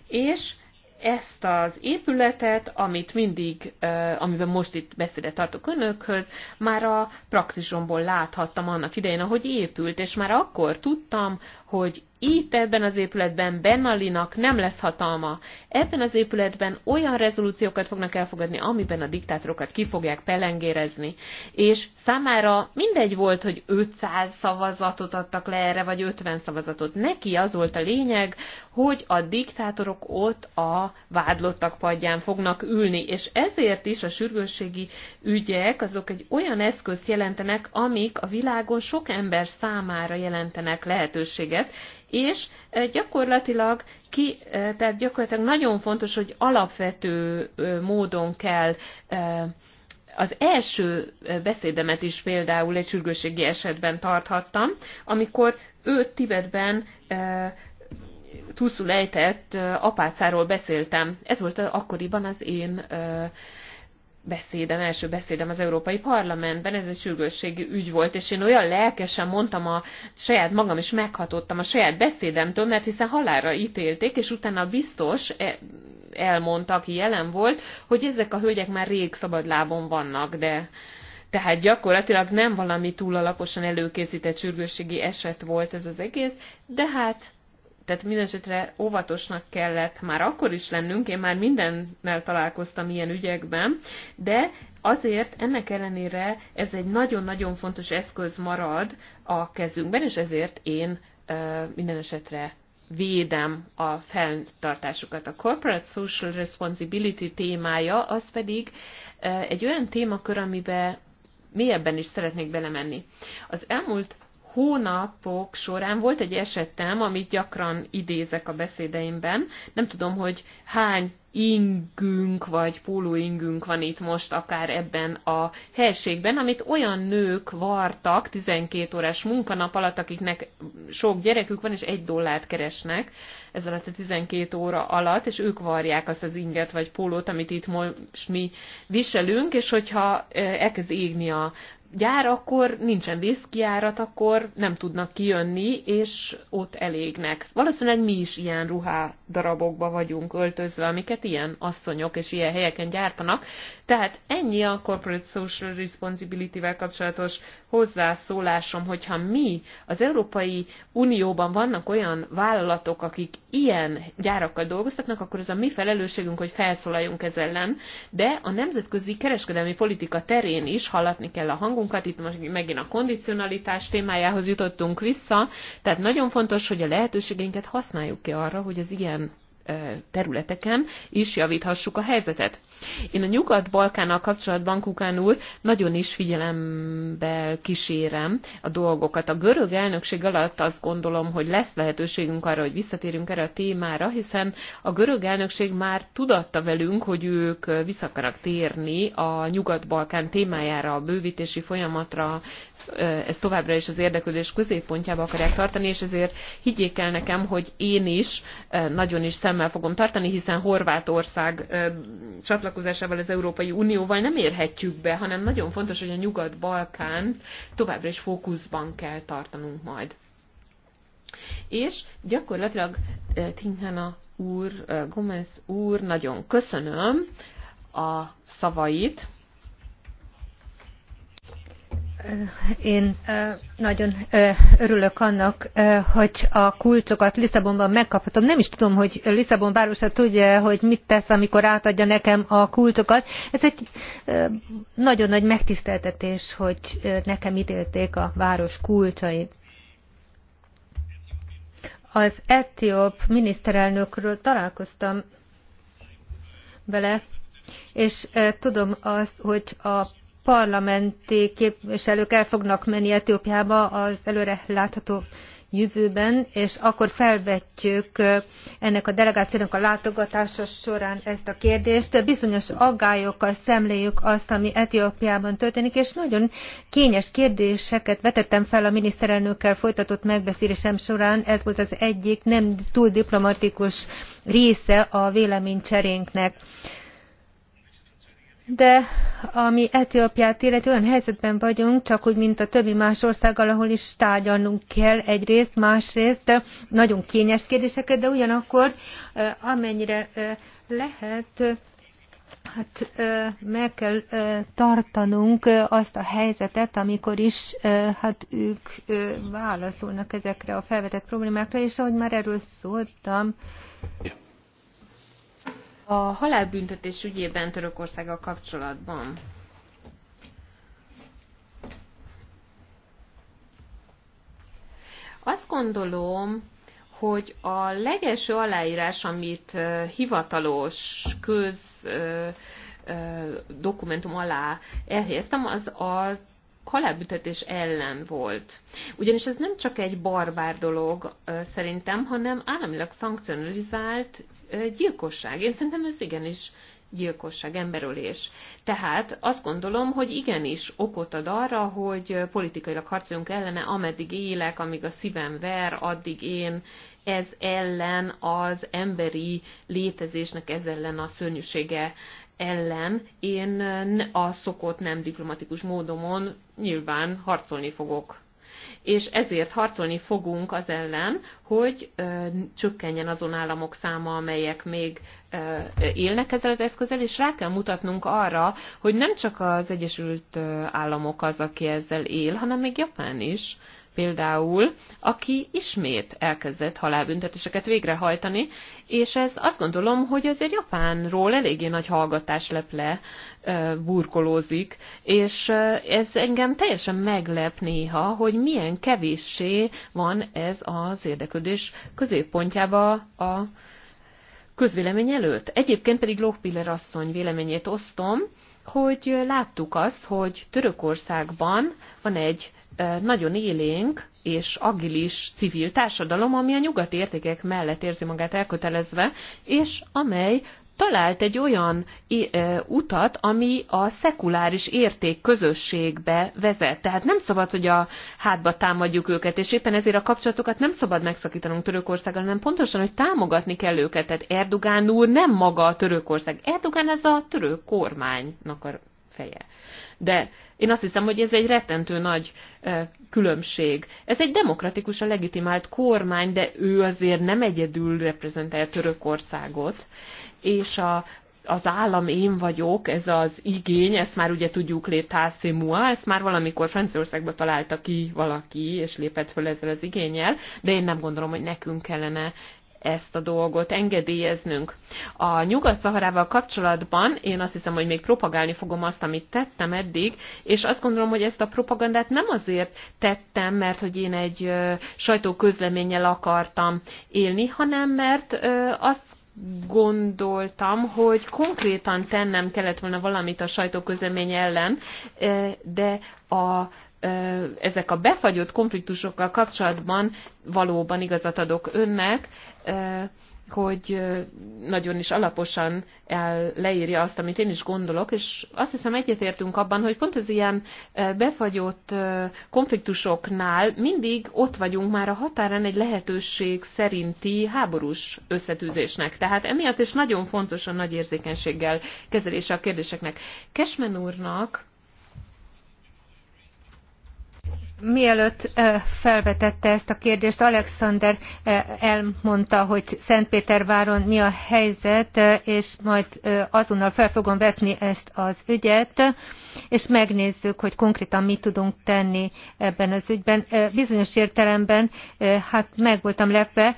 és ezt az épületet, amit mindig, amiben most itt beszédet tartok önökhöz, már a praxisomból láthattam annak idején, ahogy épült, és már akkor tudtam, hogy itt ebben az épületben Benalinak nem lesz hatalma. Ebben az épületben olyan rezolúciókat fognak elfogadni, amiben a diktátorokat ki fogják pelengérezni. És számára mindegy volt, hogy 500 szavazatot adtak le erre, vagy 50 szavazatot. Neki az volt a lényeg, hogy a diktátorok ott a vádlottak padján fognak ülni, és ezért is a sürgősségi ügyek azok egy olyan eszközt jelentenek, amik a világon sok ember számára jelentenek lehetőséget, és gyakorlatilag ki, tehát gyakorlatilag nagyon fontos, hogy alapvető módon kell az első beszédemet is például egy sürgősségi esetben tarthattam, amikor ő Tibetben túszul ejtett apácáról beszéltem. Ez volt akkoriban az én beszédem, első beszédem az Európai Parlamentben, ez egy sürgősségi ügy volt, és én olyan lelkesen mondtam a saját magam, és meghatottam a saját beszédemtől, mert hiszen halálra ítélték, és utána biztos e, elmondta, aki jelen volt, hogy ezek a hölgyek már rég szabadlábon vannak, de tehát gyakorlatilag nem valami túl alaposan előkészített sürgősségi eset volt ez az egész, de hát tehát mindesetre óvatosnak kellett már akkor is lennünk, én már mindennel találkoztam ilyen ügyekben, de azért ennek ellenére ez egy nagyon-nagyon fontos eszköz marad a kezünkben, és ezért én minden esetre védem a fenntartásukat. A corporate social responsibility témája az pedig egy olyan témakör, amiben mélyebben is szeretnék belemenni. Az elmúlt hónapok során volt egy esetem, amit gyakran idézek a beszédeimben. Nem tudom, hogy hány ingünk vagy pólóingünk van itt most akár ebben a helységben, amit olyan nők vartak 12 órás munkanap alatt, akiknek sok gyerekük van, és egy dollárt keresnek ez alatt a 12 óra alatt, és ők varják azt az inget vagy pólót, amit itt most mi viselünk, és hogyha eh, elkezd égni a gyár, akkor nincsen vészkiárat, akkor nem tudnak kijönni, és ott elégnek. Valószínűleg mi is ilyen ruhá darabokba vagyunk öltözve, amiket ilyen asszonyok és ilyen helyeken gyártanak, tehát ennyi a corporate social responsibility-vel kapcsolatos hozzászólásom, hogyha mi az Európai Unióban vannak olyan vállalatok, akik ilyen gyárakkal dolgoztatnak, akkor ez a mi felelősségünk, hogy felszólaljunk ez ellen, de a nemzetközi kereskedelmi politika terén is hallatni kell a hangunkat, itt most megint a kondicionalitás témájához jutottunk vissza, tehát nagyon fontos, hogy a lehetőségeinket használjuk ki arra, hogy az ilyen területeken is javíthassuk a helyzetet. Én a Nyugat-Balkánnal kapcsolatban, Kukán úr, nagyon is figyelembe kísérem a dolgokat. A görög elnökség alatt azt gondolom, hogy lesz lehetőségünk arra, hogy visszatérünk erre a témára, hiszen a görög elnökség már tudatta velünk, hogy ők vissza akarnak térni a Nyugat-Balkán témájára, a bővítési folyamatra, ezt továbbra is az érdeklődés középpontjába akarják tartani, és ezért higgyék el nekem, hogy én is nagyon is szemmel fogom tartani, hiszen Horvátország csak csatlakozásával az Európai Unióval nem érhetjük be, hanem nagyon fontos, hogy a Nyugat-Balkán továbbra is fókuszban kell tartanunk majd. És gyakorlatilag eh, Tinkhana úr, eh, Gomez úr, nagyon köszönöm a szavait, én nagyon örülök annak, hogy a kulcsokat Lisszabonban megkaphatom. Nem is tudom, hogy Lisszabon városa tudja, hogy mit tesz, amikor átadja nekem a kulcsokat. Ez egy nagyon nagy megtiszteltetés, hogy nekem ítélték a város kulcsait. Az etióp miniszterelnökről találkoztam vele, és tudom azt, hogy a parlamenti képviselők el fognak menni Etiópiába az előre látható jövőben, és akkor felvetjük ennek a delegációnak a látogatása során ezt a kérdést. Bizonyos aggályokkal szemléljük azt, ami Etiópiában történik, és nagyon kényes kérdéseket vetettem fel a miniszterelnökkel folytatott megbeszélésem során. Ez volt az egyik nem túl diplomatikus része a véleménycserénknek de ami Etiópiát illeti, olyan helyzetben vagyunk, csak úgy, mint a többi más országgal, ahol is tárgyalnunk kell egyrészt, másrészt nagyon kényes kérdéseket, de ugyanakkor amennyire lehet, Hát meg kell tartanunk azt a helyzetet, amikor is hát ők válaszolnak ezekre a felvetett problémákra, és ahogy már erről szóltam, yeah. A halálbüntetés ügyében Törökországgal kapcsolatban. Azt gondolom, hogy a legelső aláírás, amit hivatalos köz dokumentum alá elhelyeztem, az a halálbüntetés ellen volt. Ugyanis ez nem csak egy barbár dolog szerintem, hanem államilag szankcionalizált gyilkosság. Én szerintem ez igenis gyilkosság, emberölés. Tehát azt gondolom, hogy igenis okot ad arra, hogy politikailag harcoljunk ellene, ameddig élek, amíg a szívem ver, addig én ez ellen az emberi létezésnek, ez ellen a szörnyűsége ellen én a szokott nem diplomatikus módomon nyilván harcolni fogok és ezért harcolni fogunk az ellen, hogy ö, csökkenjen azon államok száma, amelyek még ö, élnek ezzel az eszközzel, és rá kell mutatnunk arra, hogy nem csak az Egyesült Államok az, aki ezzel él, hanem még Japán is például, aki ismét elkezdett halálbüntetéseket végrehajtani, és ez azt gondolom, hogy azért Japánról eléggé nagy hallgatás leple burkolózik, és ez engem teljesen meglep néha, hogy milyen kevéssé van ez az érdeklődés középpontjába a közvélemény előtt. Egyébként pedig Lochpiller asszony véleményét osztom, hogy láttuk azt, hogy Törökországban van egy nagyon élénk és agilis civil társadalom, ami a nyugati értékek mellett érzi magát elkötelezve, és amely talált egy olyan utat, ami a szekuláris érték közösségbe vezet. Tehát nem szabad, hogy a hátba támadjuk őket, és éppen ezért a kapcsolatokat nem szabad megszakítanunk Törökországgal, hanem pontosan, hogy támogatni kell őket. Tehát Erdogán úr nem maga a Törökország. Erdogán ez a török kormánynak a feje. De én azt hiszem, hogy ez egy rettentő nagy különbség. Ez egy demokratikusan legitimált kormány, de ő azért nem egyedül reprezentál Törökországot, és a az állam én vagyok, ez az igény, ezt már ugye tudjuk létászé mua, ezt már valamikor Franciaországba találta ki valaki, és lépett föl ezzel az igényel, de én nem gondolom, hogy nekünk kellene ezt a dolgot engedélyeznünk. A Nyugat-Szaharával kapcsolatban én azt hiszem, hogy még propagálni fogom azt, amit tettem eddig, és azt gondolom, hogy ezt a propagandát nem azért tettem, mert hogy én egy sajtóközleménnyel akartam élni, hanem mert azt gondoltam, hogy konkrétan tennem kellett volna valamit a sajtóközlemény ellen, de a ezek a befagyott konfliktusokkal kapcsolatban valóban igazat adok önnek, hogy nagyon is alaposan el, leírja azt, amit én is gondolok, és azt hiszem egyetértünk abban, hogy pont az ilyen befagyott konfliktusoknál mindig ott vagyunk már a határán egy lehetőség szerinti háborús összetűzésnek. Tehát emiatt is nagyon fontos a nagy érzékenységgel kezelése a kérdéseknek. Kesmen úrnak Mielőtt felvetette ezt a kérdést, Alexander elmondta, hogy Szentpéterváron mi a helyzet, és majd azonnal fel fogom vetni ezt az ügyet, és megnézzük, hogy konkrétan mit tudunk tenni ebben az ügyben. Bizonyos értelemben hát meg voltam lepve,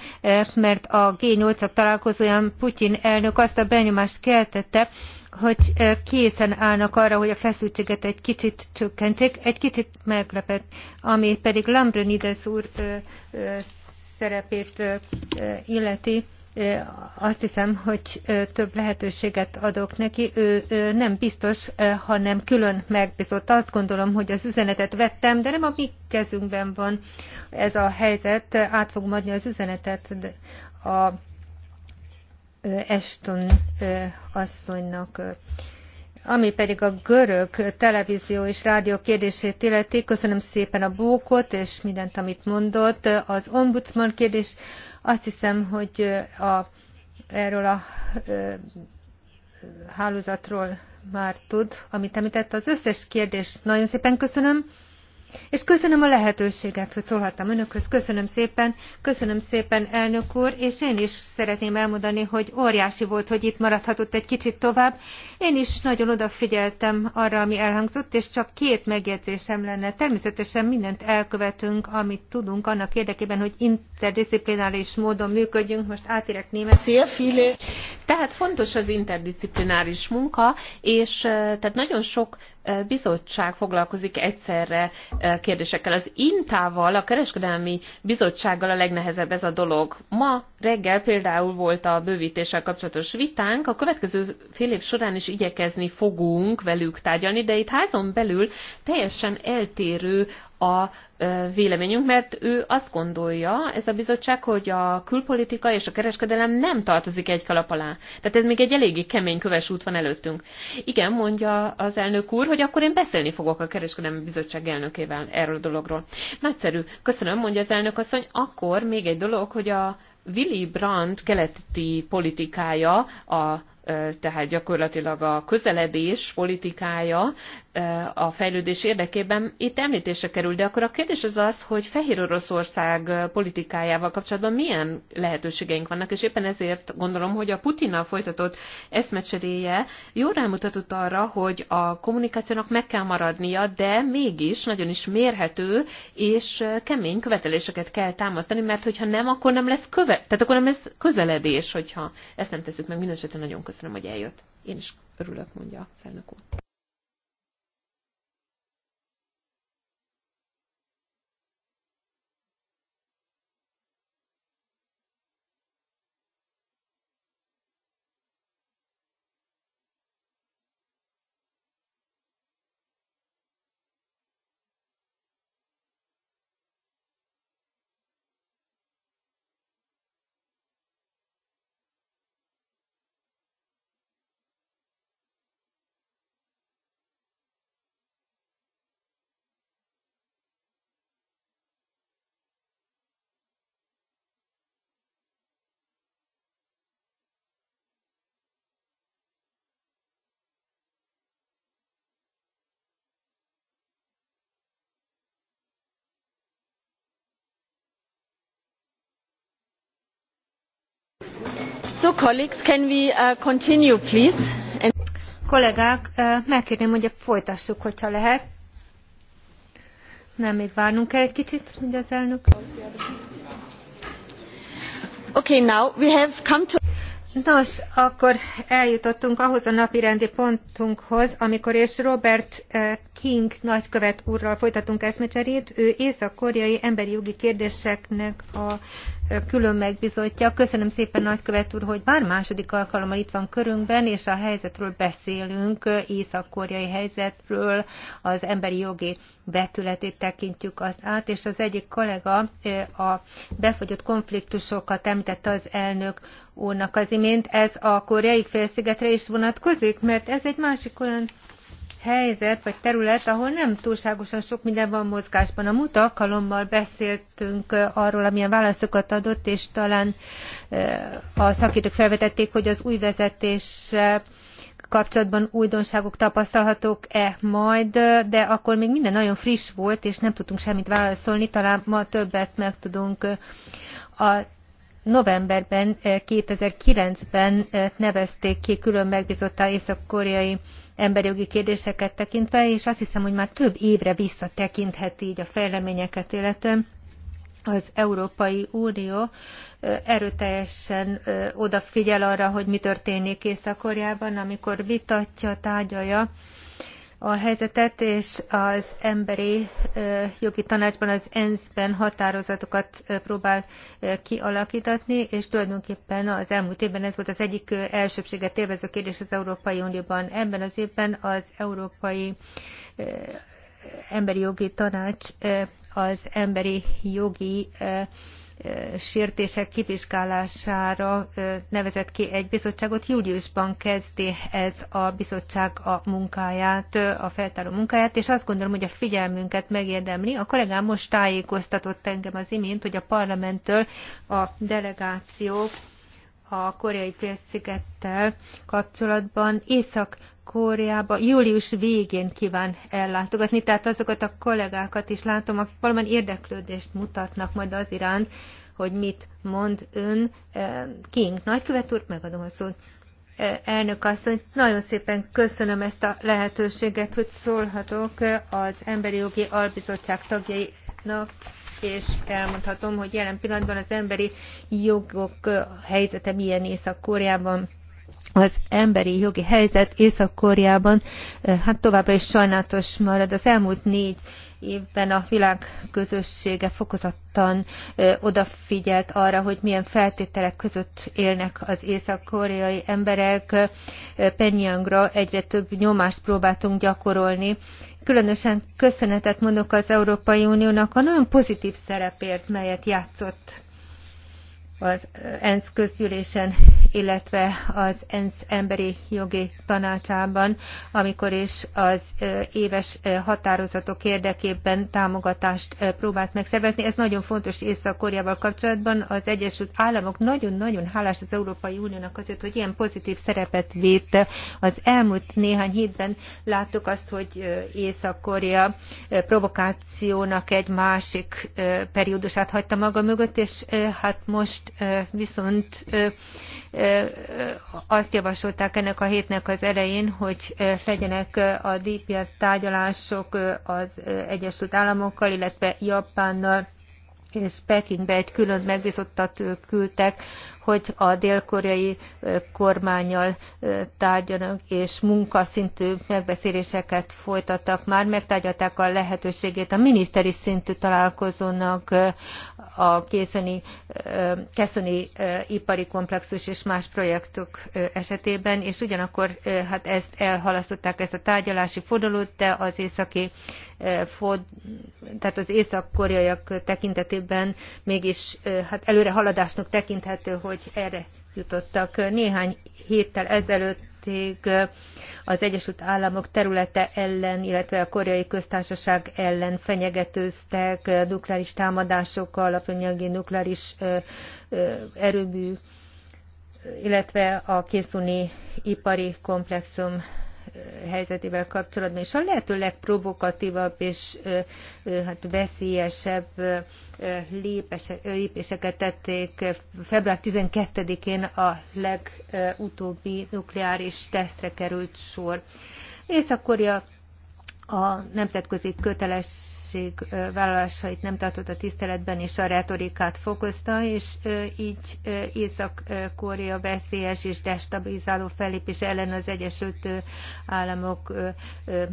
mert a G8-ak találkozóján Putyin elnök azt a benyomást keltette, hogy készen állnak arra, hogy a feszültséget egy kicsit csökkentsék. Egy kicsit meglepett, ami pedig Lambrönides úr szerepét illeti. Azt hiszem, hogy több lehetőséget adok neki. Ő nem biztos, hanem külön megbízott. Azt gondolom, hogy az üzenetet vettem, de nem a mi kezünkben van ez a helyzet. Át fogom adni az üzenetet a Eston asszonynak. Ami pedig a görög televízió és rádió kérdését illeti, köszönöm szépen a bókot és mindent, amit mondott. Az ombudsman kérdés, azt hiszem, hogy a, erről a e, hálózatról már tud, amit említett. Az összes kérdést nagyon szépen köszönöm. És köszönöm a lehetőséget, hogy szólhattam önökhöz. Köszönöm szépen, köszönöm szépen, elnök úr, és én is szeretném elmondani, hogy óriási volt, hogy itt maradhatott egy kicsit tovább. Én is nagyon odafigyeltem arra, ami elhangzott, és csak két megjegyzésem lenne. Természetesen mindent elkövetünk, amit tudunk, annak érdekében, hogy interdisziplináris módon működjünk. Most átérek német. Szia, Filé! Tehát fontos az interdisziplináris munka, és tehát nagyon sok bizottság foglalkozik egyszerre kérdésekkel. Az Intával, a kereskedelmi bizottsággal a legnehezebb ez a dolog. Ma reggel például volt a bővítéssel kapcsolatos vitánk, a következő fél év során is igyekezni fogunk velük tárgyalni, de itt házon belül teljesen eltérő a véleményünk, mert ő azt gondolja, ez a bizottság, hogy a külpolitika és a kereskedelem nem tartozik egy kalap alá. Tehát ez még egy eléggé kemény köves út van előttünk. Igen, mondja az elnök úr, hogy akkor én beszélni fogok a kereskedelmi bizottság elnökével erről a dologról. Nagyszerű. Köszönöm, mondja az elnök asszony. Akkor még egy dolog, hogy a Willy Brandt keleti politikája, a, tehát gyakorlatilag a közeledés politikája a fejlődés érdekében itt említése kerül, de akkor a kérdés az az, hogy Fehér Oroszország politikájával kapcsolatban milyen lehetőségeink vannak, és éppen ezért gondolom, hogy a Putinnal folytatott eszmecseréje jól rámutatott arra, hogy a kommunikációnak meg kell maradnia, de mégis nagyon is mérhető és kemény követeléseket kell támasztani, mert hogyha nem, akkor nem lesz, köve, tehát akkor nem lesz közeledés, hogyha ezt nem teszük meg. Mindenesetre nagyon köszönöm, hogy eljött. Én is örülök, mondja a felnök úr. Uh, Kollégák, uh, megkérném, hogy folytassuk, hogyha lehet. Nem, még várnunk kell egy kicsit, az elnök. Okay, now we have come to... Nos, akkor eljutottunk ahhoz a napirendi pontunkhoz, amikor és Robert uh, King nagykövet úrral folytatunk eszmecserét. Ő észak-koreai emberi jogi kérdéseknek a külön megbizotja. Köszönöm szépen, nagykövet úr, hogy már második alkalommal itt van körünkben, és a helyzetről beszélünk, észak-koreai helyzetről, az emberi jogi vetületét tekintjük azt át, és az egyik kollega a befogyott konfliktusokat említette az elnök úrnak az imént. Ez a koreai félszigetre is vonatkozik, mert ez egy másik olyan helyzet vagy terület, ahol nem túlságosan sok minden van mozgásban. A múlt alkalommal beszéltünk arról, amilyen válaszokat adott, és talán a szakértők felvetették, hogy az új vezetés kapcsolatban újdonságok tapasztalhatók-e majd, de akkor még minden nagyon friss volt, és nem tudtunk semmit válaszolni, talán ma többet megtudunk. A novemberben, 2009-ben nevezték ki külön megbízottá észak-koreai emberjogi kérdéseket tekintve, és azt hiszem, hogy már több évre visszatekinthet így a fejleményeket illetően az Európai Unió erőteljesen odafigyel arra, hogy mi történik Észak-Koreában, amikor vitatja, tárgyalja a helyzetet, és az emberi jogi tanácsban, az ENSZ-ben határozatokat próbál kialakítani és tulajdonképpen az elmúlt évben ez volt az egyik elsőbséget élvező kérdés az Európai Unióban. Ebben az évben az Európai Emberi Jogi Tanács az emberi jogi sértések kivizsgálására nevezett ki egy bizottságot. Júliusban kezdi ez a bizottság a munkáját, a feltáró munkáját, és azt gondolom, hogy a figyelmünket megérdemli. A kollégám most tájékoztatott engem az imént, hogy a parlamenttől a delegációk a koreai félszigettel kapcsolatban Észak-Koreába július végén kíván ellátogatni, tehát azokat a kollégákat is látom, akik valamilyen érdeklődést mutatnak majd az iránt, hogy mit mond ön. E, King, nagykövet úr, megadom a szót. E, elnök asszony, nagyon szépen köszönöm ezt a lehetőséget, hogy szólhatok az Emberi Jogi Albizottság tagjainak és elmondhatom, hogy jelen pillanatban az emberi jogok helyzete milyen Észak-Koreában. Az emberi jogi helyzet Észak-Koreában eh, hát továbbra is sajnálatos marad. Az elmúlt négy évben a világ közössége fokozottan eh, odafigyelt arra, hogy milyen feltételek között élnek az észak-koreai emberek. Eh, Penyangra egyre több nyomást próbáltunk gyakorolni, Különösen köszönetet mondok az Európai Uniónak a nagyon pozitív szerepért, melyet játszott az ENSZ közgyűlésen, illetve az ENSZ emberi jogi tanácsában, amikor is az éves határozatok érdekében támogatást próbált megszervezni. Ez nagyon fontos Észak-Koreával kapcsolatban. Az Egyesült Államok nagyon-nagyon hálás az Európai Uniónak azért, hogy ilyen pozitív szerepet vét. Az elmúlt néhány hétben láttuk azt, hogy Észak-Korea provokációnak egy másik periódusát hagyta maga mögött, és hát most viszont azt javasolták ennek a hétnek az elején, hogy legyenek a DPR tárgyalások az Egyesült Államokkal, illetve Japánnal és Pekingbe egy külön megbizottat küldtek hogy a dél-koreai kormányjal tárgyanak, és munkaszintű megbeszéléseket folytattak már, megtárgyalták a lehetőségét a miniszteri szintű találkozónak a készöni, keszöni ipari komplexus és más projektok esetében, és ugyanakkor hát ezt elhalasztották, ezt a tárgyalási fordulót, de az északi ford, tehát az észak-koreaiak tekintetében mégis hát előre haladásnak tekinthető, hogy hogy erre jutottak. Néhány héttel ezelőttig az Egyesült Államok területe ellen, illetve a koreai köztársaság ellen fenyegetőztek nukleáris támadásokkal, alapanyagi nukleáris erőmű, illetve a készuni ipari komplexum helyzetével kapcsolatban, és a lehető legprovokatívabb és hát veszélyesebb lépéseket tették február 12-én a legutóbbi nukleáris tesztre került sor. Észak-Korea a nemzetközi köteles kötelezettség vállalásait nem tartotta tiszteletben, és a retorikát fokozta, és így Észak-Korea veszélyes és destabilizáló fellépés ellen az Egyesült Államok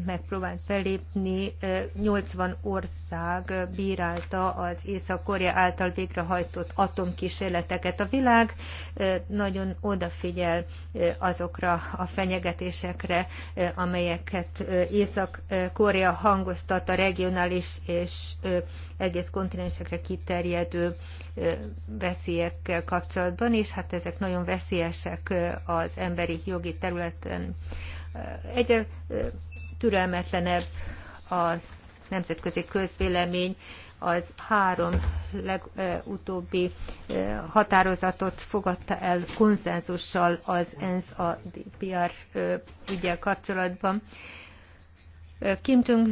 megpróbált fellépni. 80 ország bírálta az Észak-Korea által végrehajtott atomkísérleteket. A világ nagyon odafigyel azokra a fenyegetésekre, amelyeket Észak-Korea hangoztat a regionális és, és egyes kontinensekre kiterjedő veszélyekkel kapcsolatban, és hát ezek nagyon veszélyesek az emberi jogi területen. Egyre türelmetlenebb a nemzetközi közvélemény, az három legutóbbi határozatot fogadta el konszenzussal az ENSZ a DPR ügyel kapcsolatban. Kim Jong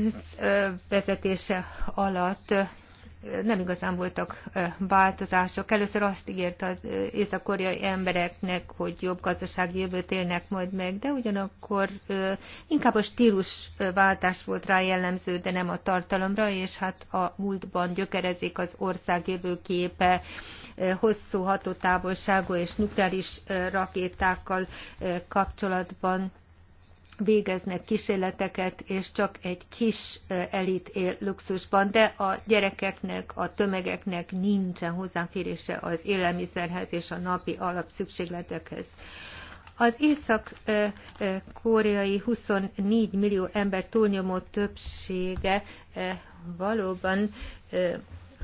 vezetése alatt nem igazán voltak változások. Először azt ígért az észak-koreai embereknek, hogy jobb gazdasági jövőt élnek majd meg, de ugyanakkor inkább a stílusváltás volt rá jellemző, de nem a tartalomra, és hát a múltban gyökerezik az ország jövőképe, hosszú hatótávolságú és nukleáris rakétákkal kapcsolatban végeznek kísérleteket, és csak egy kis elit él luxusban, de a gyerekeknek, a tömegeknek nincsen hozzáférése az élelmiszerhez és a napi alapszükségletekhez. Az észak-koreai 24 millió ember túlnyomó többsége valóban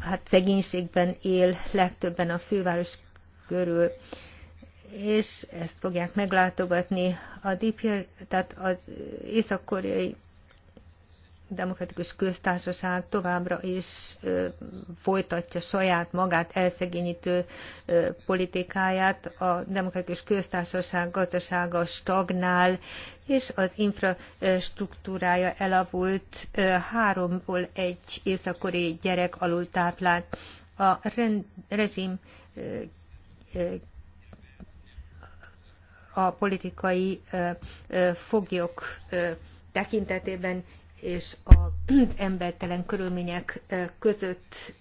hát szegénységben él legtöbben a főváros körül és ezt fogják meglátogatni a DPR, tehát az észak-koreai demokratikus köztársaság továbbra is folytatja saját magát elszegényítő politikáját, a demokratikus köztársaság gazdasága stagnál, és az infrastruktúrája elavult, háromból egy északori gyerek alul táplált. A rend, rezsim a politikai foglyok tekintetében és az embertelen körülmények között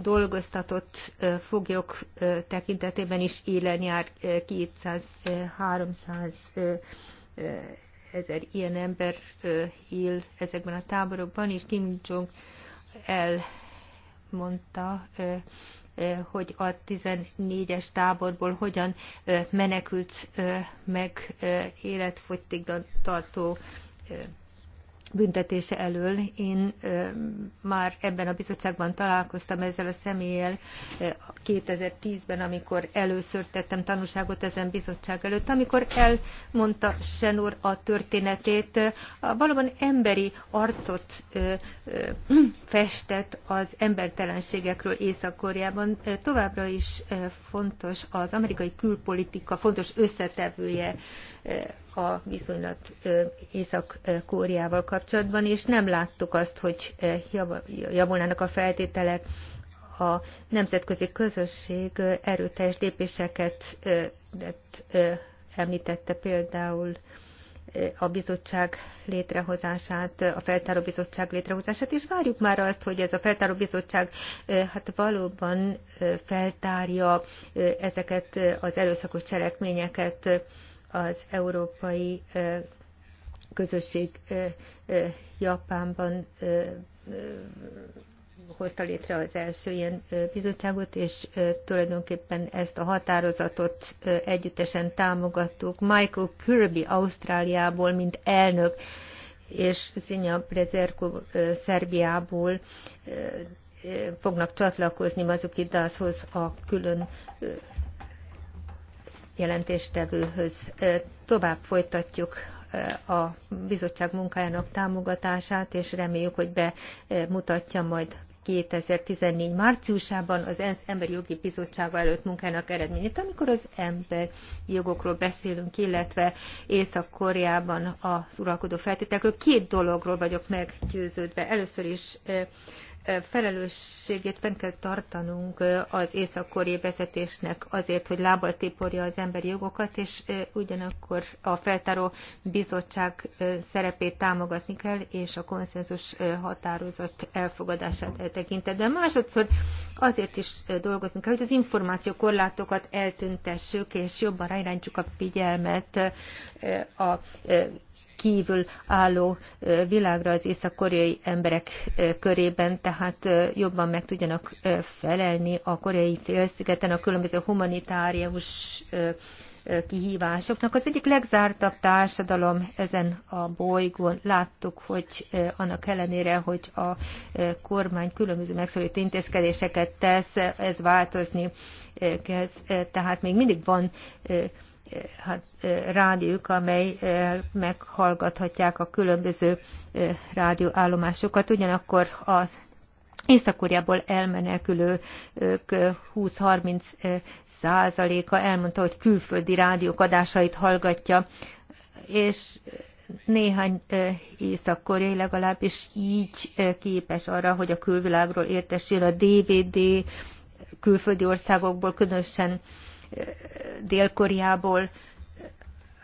dolgoztatott foglyok tekintetében is élen jár 200-300 ezer ilyen ember él ezekben a táborokban, és Kim Jong el mondta hogy a 14-es táborból hogyan menekült meg életfogytiglan tartó büntetése elől. Én már ebben a bizottságban találkoztam ezzel a személlyel 2010-ben, amikor először tettem tanúságot ezen bizottság előtt, amikor elmondta senor a történetét, valóban emberi arcot festett az embertelenségekről Észak-Koreában. Továbbra is fontos az amerikai külpolitika fontos összetevője a viszonylat Észak-Kóriával kapcsolatban, és nem láttuk azt, hogy javulnának a feltételek. A nemzetközi közösség erőteljes lépéseket említette például a bizottság létrehozását, a feltáró bizottság létrehozását, és várjuk már azt, hogy ez a feltáró bizottság hát valóban feltárja ezeket az erőszakos cselekményeket, az európai közösség Japánban hozta létre az első ilyen bizottságot, és tulajdonképpen ezt a határozatot együttesen támogattuk. Michael Kirby Ausztráliából, mint elnök, és Zinja Prezerko Szerbiából fognak csatlakozni Dászhoz a külön jelentéstevőhöz. Tovább folytatjuk a bizottság munkájának támogatását, és reméljük, hogy bemutatja majd 2014 márciusában az ENSZ Emberi Jogi Bizottsága előtt munkának eredményét, amikor az ember jogokról beszélünk, illetve Észak-Koreában az uralkodó feltételekről. Két dologról vagyok meggyőződve. Először is felelősségét fenn kell tartanunk az észak-koreai vezetésnek azért, hogy lábbal tiporja az emberi jogokat, és ugyanakkor a feltáró bizottság szerepét támogatni kell, és a konszenzus határozat elfogadását e tekintve. De másodszor azért is dolgozunk kell, hogy az információ korlátokat eltüntessük, és jobban ráirányítsuk a figyelmet a kívül álló világra az észak-koreai emberek körében, tehát jobban meg tudjanak felelni a koreai félszigeten a különböző humanitárius kihívásoknak. Az egyik legzártabb társadalom ezen a bolygón. Láttuk, hogy annak ellenére, hogy a kormány különböző megszólító intézkedéseket tesz, ez változni kezd. Tehát még mindig van Hát, rádiók, amely meghallgathatják a különböző rádióállomásokat. Ugyanakkor a Észak-Koreából elmenekülők 20-30 százaléka elmondta, hogy külföldi rádiók adásait hallgatja, és néhány észak-koreai legalábbis így képes arra, hogy a külvilágról értesül a DVD külföldi országokból, különösen Dél-Koreából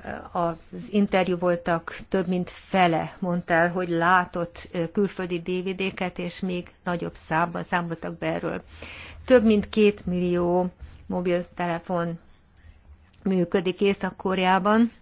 eh, az interjú voltak több mint fele, mondta el, hogy látott eh, külföldi DVD-ket, és még nagyobb számban számoltak be erről. Több mint két millió mobiltelefon működik Észak-Koreában,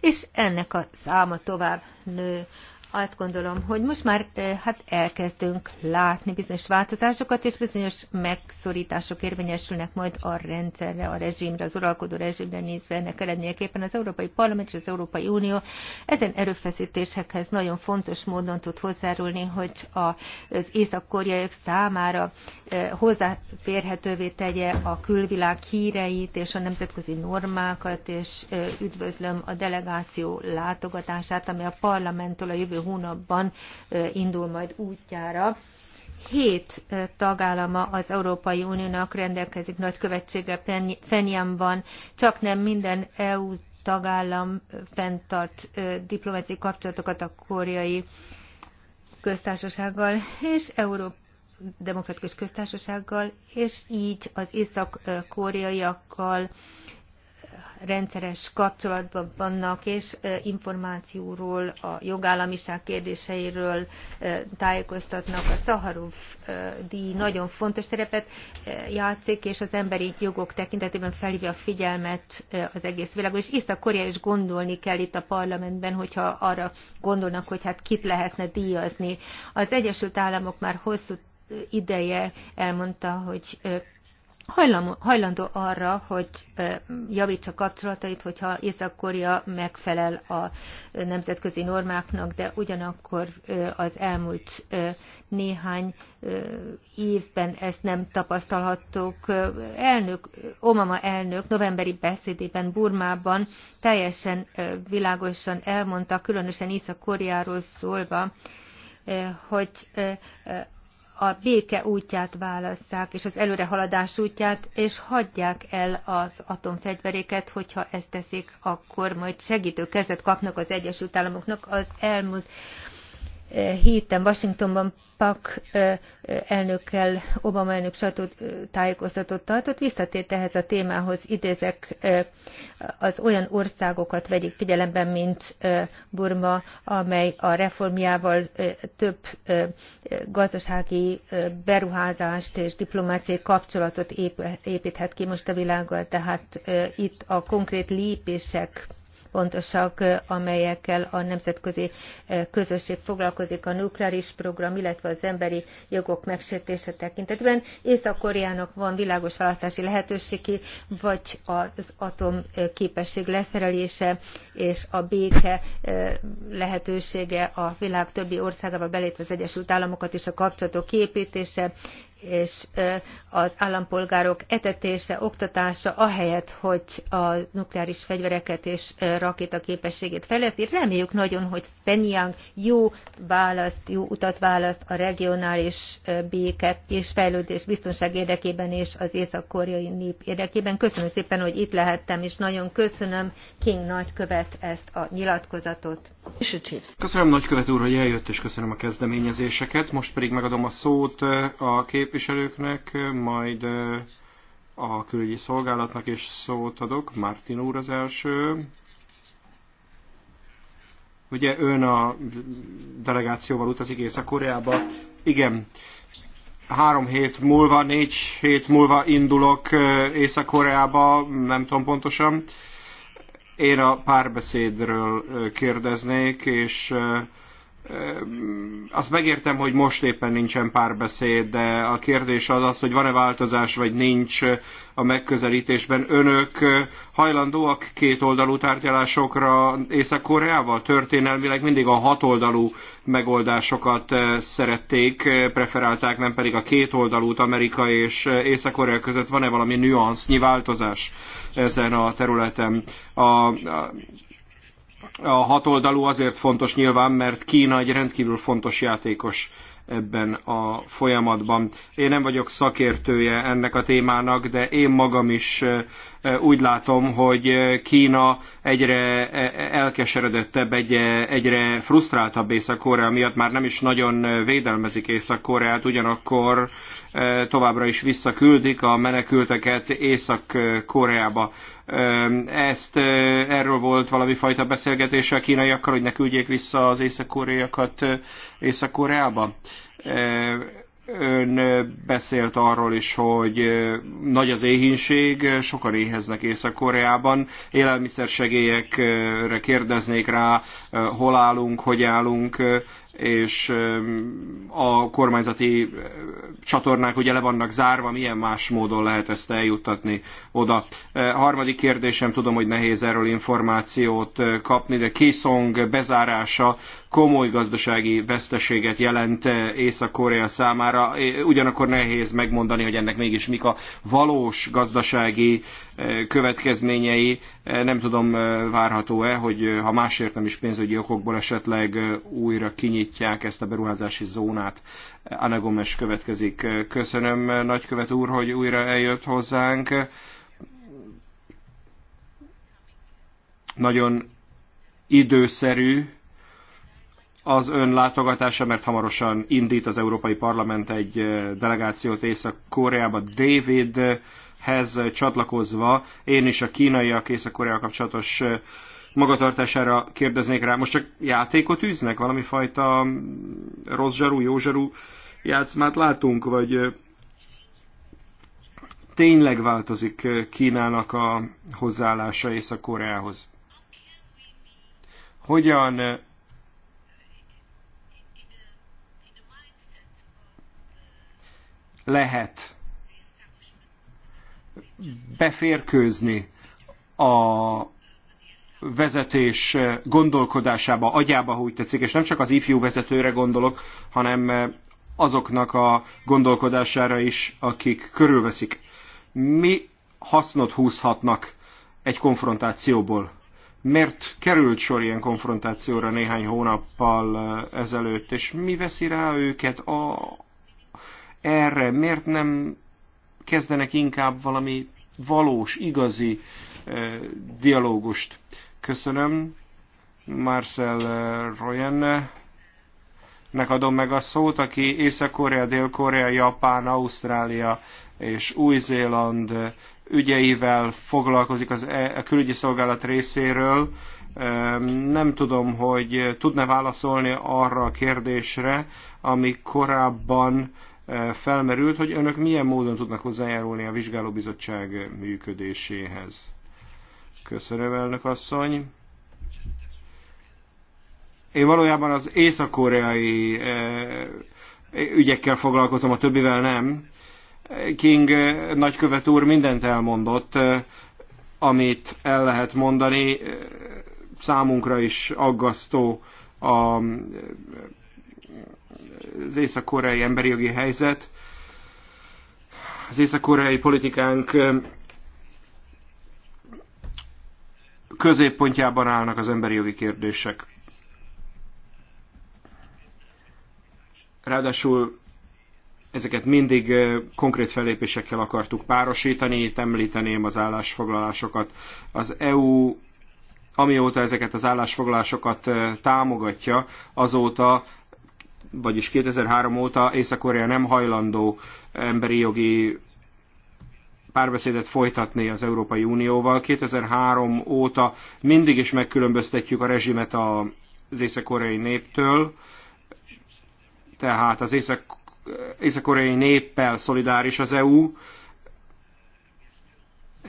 és ennek a száma tovább nő azt gondolom, hogy most már eh, hát elkezdünk látni bizonyos változásokat, és bizonyos megszorítások érvényesülnek majd a rendszerre, a rezsimre, az uralkodó rezsimre nézve ennek eredményeképpen az Európai Parlament és az Európai Unió ezen erőfeszítésekhez nagyon fontos módon tud hozzárulni, hogy az észak-koreaiak számára eh, hozzáférhetővé tegye a külvilág híreit és a nemzetközi normákat, és eh, üdvözlöm a delegáció látogatását, ami a parlamenttől a jövő hónapban indul majd útjára. Hét tagállama az Európai Uniónak rendelkezik nagykövetsége Fenyánban, csak nem minden EU tagállam fenntart diplomáciai kapcsolatokat a koreai köztársasággal és Európa demokratikus köztársasággal, és így az észak-koreaiakkal rendszeres kapcsolatban vannak, és információról, a jogállamiság kérdéseiről tájékoztatnak. A Szaharov díj nagyon fontos szerepet játszik, és az emberi jogok tekintetében felhívja a figyelmet az egész világon. És Észak-Korea is gondolni kell itt a parlamentben, hogyha arra gondolnak, hogy hát kit lehetne díjazni. Az Egyesült Államok már hosszú ideje elmondta, hogy hajlandó arra, hogy javítsa kapcsolatait, hogyha Észak-Korea megfelel a nemzetközi normáknak, de ugyanakkor az elmúlt néhány évben ezt nem tapasztalhattuk. Elnök, Obama elnök novemberi beszédében Burmában teljesen világosan elmondta, különösen Észak-Koreáról szólva, hogy a béke útját válasszák, és az előrehaladás útját, és hagyják el az atomfegyveréket, hogyha ezt teszik, akkor majd segítő kezet kapnak az Egyesült Államoknak az elmúlt héten Washingtonban Pak elnökkel, Obama elnök sajtótájékoztatót tartott, visszatért ehhez a témához, idézek, az olyan országokat vegyék figyelemben, mint Burma, amely a reformjával több gazdasági beruházást és diplomáciai kapcsolatot építhet ki most a világgal, tehát itt a konkrét lépések fontosak, amelyekkel a nemzetközi eh, közösség foglalkozik a nukleáris program, illetve az emberi jogok megsértése tekintetben. Észak-Koreának van világos választási lehetőségi, vagy az atom eh, képesség leszerelése és a béke eh, lehetősége a világ többi országával, belétve az Egyesült Államokat és a kapcsolatok kiépítése, és az állampolgárok etetése, oktatása, ahelyett, hogy a nukleáris fegyvereket és rakétaképességét fejleszti. Reméljük nagyon, hogy Fenyang jó választ, jó utat választ a regionális béke és fejlődés biztonság érdekében és az észak-koreai nép érdekében. Köszönöm szépen, hogy itt lehettem, és nagyon köszönöm King nagykövet ezt a nyilatkozatot. Köszönöm nagykövet úr, hogy eljött, és köszönöm a kezdeményezéseket. Most pedig megadom a szót a kép képviselőknek, majd eh, a külügyi szolgálatnak is szót adok. Martin úr az első. Ugye ön a delegációval utazik Észak-Koreába. Igen, három hét múlva, négy hét múlva indulok eh, Észak-Koreába, nem tudom pontosan. Én a párbeszédről eh, kérdeznék, és azt megértem, hogy most éppen nincsen párbeszéd, de a kérdés az az, hogy van-e változás, vagy nincs a megközelítésben. Önök hajlandóak kétoldalú tárgyalásokra Észak-Koreával? Történelmileg mindig a hatoldalú megoldásokat szerették, preferálták, nem pedig a kétoldalút Amerika és Észak-Korea között. Van-e valami nüansznyi változás ezen a területen? A, a a hatoldalú azért fontos nyilván, mert Kína egy rendkívül fontos játékos ebben a folyamatban. Én nem vagyok szakértője ennek a témának, de én magam is úgy látom, hogy eh, Kína egyre eh, elkeseredettebb, eh, egyre frusztráltabb Észak-Korea miatt már nem is nagyon védelmezik Észak-Koreát, ugyanakkor továbbra is visszaküldik a menekülteket Észak-Koreába. Ezt erről volt valami fajta beszélgetése a kínaiakkal, hogy ne küldjék vissza az észak-koreakat Észak-Koreába Ön beszélt arról is, hogy nagy az éhínség, sokan éheznek Észak-Koreában. Élelmiszersegélyekre kérdeznék rá, hol állunk, hogy állunk, és a kormányzati csatornák ugye le vannak zárva, milyen más módon lehet ezt eljuttatni oda. A harmadik kérdésem, tudom, hogy nehéz erről információt kapni, de Kisong bezárása komoly gazdasági veszteséget jelent eh, Észak-Korea számára. Eh, ugyanakkor nehéz megmondani, hogy ennek mégis mik a valós gazdasági eh, következményei. Nem tudom, várható-e, hogy ha másért nem is pénzügyi okokból esetleg újra kinyitják ezt a beruházási zónát. Anna Gomes következik. Köszönöm, nagykövet úr, hogy újra eljött hozzánk. Nagyon időszerű az ön látogatása, mert hamarosan indít az Európai Parlament egy delegációt Észak-Koreába. Davidhez csatlakozva én is a kínaiak észak korea kapcsolatos magatartására kérdeznék rá. Most csak játékot űznek? Valami fajta rossz zsarú, jó zsarú játszmát látunk? Vagy tényleg változik Kínának a hozzáállása Észak-Koreához? Hogyan lehet beférkőzni a vezetés gondolkodásába, agyába, hogy úgy tetszik, és nem csak az ifjú vezetőre gondolok, hanem azoknak a gondolkodására is, akik körülveszik. Mi hasznot húzhatnak egy konfrontációból? Miért került sor ilyen konfrontációra néhány hónappal ezelőtt, és mi veszi rá őket a, erre? Miért nem kezdenek inkább valami valós, igazi eh, dialógust? Köszönöm. Marcel eh, Royenne nek adom meg a szót, aki Észak-Korea, Dél-Korea, Japán, Ausztrália és Új-Zéland eh, ügyeivel foglalkozik az e, a külügyi szolgálat részéről. Nem tudom, hogy tudna válaszolni arra a kérdésre, ami korábban felmerült, hogy önök milyen módon tudnak hozzájárulni a vizsgálóbizottság működéséhez. Köszönöm, elnök asszony. Én valójában az észak-koreai ügyekkel foglalkozom, a többivel nem. King nagykövet úr mindent elmondott, amit el lehet mondani. Számunkra is aggasztó a az észak-koreai emberi jogi helyzet. Az észak-koreai politikánk középpontjában állnak az emberi jogi kérdések. Ráadásul ezeket mindig konkrét fellépésekkel akartuk párosítani, itt említeném az állásfoglalásokat. Az EU amióta ezeket az állásfoglalásokat támogatja, azóta vagyis 2003 óta Észak-Korea nem hajlandó emberi jogi párbeszédet folytatni az Európai Unióval. 2003 óta mindig is megkülönböztetjük a rezsimet az észak-koreai néptől, tehát az észak- észak-koreai néppel szolidáris az EU,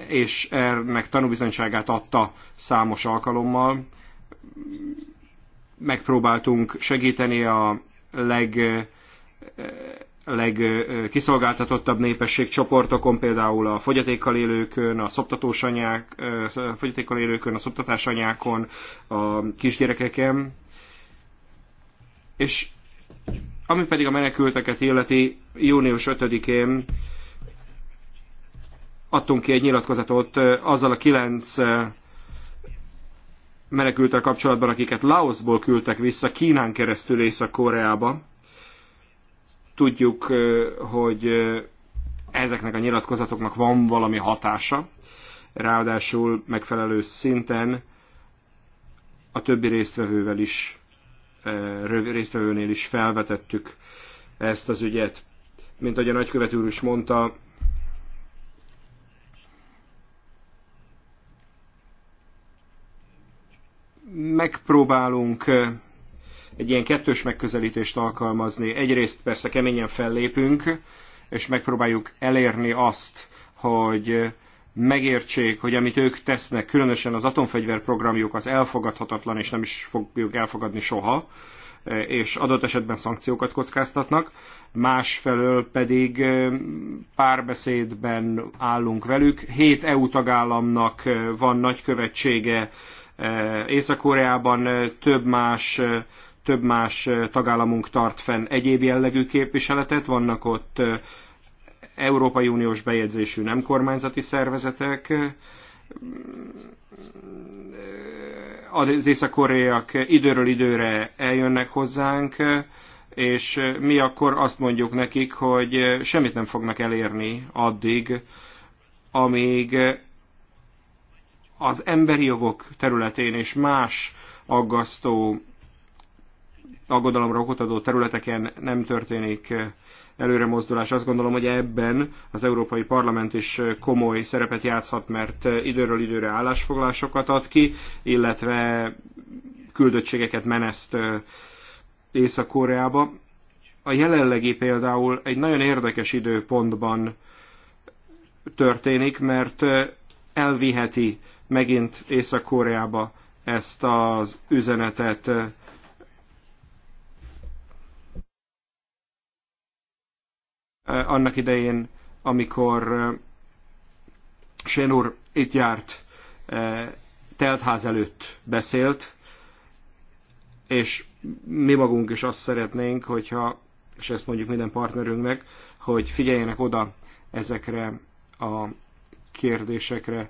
és ennek tanúbizonyságát adta számos alkalommal. Megpróbáltunk segíteni a leg, legkiszolgáltatottabb népességcsoportokon, például a fogyatékkal élőkön, a szoptatós anyák, fogyatékkal élőkön, a szoptatás anyákon, a kisgyerekeken. És ami pedig a menekülteket illeti, június 5-én adtunk ki egy nyilatkozatot azzal a kilenc menekültel kapcsolatban, akiket Laosból küldtek vissza Kínán keresztül Észak-Koreába. Tudjuk, hogy ezeknek a nyilatkozatoknak van valami hatása, ráadásul megfelelő szinten a többi résztvevővel is, résztvevőnél is felvetettük ezt az ügyet. Mint ahogy a nagykövet úr is mondta, megpróbálunk egy ilyen kettős megközelítést alkalmazni. Egyrészt persze keményen fellépünk, és megpróbáljuk elérni azt, hogy megértsék, hogy amit ők tesznek, különösen az atomfegyver programjuk az elfogadhatatlan, és nem is fogjuk elfogadni soha, és adott esetben szankciókat kockáztatnak, másfelől pedig párbeszédben állunk velük. Hét EU tagállamnak van nagykövetsége Eh, Észak-Koreában eh, több más eh, több más tagállamunk tart fenn egyéb jellegű képviseletet, vannak ott Európai Uniós bejegyzésű nem kormányzati szervezetek, az észak-koreaiak időről időre eljönnek hozzánk, és mi akkor azt mondjuk nekik, hogy semmit nem fognak elérni addig, amíg az emberi jogok területén és más aggasztó aggodalomra okot adó területeken nem történik eh, előremozdulás. Azt gondolom, hogy ebben az Európai Parlament is eh, komoly szerepet játszhat, mert eh, időről időre állásfoglásokat ad ki, illetve küldöttségeket meneszt Észak-Koreába. A jelenlegi például egy nagyon érdekes időpontban történik, mert elviheti megint Észak-Koreába ezt az üzenetet annak idején, amikor Sénur itt járt, teltház előtt beszélt, és mi magunk is azt szeretnénk, hogyha, és ezt mondjuk minden partnerünknek, hogy figyeljenek oda ezekre a kérdésekre,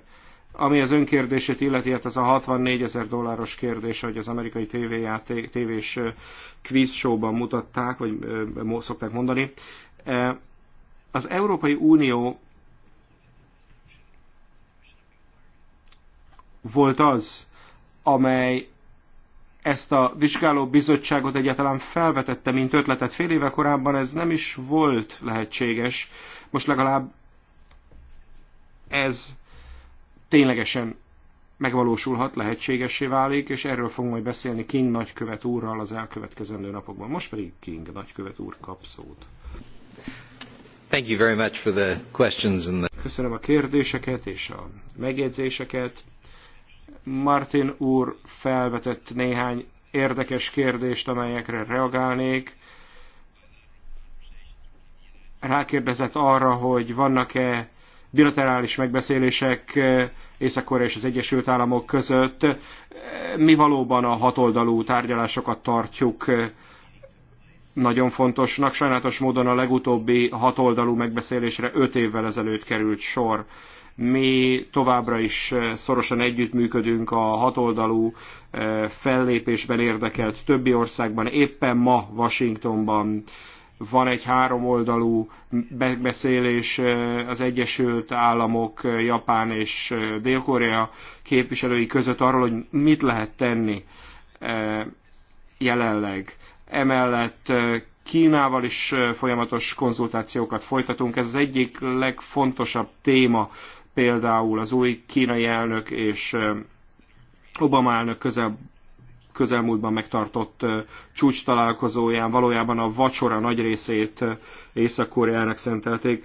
ami az önkérdését illeti, hát ez a 64 ezer dolláros kérdés, hogy az amerikai tévéjáték, tévés quiz showban mutatták, vagy szokták mondani. Az Európai Unió volt az, amely ezt a vizsgáló bizottságot egyáltalán felvetette, mint ötletet. Fél éve korábban ez nem is volt lehetséges. Most legalább ez ténylegesen megvalósulhat, lehetségessé válik, és erről fogunk majd beszélni King nagykövet úrral az elkövetkezendő napokban. Most pedig King nagykövet úr kap szót. Thank you very much for the questions and the... Köszönöm a kérdéseket és a megjegyzéseket. Martin úr felvetett néhány érdekes kérdést, amelyekre reagálnék. Rákérdezett arra, hogy vannak-e bilaterális megbeszélések eh, észak és az Egyesült Államok között. Eh, mi valóban a hatoldalú tárgyalásokat tartjuk eh, nagyon fontosnak. Sajnálatos módon a legutóbbi hatoldalú megbeszélésre öt évvel ezelőtt került sor. Mi továbbra is szorosan együttműködünk a hatoldalú fellépésben érdekelt többi országban. Éppen ma Washingtonban van egy háromoldalú megbeszélés eh, az Egyesült Államok, eh, Japán és eh, Dél-Korea képviselői között arról, hogy mit lehet tenni jelenleg. Emellett Kínával is folyamatos konzultációkat folytatunk. Ez az egyik legfontosabb téma például az új kínai elnök és Obama elnök közel közelmúltban megtartott csúcs találkozóján valójában a vacsora nagy részét Észak-Koreának szentelték.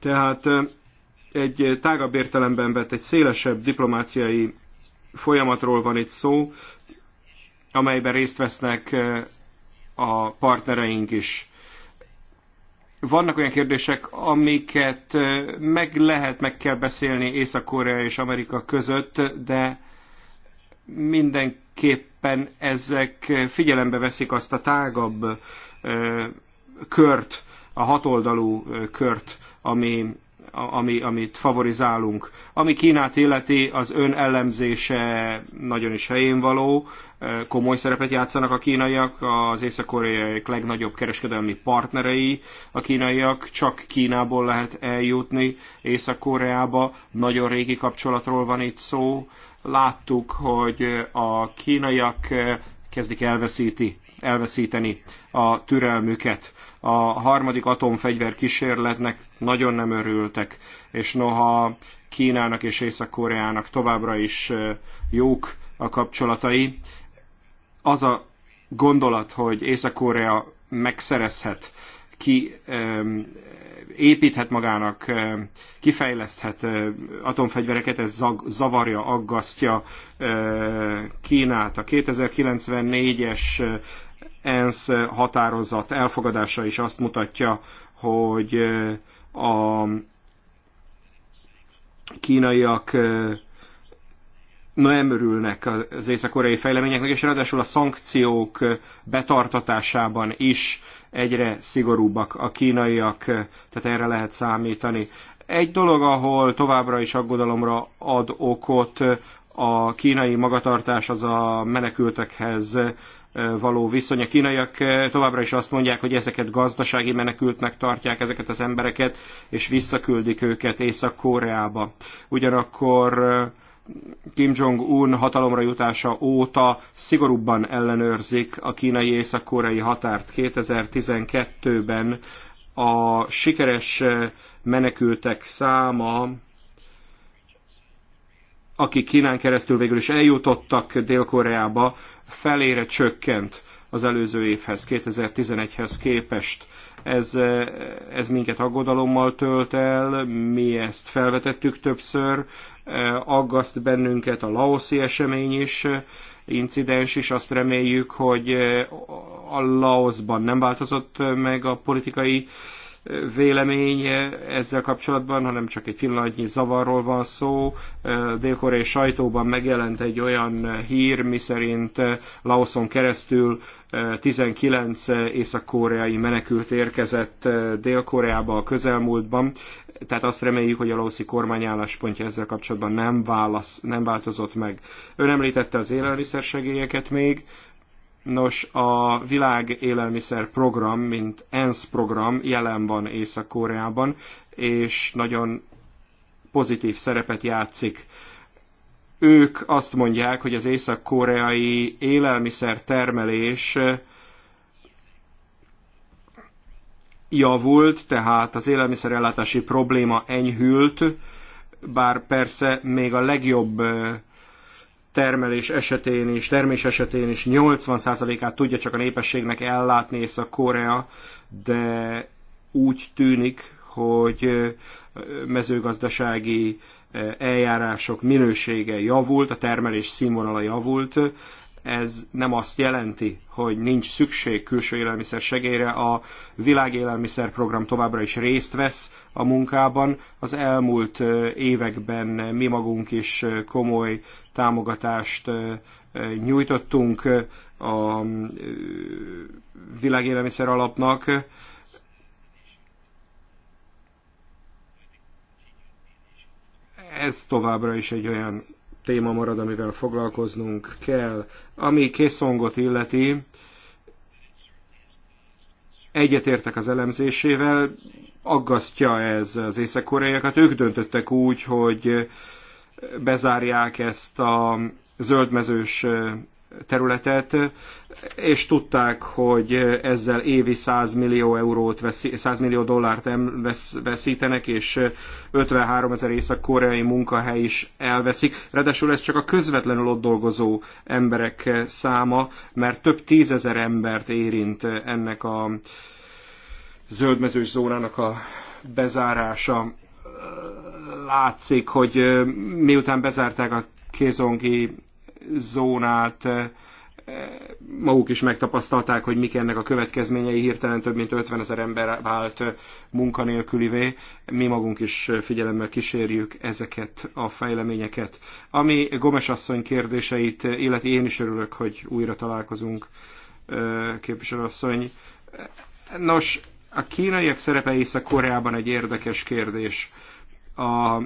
Tehát egy tágabb értelemben vett, egy szélesebb diplomáciai folyamatról van itt szó, amelyben részt vesznek a partnereink is. Vannak olyan kérdések, amiket meg lehet, meg kell beszélni Észak-Korea és Amerika között, de mindenképpen ezek figyelembe veszik azt a tágabb kört, a hatoldalú kört, ami, ami, amit favorizálunk. Ami Kínát illeti, az ön ellenzése nagyon is helyén való. Komoly szerepet játszanak a kínaiak, az észak-koreaiak legnagyobb kereskedelmi partnerei a kínaiak, csak Kínából lehet eljutni Észak-Koreába. Nagyon régi kapcsolatról van itt szó láttuk, hogy a kínaiak kezdik elveszíti, elveszíteni a türelmüket. A harmadik atomfegyver kísérletnek nagyon nem örültek, és noha Kínának és Észak-Koreának továbbra is jók a kapcsolatai, az a gondolat, hogy Észak-Korea megszerezhet ki építhet magának, kifejleszthet atomfegyvereket, ez zavarja, aggasztja Kínát. A 2094-es ENSZ határozat elfogadása is azt mutatja, hogy a kínaiak nem örülnek az észak-koreai fejleményeknek, és ráadásul a szankciók betartatásában is egyre szigorúbbak a kínaiak, tehát erre lehet számítani. Egy dolog, ahol továbbra is aggodalomra ad okot a kínai magatartás, az a menekültekhez eh, való viszony. A kínaiak eh, továbbra is azt mondják, hogy ezeket gazdasági menekültnek tartják, ezeket az embereket, és visszaküldik őket Észak-Koreába. Ugyanakkor eh, Kim Jong-un hatalomra jutása óta szigorúbban ellenőrzik a kínai észak-koreai határt. 2012-ben a sikeres eh, menekültek száma, akik Kínán keresztül végül is eljutottak Dél-Koreába, felére csökkent az előző évhez, 2011-hez képest. Ez, ez minket aggodalommal tölt el, mi ezt felvetettük többször, aggaszt bennünket a laoszi esemény is, incidens is, azt reméljük, hogy a Laoszban nem változott meg a politikai vélemény ezzel kapcsolatban, hanem csak egy pillanatnyi zavarról van szó. Dél-koreai sajtóban megjelent egy olyan hír, miszerint Laoszon keresztül 19 észak-koreai menekült érkezett Dél-Koreába a közelmúltban, tehát azt reméljük, hogy a laoszi kormány álláspontja ezzel kapcsolatban nem, válasz, nem változott meg. Ön említette az élelmiszersegélyeket még, Nos, a Világ Élelmiszer Program, mint ENSZ program jelen van Észak-Koreában, és nagyon pozitív szerepet játszik. Ők azt mondják, hogy az észak-koreai élelmiszer termelés javult, tehát az élelmiszerellátási probléma enyhült, bár persze még a legjobb termelés esetén is, termés esetén is 80%-át tudja csak a népességnek ellátni a korea de úgy tűnik, hogy mezőgazdasági eljárások minősége javult, a termelés színvonala javult, ez nem azt jelenti, hogy nincs szükség külső élelmiszer segélyre, a világélelmiszer program továbbra is részt vesz a munkában. Az elmúlt években mi magunk is komoly támogatást nyújtottunk a világélelmiszer alapnak, ez továbbra is egy olyan téma marad, amivel foglalkoznunk kell. Ami készongot illeti, egyetértek az elemzésével, aggasztja ez az észak-koreaiakat. Ők döntöttek úgy, hogy bezárják ezt a zöldmezős területet, és tudták, hogy ezzel évi 100 millió eurót, 100 millió dollárt veszítenek, és 53 ezer észak-koreai munkahely is elveszik. Ráadásul ez csak a közvetlenül ott dolgozó emberek száma, mert több tízezer embert érint ennek a zöldmezős zónának a bezárása. Látszik, hogy miután bezárták a kézongi zónát, eh, maguk is megtapasztalták, hogy mik ennek a következményei, hirtelen több mint 50 ezer ember vált munkanélkülivé. Mi magunk is figyelemmel kísérjük ezeket a fejleményeket. Ami Gomes asszony kérdéseit illeti, én is örülök, hogy újra találkozunk, eh, képviselőasszony. Nos, a kínaiak szerepe Észak-Koreában egy érdekes kérdés. A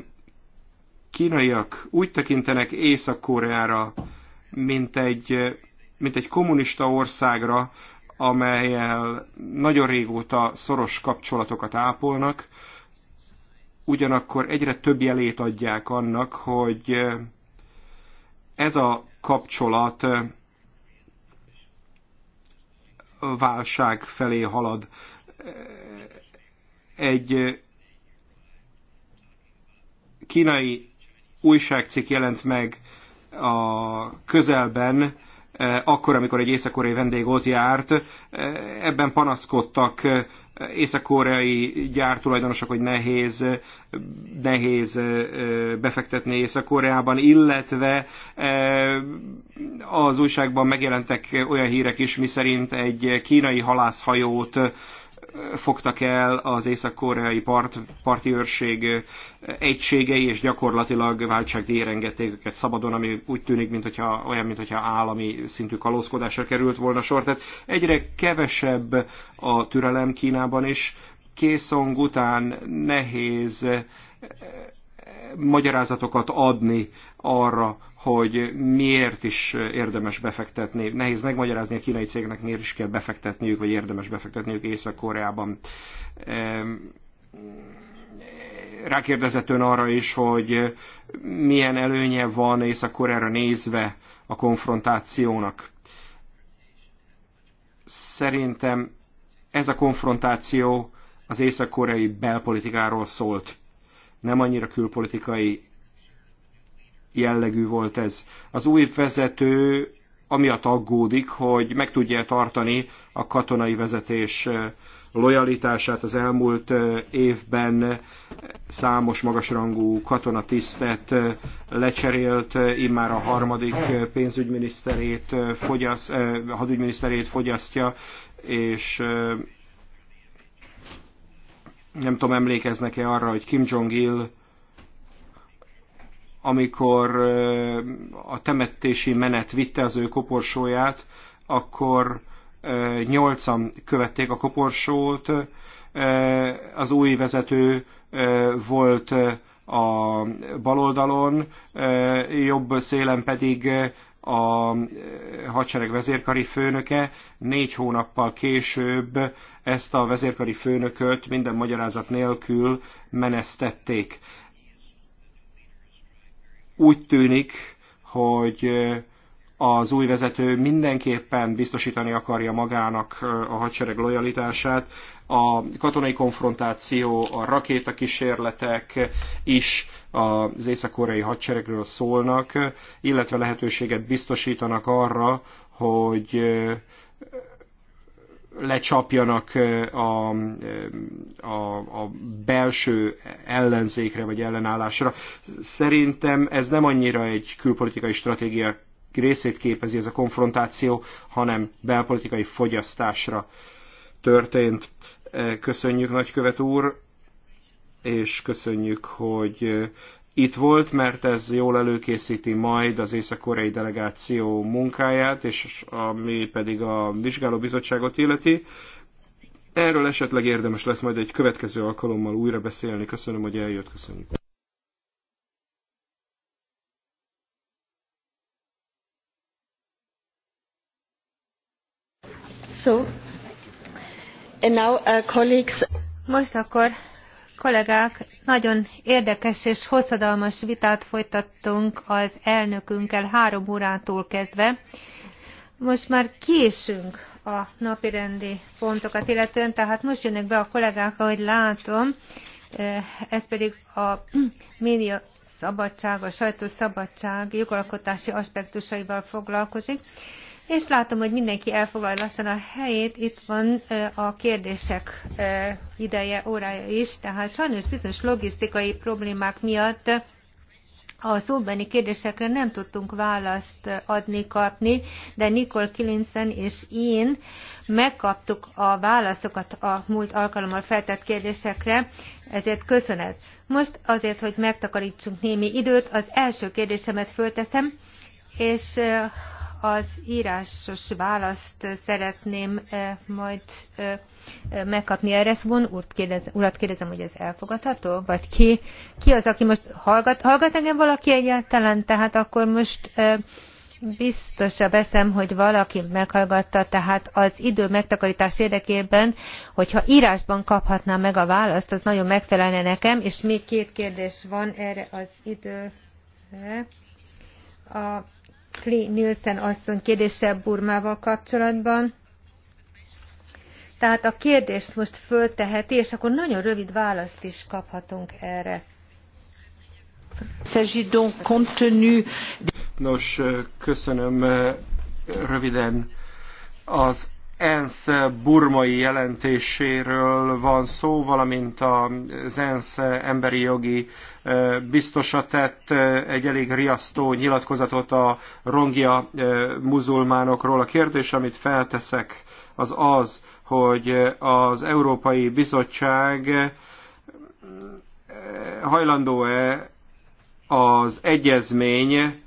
kínaiak úgy tekintenek Észak-Koreára, mint egy, mint egy kommunista országra, amelyel nagyon régóta szoros kapcsolatokat ápolnak, ugyanakkor egyre több jelét adják annak, hogy ez a kapcsolat válság felé halad. Egy kínai újságcikk jelent meg a közelben, eh, akkor, amikor egy észak-koreai vendég ott járt, eh, ebben panaszkodtak eh, észak-koreai gyártulajdonosok, hogy nehéz, nehéz befektetni Észak-Koreában, illetve az újságban megjelentek olyan hírek is, miszerint egy kínai halászhajót fogtak el az észak-koreai part, parti őrség egységei, és gyakorlatilag váltságdíjra engedték őket szabadon, ami úgy tűnik, mint hogyha, olyan, mint hogyha állami szintű kalózkodásra került volna sor. Tehát egyre kevesebb a türelem Kínában is. Készong után nehéz magyarázatokat adni arra, hogy miért is érdemes befektetni. Nehéz megmagyarázni a kínai cégnek, miért is kell befektetniük, vagy érdemes befektetniük Észak-Koreában. Rákérdezett ön arra is, hogy milyen előnye van Észak-Koreára nézve a konfrontációnak. Szerintem ez a konfrontáció az észak-koreai belpolitikáról szólt nem annyira külpolitikai jellegű volt ez. Az új vezető amiatt aggódik, hogy meg tudja tartani a katonai vezetés lojalitását az elmúlt évben számos magasrangú katonatisztet lecserélt, immár a harmadik pénzügyminiszterét, fogyasz, hadügyminiszterét fogyasztja, és nem tudom, emlékeznek-e arra, hogy Kim Jong-il amikor a temetési menet vitte az ő koporsóját, akkor nyolcan követték a koporsót, az új vezető volt a baloldalon, jobb szélen pedig a e, hadsereg vezérkari főnöke, négy hónappal később ezt a vezérkari főnököt minden magyarázat nélkül menesztették. Úgy tűnik, hogy e, az új vezető mindenképpen biztosítani akarja magának a hadsereg lojalitását. A katonai konfrontáció, a rakétakísérletek is az észak-koreai hadseregről szólnak, illetve lehetőséget biztosítanak arra, hogy lecsapjanak a, a, a belső ellenzékre vagy ellenállásra. Szerintem ez nem annyira egy külpolitikai stratégia részét képezi ez a konfrontáció, hanem belpolitikai fogyasztásra történt. Köszönjük, nagykövet úr, és köszönjük, hogy itt volt, mert ez jól előkészíti majd az észak-koreai delegáció munkáját, és ami pedig a vizsgálóbizottságot illeti. Erről esetleg érdemes lesz majd egy következő alkalommal újra beszélni. Köszönöm, hogy eljött, köszönjük. Uh, most akkor, kollégák, nagyon érdekes és hosszadalmas vitát folytattunk az elnökünkkel három órától kezdve. Most már késünk a napirendi pontokat illetően, tehát most jönnek be a kollégák, ahogy látom, eh, ez pedig a média szabadság, a sajtószabadság jogalkotási aspektusaival foglalkozik és látom, hogy mindenki elfoglalja lassan a helyét, itt van a kérdések ideje, órája is, tehát sajnos bizonyos logisztikai problémák miatt a szóbeni kérdésekre nem tudtunk választ adni, kapni, de Nikol Kilinsen és én megkaptuk a válaszokat a múlt alkalommal feltett kérdésekre, ezért köszönet. Most azért, hogy megtakarítsunk némi időt, az első kérdésemet fölteszem, és az írásos választ szeretném eh, majd eh, eh, megkapni erre. Von urat kérdezem, urat kérdezem, hogy ez elfogadható? Vagy ki, ki az, aki most hallgat, hallgat engem valaki egyáltalán? Tehát akkor most biztosra veszem, hogy valaki meghallgatta, tehát az idő megtakarítás érdekében, hogyha írásban kaphatnám meg a választ, az nagyon megfelelne nekem, és még két kérdés van erre az időre. A Ashley Nielsen asszony kérdése Burmával kapcsolatban. Tehát a kérdést most fölteheti, és akkor nagyon rövid választ is kaphatunk erre. Nos, köszönöm röviden az ENSZ burmai jelentéséről van szó, valamint az ENSZ emberi jogi biztosa tett egy elég riasztó nyilatkozatot a rongia muzulmánokról. A kérdés, amit felteszek, az az, hogy az Európai Bizottság hajlandó-e az egyezmény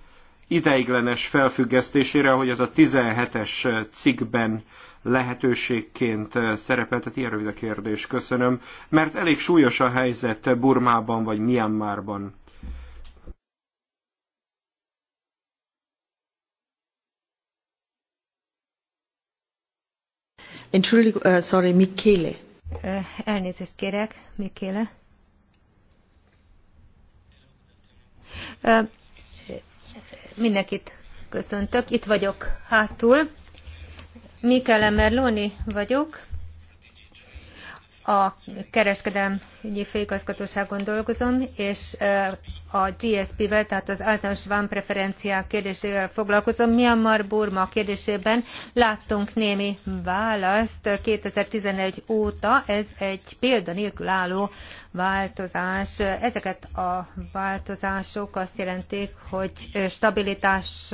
ideiglenes felfüggesztésére, hogy ez a 17-es cikkben lehetőségként eh, szerepeltet. Ilyen rövid a kérdés, köszönöm. Mert elég súlyos a helyzet Burmában vagy Myanmarban. Entschuldigung, uh, eh, sorry, Michele. Eh, elnézést kérek, Michele. Mindenkit köszöntök, itt vagyok hátul. Mikele Merloni vagyok, a kereskedelmi főigazgatóságon dolgozom, és a GSP-vel, tehát az általános vámpreferenciák kérdésével foglalkozom. Myanmar Burma kérdésében láttunk némi választ 2011 óta. Ez egy példa nélkül álló változás. Ezeket a változások azt jelentik, hogy stabilitás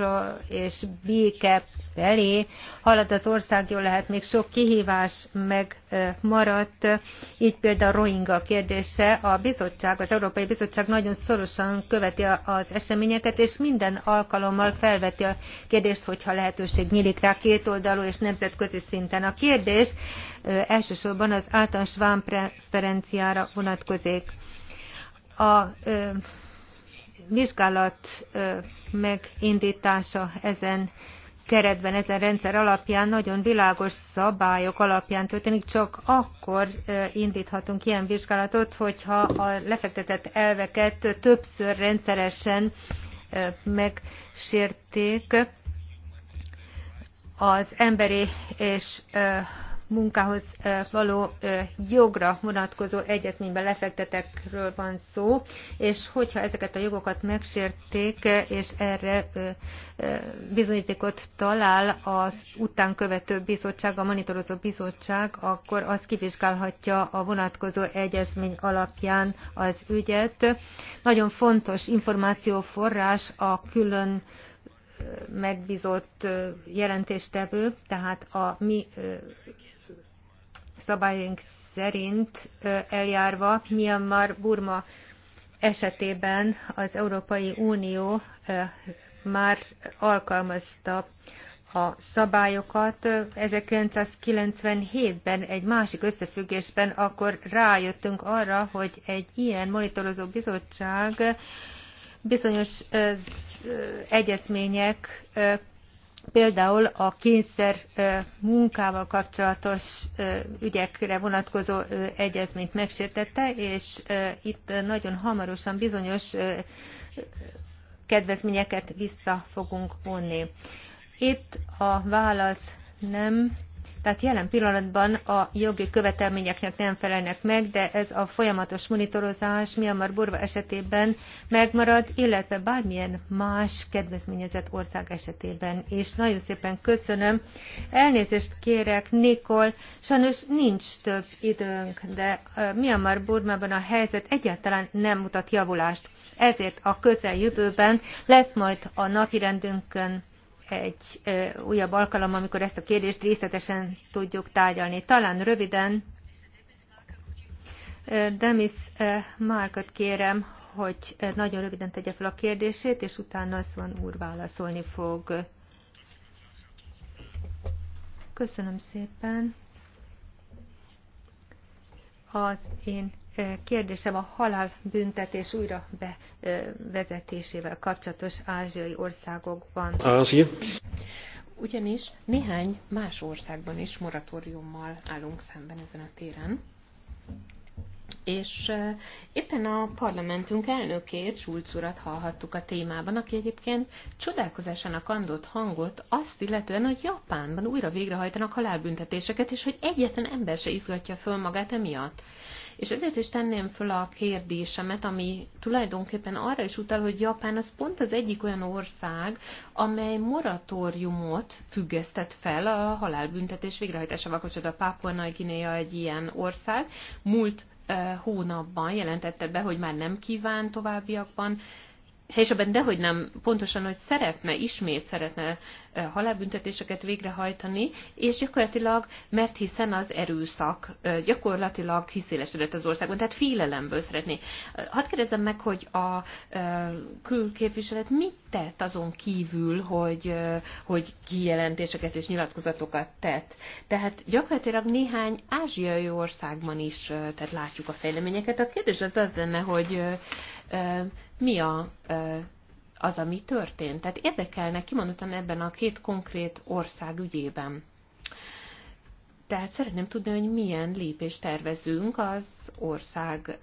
és béke felé halad az ország, jól lehet még sok kihívás megmaradt. Így például a Rohingya kérdése. A bizottság, az Európai Bizottság nagyon szorosan folyamatosan követi az eseményeket, és minden alkalommal felveti a kérdést, hogyha lehetőség nylik rá kétoldalú és nemzetközi szinten. A kérdés elsősorban az általános vámpreferenciára vonatkozik. A vizsgálat megindítása ezen keretben ezen rendszer alapján nagyon világos szabályok alapján történik, csak akkor indíthatunk ilyen vizsgálatot, hogyha a lefektetett elveket többször rendszeresen megsérték az emberi és munkához való jogra vonatkozó egyezményben lefektetekről van szó, és hogyha ezeket a jogokat megsérték, és erre bizonyítékot talál az után követő bizottság, a monitorozó bizottság, akkor az kivizsgálhatja a vonatkozó egyezmény alapján az ügyet. Nagyon fontos információforrás a külön megbízott jelentéstevő, tehát a mi szabályaink szerint eljárva Myanmar Burma esetében az Európai Unió már alkalmazta a szabályokat. 1997-ben egy másik összefüggésben akkor rájöttünk arra, hogy egy ilyen monitorozó bizottság bizonyos egyezmények például a kényszer munkával kapcsolatos ügyekre vonatkozó egyezményt megsértette, és itt nagyon hamarosan bizonyos kedvezményeket vissza fogunk vonni. Itt a válasz nem tehát jelen pillanatban a jogi követelményeknek nem felelnek meg, de ez a folyamatos monitorozás Myanmar Burva esetében megmarad, illetve bármilyen más kedvezményezett ország esetében. És nagyon szépen köszönöm. Elnézést kérek, Nikol, sajnos nincs több időnk, de Myanmar Burmában a helyzet egyáltalán nem mutat javulást. Ezért a közeljövőben lesz majd a napirendünkön egy újabb alkalom, amikor ezt a kérdést részletesen tudjuk tárgyalni. Talán röviden Demis Márkot kérem, hogy nagyon röviden tegye fel a kérdését, és utána Szon úr válaszolni fog. Köszönöm szépen. Az én kérdésem a halálbüntetés újra bevezetésével kapcsolatos ázsiai országokban. Ázsia. Ugyanis néhány más országban is moratóriummal állunk szemben ezen a téren. És éppen a parlamentünk elnökét, Schulz urat hallhattuk a témában, aki egyébként csodálkozásának adott hangot azt illetően, hogy Japánban újra végrehajtanak halálbüntetéseket, és hogy egyetlen ember se izgatja föl magát emiatt. És ezért is tenném föl a kérdésemet, ami tulajdonképpen arra is utal, hogy Japán az pont az egyik olyan ország, amely moratóriumot függesztett fel a halálbüntetés végrehajtásával kapcsolatban. Pápua Nagy-Guinea egy ilyen ország. Múlt eh, hónapban jelentette be, hogy már nem kíván továbbiakban helyesebben dehogy nem pontosan, hogy szeretne, ismét szeretne eh, halálbüntetéseket végrehajtani, és gyakorlatilag, mert hiszen az erőszak eh, gyakorlatilag kiszélesedett az országban, tehát félelemből szeretné. Eh, hadd kérdezem meg, hogy a külképviselet mit tett azon kívül, hogy, hogy kijelentéseket és nyilatkozatokat tett. Tehát gyakorlatilag néhány ázsiai országban is, tehát látjuk a fejleményeket. A kérdés az az lenne, hogy mi a, az, ami történt. Tehát érdekelne kimondottan ebben a két konkrét ország ügyében. Tehát szeretném tudni, hogy milyen lépést tervezünk az ország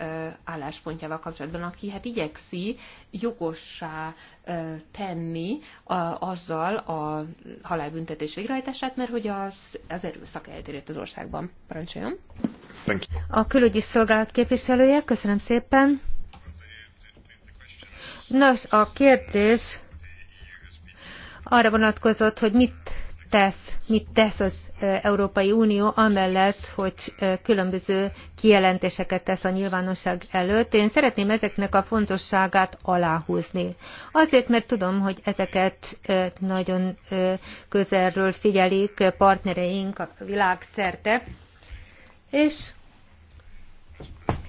álláspontjával kapcsolatban, aki hát igyekszi jogossá tenni a, azzal a halálbüntetés végrehajtását, mert hogy az, az erőszak eltérjött az országban. Parancsoljon! A külügyi szolgálat képviselője, köszönöm szépen! Nos, a kérdés arra vonatkozott, hogy mit tesz, mit tesz az Európai Unió amellett, hogy különböző kijelentéseket tesz a nyilvánosság előtt. Én szeretném ezeknek a fontosságát aláhúzni. Azért, mert tudom, hogy ezeket nagyon közelről figyelik partnereink a világszerte, és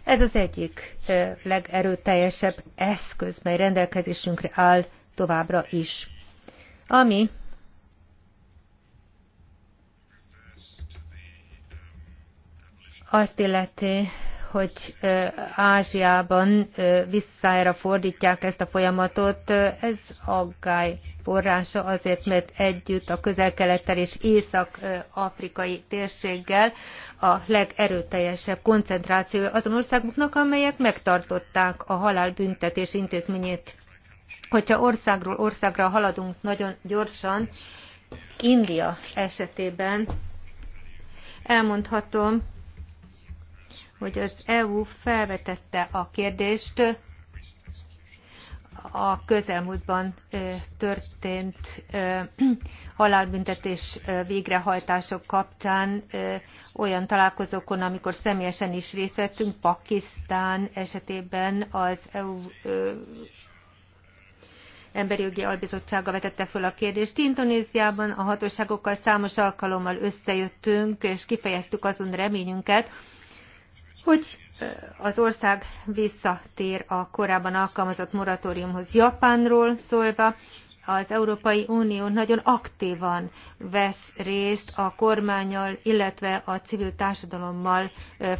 ez az egyik legerőteljesebb eszköz, mely rendelkezésünkre áll továbbra is. Ami azt illeti, hogy Ázsiában visszájára fordítják ezt a folyamatot, ez aggály forrása azért, mert együtt a közel-kelettel és észak-afrikai térséggel a legerőteljesebb koncentráció. azon országoknak, amelyek megtartották a halálbüntetés intézményét. Hogyha országról országra haladunk nagyon gyorsan, India esetében elmondhatom, hogy az EU felvetette a kérdést a közelmúltban történt halálbüntetés végrehajtások kapcsán olyan találkozókon, amikor személyesen is részt vettünk, Pakisztán esetében az EU Emberi Jogi Albizottsága vetette föl a kérdést. Indonéziában a hatóságokkal számos alkalommal összejöttünk, és kifejeztük azon reményünket, hogy az ország visszatér a korábban alkalmazott moratóriumhoz Japánról szólva, az Európai Unió nagyon aktívan vesz részt a kormányal, illetve a civil társadalommal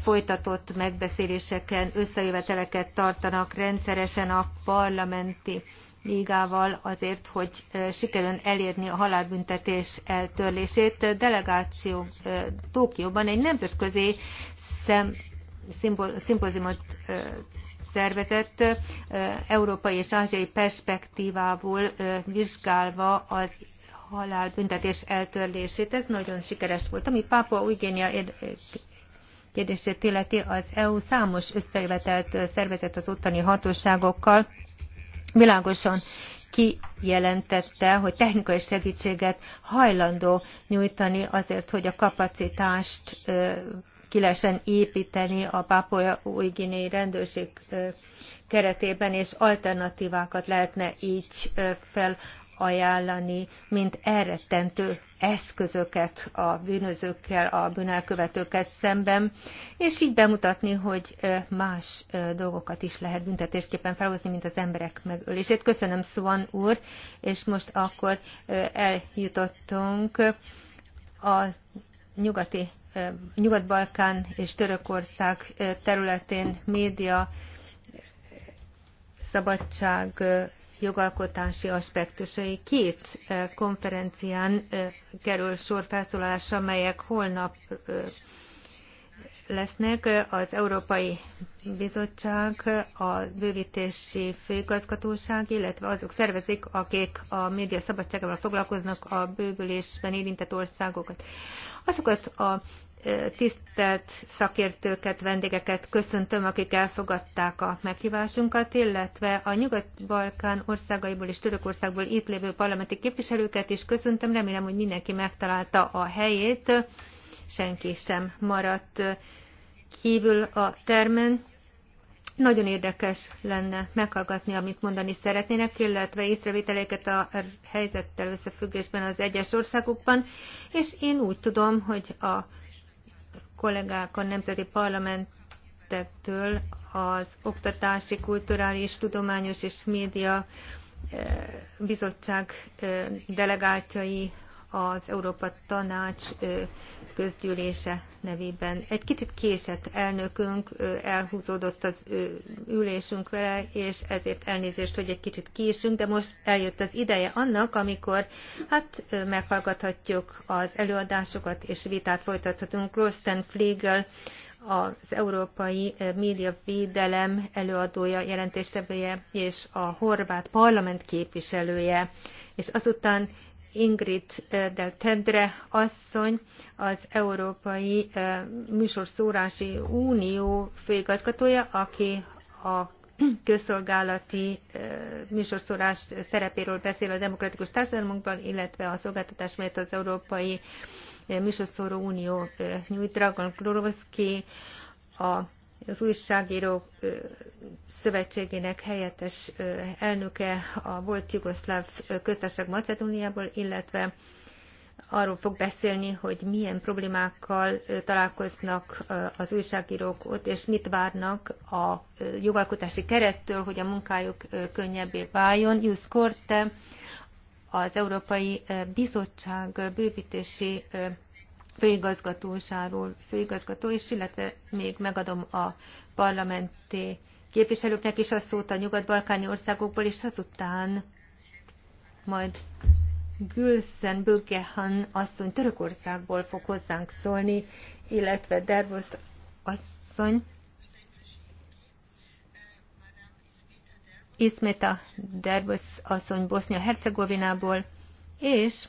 folytatott megbeszéléseken, összejöveteleket tartanak rendszeresen a parlamenti ligával azért, hogy sikerül elérni a halálbüntetés eltörlését. Delegáció Tókióban egy nemzetközi szem, szimpoziumot szervezett európai és ázsiai perspektívából vizsgálva az halálbüntetés eltörlését. Ez nagyon sikeres volt. Ami Pápa Ugénia kérdését illeti, az EU számos összejövetelt szervezett az ottani hatóságokkal, világosan kijelentette, hogy technikai segítséget hajlandó nyújtani azért, hogy a kapacitást ki lehessen építeni a Pápolya új guinei rendőrség keretében, és alternatívákat lehetne így felajánlani, mint elrettentő eszközöket a bűnözőkkel, a bűnelkövetőkkel szemben, és így bemutatni, hogy más dolgokat is lehet büntetésképpen felhozni, mint az emberek megölését. Köszönöm, Swan úr, és most akkor eljutottunk a nyugati Nyugat-Balkán és Törökország területén média szabadság jogalkotási aspektusai. Két konferencián kerül sor felszólalásra, melyek holnap lesznek. Az Európai Bizottság, a Bővítési Főigazgatóság, illetve azok szervezik, akik a média szabadságával foglalkoznak a bővülésben érintett országokat. Azokat a e, tisztelt szakértőket, vendégeket köszöntöm, akik elfogadták a meghívásunkat, illetve a Nyugat-Balkán országaiból és Törökországból itt lévő parlamenti képviselőket is köszöntöm. Remélem, hogy mindenki megtalálta a helyét senki sem maradt kívül a termen. Nagyon érdekes lenne meghallgatni, amit mondani szeretnének, illetve észrevételeket a helyzettel összefüggésben az egyes országokban, és én úgy tudom, hogy a kollégák a nemzeti parlamentektől az Oktatási, Kulturális, Tudományos és Média Bizottság delegáltjai az Európa Tanács közgyűlése nevében. Egy kicsit késett elnökünk, elhúzódott az ülésünk vele, és ezért elnézést, hogy egy kicsit késünk, de most eljött az ideje annak, amikor hát meghallgathatjuk az előadásokat, és vitát folytathatunk. Rosten Flegel az Európai Média Védelem előadója, jelentéstevője és a horvát parlament képviselője, és azután Ingrid eh, del Tendre asszony, az Európai eh, Műsorszórási Unió főigazgatója, aki a közszolgálati eh, műsorszórás szerepéről beszél a demokratikus társadalmunkban, illetve a szolgáltatás mellett az Európai Műsorszóró Unió nyújt Dragon Klorowski, a az újságírók szövetségének helyettes elnöke a volt jugoszláv köztársaság Macedóniából, illetve arról fog beszélni, hogy milyen problémákkal találkoznak az újságírók ott, és mit várnak a jogalkotási kerettől, hogy a munkájuk könnyebbé váljon. Jusz Korte, az Európai Bizottság bővítési főigazgatósáról főigazgató is, illetve még megadom a parlamenti képviselőknek is a szót a nyugat-balkáni országokból, és azután majd Gülsen Bülkehan asszony Törökországból fog hozzánk szólni, illetve Dervos asszony, Ismét a Dervos asszony Bosznia-Hercegovinából, és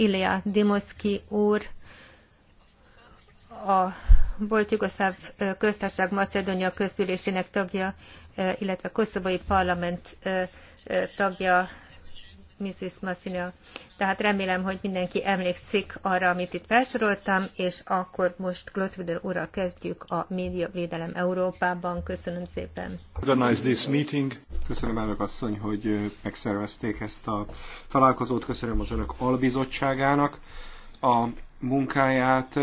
Ilya Dimoszki úr, a volt Jugoszláv köztársaság Macedónia közülésének tagja, illetve koszovai parlament tagja Mrs. Massilia. Tehát remélem, hogy mindenki emlékszik arra, amit itt felsoroltam, és akkor most Glotzwider úrral kezdjük a médiavédelem Európában. Köszönöm szépen. This meeting. Köszönöm elnök asszony, hogy megszervezték ezt a találkozót. Köszönöm az önök albizottságának a munkáját.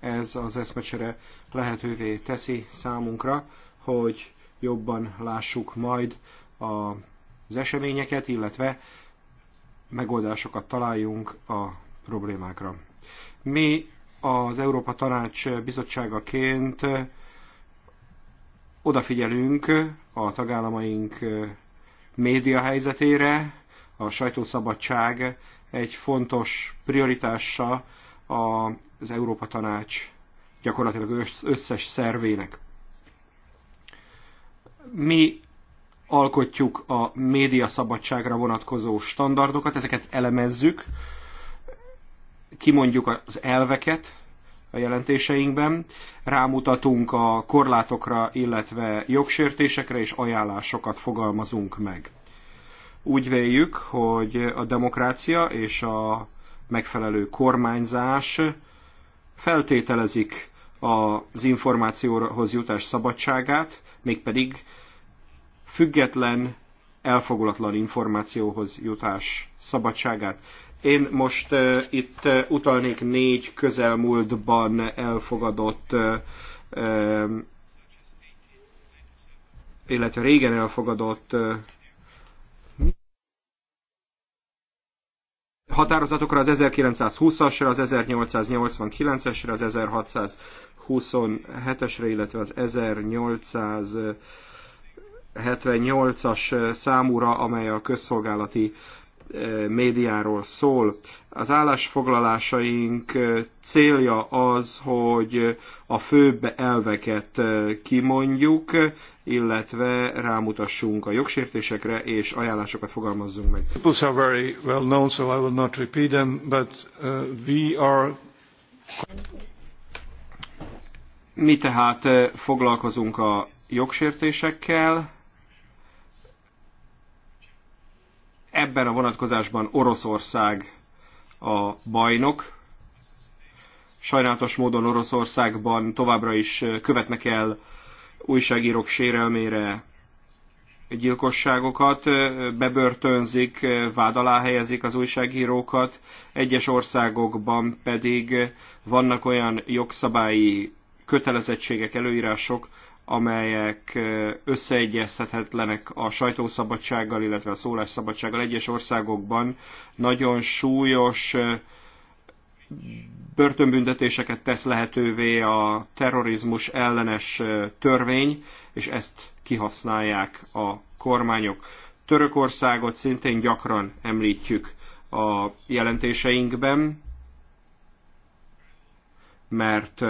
Ez az eszmecsere lehetővé teszi számunkra, hogy jobban lássuk majd a az eseményeket, illetve megoldásokat találjunk a problémákra. Mi az Európa Tanács bizottságaként odafigyelünk a tagállamaink média helyzetére, a sajtószabadság egy fontos prioritása az Európa Tanács gyakorlatilag összes szervének. Mi alkotjuk a média szabadságra vonatkozó standardokat, ezeket elemezzük, kimondjuk az elveket a jelentéseinkben, rámutatunk a korlátokra, illetve jogsértésekre, és ajánlásokat fogalmazunk meg. Úgy véljük, hogy a demokrácia és a megfelelő kormányzás feltételezik az információhoz jutás szabadságát, mégpedig független, elfogulatlan információhoz jutás szabadságát. Én most uh, itt uh, utalnék négy közelmúltban elfogadott, uh, uh, illetve régen elfogadott uh, határozatokra, az 1920-asra, az 1889-esre, az 1627-esre, illetve az 1800 78-as számúra, amely a közszolgálati médiáról szól. Az állásfoglalásaink célja az, hogy a főbb elveket kimondjuk, illetve rámutassunk a jogsértésekre, és ajánlásokat fogalmazzunk meg. Uh, Mi tehát foglalkozunk a jogsértésekkel, Ebben a vonatkozásban Oroszország a bajnok. Sajnálatos módon Oroszországban továbbra is követnek el újságírók sérelmére gyilkosságokat, bebörtönzik, vád alá helyezik az újságírókat, egyes országokban pedig vannak olyan jogszabályi kötelezettségek, előírások, amelyek összeegyeztethetlenek a sajtószabadsággal, illetve a szólásszabadsággal. Egyes országokban nagyon súlyos börtönbüntetéseket tesz lehetővé a terrorizmus ellenes törvény, és ezt kihasználják a kormányok. Törökországot szintén gyakran említjük a jelentéseinkben, mert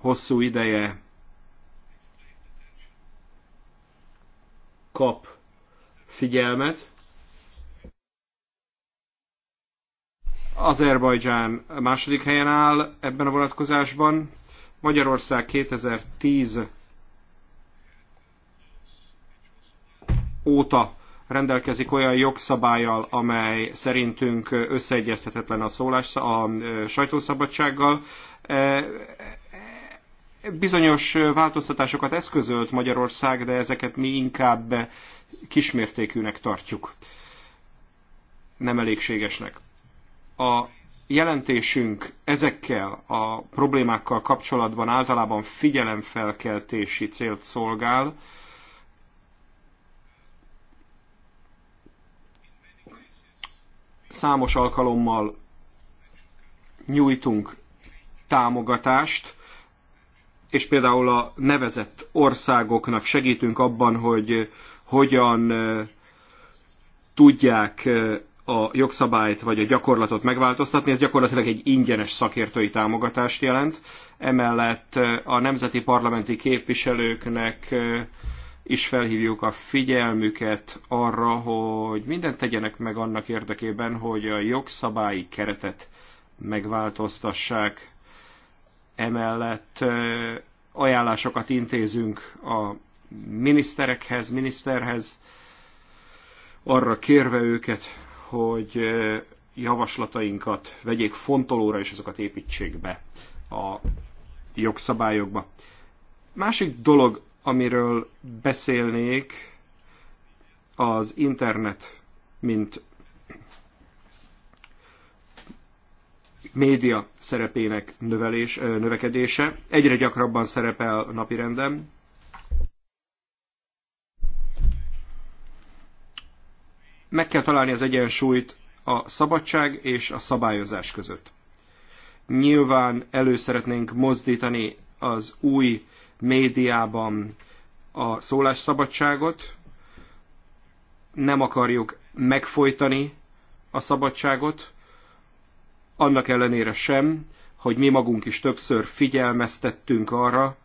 hosszú ideje kap figyelmet. Azerbajdzsán második helyen áll ebben a vonatkozásban, Magyarország 2010 óta rendelkezik olyan jogszabályal, amely szerintünk összeegyeztetetlen a szólás a sajtószabadsággal. E, Bizonyos változtatásokat eszközölt Magyarország, de ezeket mi inkább kismértékűnek tartjuk, nem elégségesnek. A jelentésünk ezekkel a problémákkal kapcsolatban általában figyelemfelkeltési célt szolgál, számos alkalommal nyújtunk támogatást és például a nevezett országoknak segítünk abban, hogy eh, hogyan eh, tudják eh, a jogszabályt vagy a gyakorlatot megváltoztatni, ez gyakorlatilag egy ingyenes szakértői támogatást jelent. Emellett a nemzeti parlamenti képviselőknek is felhívjuk a figyelmüket arra, hogy mindent tegyenek meg annak érdekében, hogy a jogszabályi keretet megváltoztassák emellett ajánlásokat intézünk a miniszterekhez, miniszterhez, arra kérve őket, hogy javaslatainkat vegyék fontolóra, és azokat építsék be a jogszabályokba. Másik dolog, amiről beszélnék, az internet, mint média szerepének növelés, növekedése. Egyre gyakrabban szerepel a napirenden. Meg kell találni az egyensúlyt a szabadság és a szabályozás között. Nyilván elő szeretnénk mozdítani az új médiában a szólásszabadságot, nem akarjuk megfojtani a szabadságot, annak ellenére sem, hogy mi magunk is többször figyelmeztettünk arra,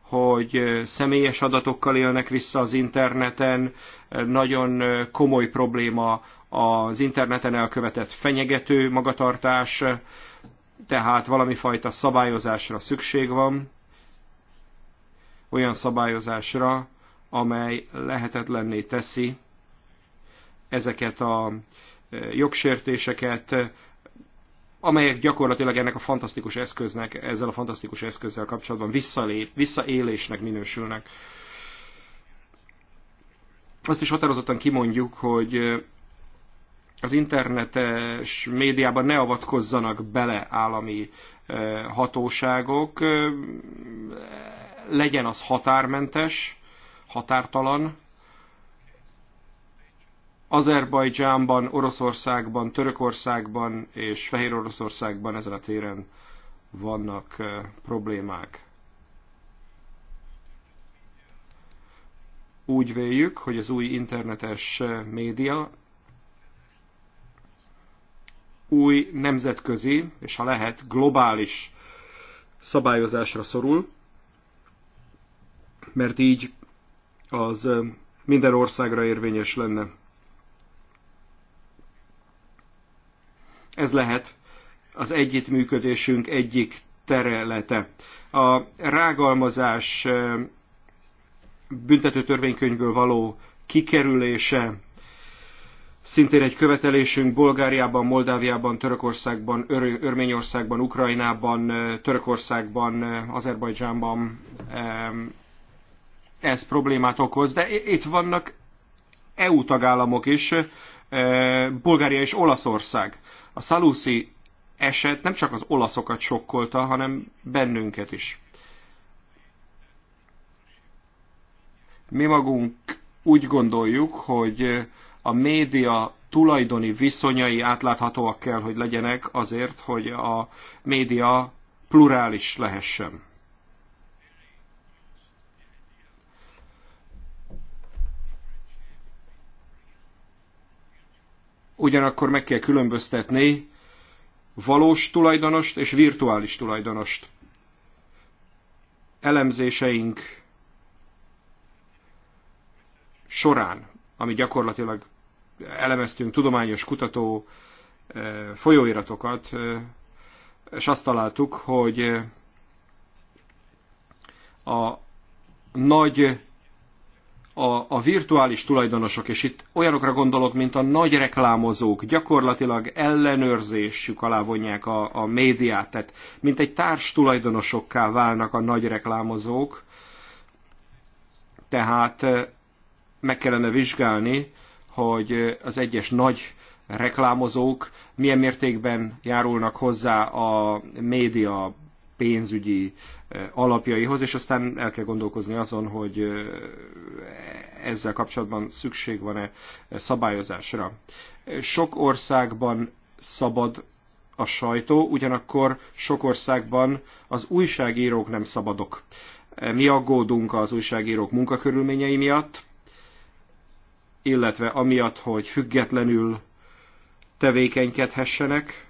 hogy személyes adatokkal élnek vissza az interneten, nagyon komoly probléma az interneten elkövetett fenyegető magatartás, tehát valami fajta szabályozásra szükség van, olyan szabályozásra, amely lehetetlenné teszi ezeket a jogsértéseket, amelyek gyakorlatilag ennek a fantasztikus eszköznek, ezzel a fantasztikus eszközzel kapcsolatban visszalép, visszaélésnek minősülnek. Azt is határozottan kimondjuk, hogy az internetes médiában ne avatkozzanak bele állami hatóságok, legyen az határmentes, határtalan, Azerbajdzsánban, Oroszországban, Törökországban és Fehér Oroszországban ezen a téren vannak eh, problémák. Úgy véljük, hogy az új internetes eh, média új nemzetközi, és ha lehet, globális szabályozásra szorul, mert így az eh, minden országra érvényes lenne. Ez lehet az együttműködésünk egyik területe. A rágalmazás büntetőtörvénykönyvből való kikerülése, szintén egy követelésünk Bulgáriában, Moldáviában, Törökországban, Ör- Örményországban, Ukrajnában, Törökországban, Azerbajdzsánban ez problémát okoz, de itt vannak EU tagállamok is, Bulgária és Olaszország. A Szalúszi eset nem csak az olaszokat sokkolta, hanem bennünket is. Mi magunk úgy gondoljuk, hogy a média tulajdoni viszonyai átláthatóak kell, hogy legyenek azért, hogy a média plurális lehessen. ugyanakkor meg kell különböztetni valós tulajdonost és virtuális tulajdonost. Elemzéseink során, ami gyakorlatilag elemeztünk tudományos kutató eh, folyóiratokat, eh, és azt találtuk, hogy eh, a nagy a, a virtuális tulajdonosok, és itt olyanokra gondolok, mint a nagy reklámozók, gyakorlatilag ellenőrzésük alá vonják a, a médiát, tehát mint egy társ tulajdonosokká válnak a nagy reklámozók, tehát eh, meg kellene vizsgálni, hogy eh, az egyes nagy reklámozók milyen mértékben járulnak hozzá a média pénzügyi eh, alapjaihoz, és aztán el kell gondolkozni azon, hogy eh, ezzel kapcsolatban szükség van-e eh, szabályozásra. Sok országban szabad a sajtó, ugyanakkor sok országban az újságírók nem szabadok. Mi aggódunk az újságírók munkakörülményei miatt, illetve amiatt, hogy függetlenül tevékenykedhessenek,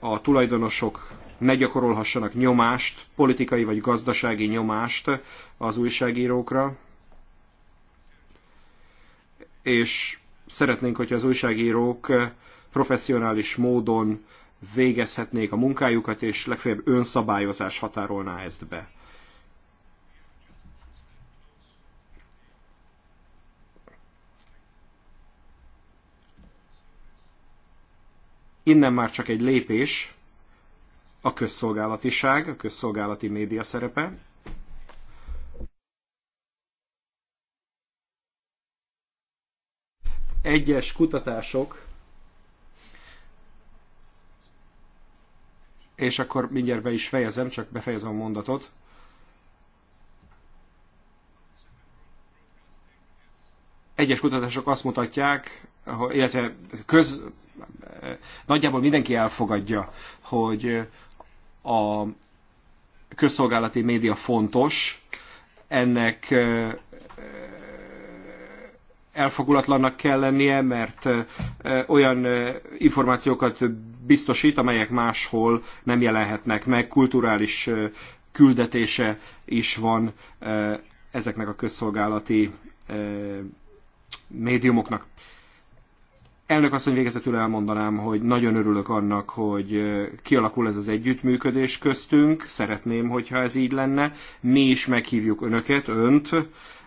a tulajdonosok ne gyakorolhassanak nyomást, politikai vagy gazdasági nyomást az újságírókra. És szeretnénk, hogyha az újságírók professzionális módon végezhetnék a munkájukat, és legfeljebb önszabályozás határolná ezt be. Innen már csak egy lépés a közszolgálatiság, a közszolgálati média szerepe. Egyes kutatások, és akkor mindjárt be is fejezem, csak befejezem a mondatot. Egyes kutatások azt mutatják, illetve köz, nagyjából mindenki elfogadja, hogy a közszolgálati média fontos, ennek elfogulatlannak kell lennie, mert olyan információkat biztosít, amelyek máshol nem jelenhetnek meg, kulturális küldetése is van ezeknek a közszolgálati médiumoknak. Elnök asszony végezetül elmondanám, hogy nagyon örülök annak, hogy kialakul ez az együttműködés köztünk. Szeretném, hogyha ez így lenne. Mi is meghívjuk önöket, önt,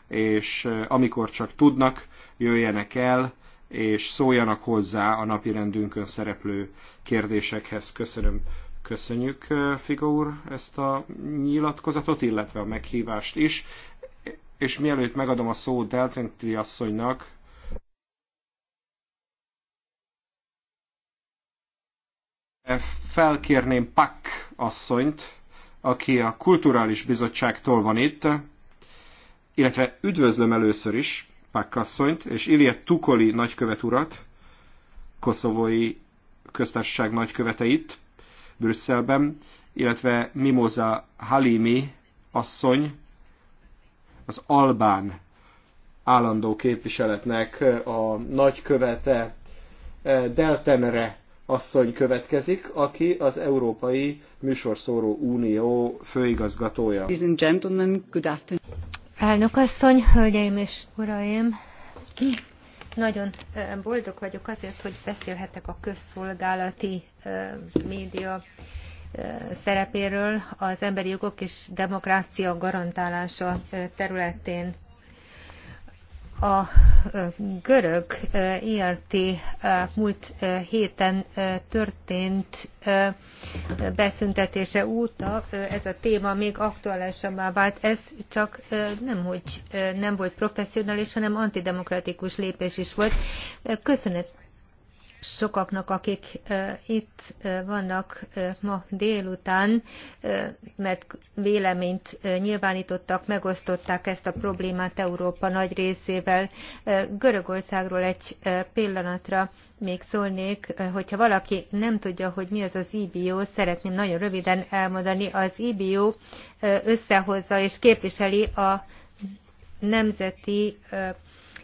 és amikor csak tudnak, jöjjenek el, és szóljanak hozzá a napi rendünkön szereplő kérdésekhez. Köszönöm. Köszönjük, Figo úr, ezt a nyilatkozatot, illetve a meghívást is. És mielőtt megadom a szót Deltrinti asszonynak, Felkérném Pak asszonyt, aki a Kulturális Bizottságtól van itt, illetve üdvözlöm először is Pak asszonyt, és Ilya Tukoli nagykövet urat, koszovói köztársaság nagykövete itt, Brüsszelben, illetve Mimoza Halimi asszony, az Albán állandó képviseletnek a nagykövete Deltenre asszony következik, aki az Európai Műsorszóró Unió főigazgatója. Elnök asszony, hölgyeim és uraim! Nagyon boldog vagyok azért, hogy beszélhetek a közszolgálati média szerepéről az emberi jogok és demokrácia garantálása területén. A görög IRT múlt héten történt beszüntetése óta ez a téma még aktuálisabbá vált. Ez csak nem, hogy nem volt professzionális, hanem antidemokratikus lépés is volt. Köszönet sokaknak, akik itt vannak ma délután, mert véleményt nyilvánítottak, megosztották ezt a problémát Európa nagy részével. Görögországról egy pillanatra még szólnék, hogyha valaki nem tudja, hogy mi az az IBO, szeretném nagyon röviden elmondani. Az IBO összehozza és képviseli a nemzeti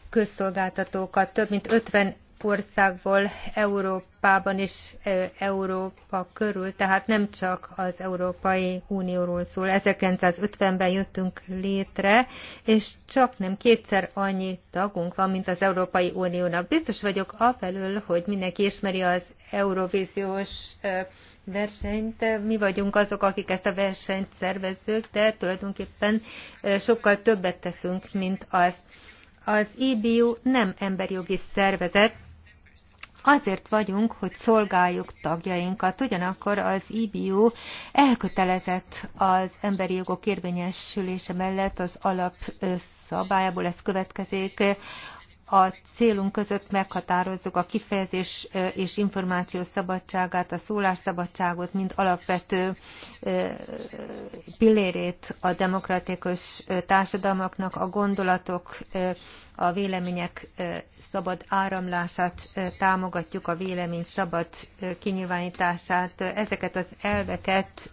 közszolgáltatókat. Több mint 50 országból Európában és Európa körül, tehát nem csak az Európai Unióról szól. 1950-ben jöttünk létre, és csak nem kétszer annyi tagunk van, mint az Európai Uniónak. Biztos vagyok afelől, hogy mindenki ismeri az Eurovíziós versenyt. Mi vagyunk azok, akik ezt a versenyt szervezzük, de tulajdonképpen sokkal többet teszünk, mint az. Az IBU nem emberjogi szervezet, Azért vagyunk, hogy szolgáljuk tagjainkat, ugyanakkor az IBU elkötelezett az emberi jogok érvényesülése mellett az alapszabályából ez következik, a célunk között meghatározzuk a kifejezés és információ szabadságát, a szólásszabadságot, mint alapvető pillérét a demokratikus társadalmaknak, a gondolatok, a vélemények szabad áramlását támogatjuk, a vélemény szabad kinyilvánítását. Ezeket az elveket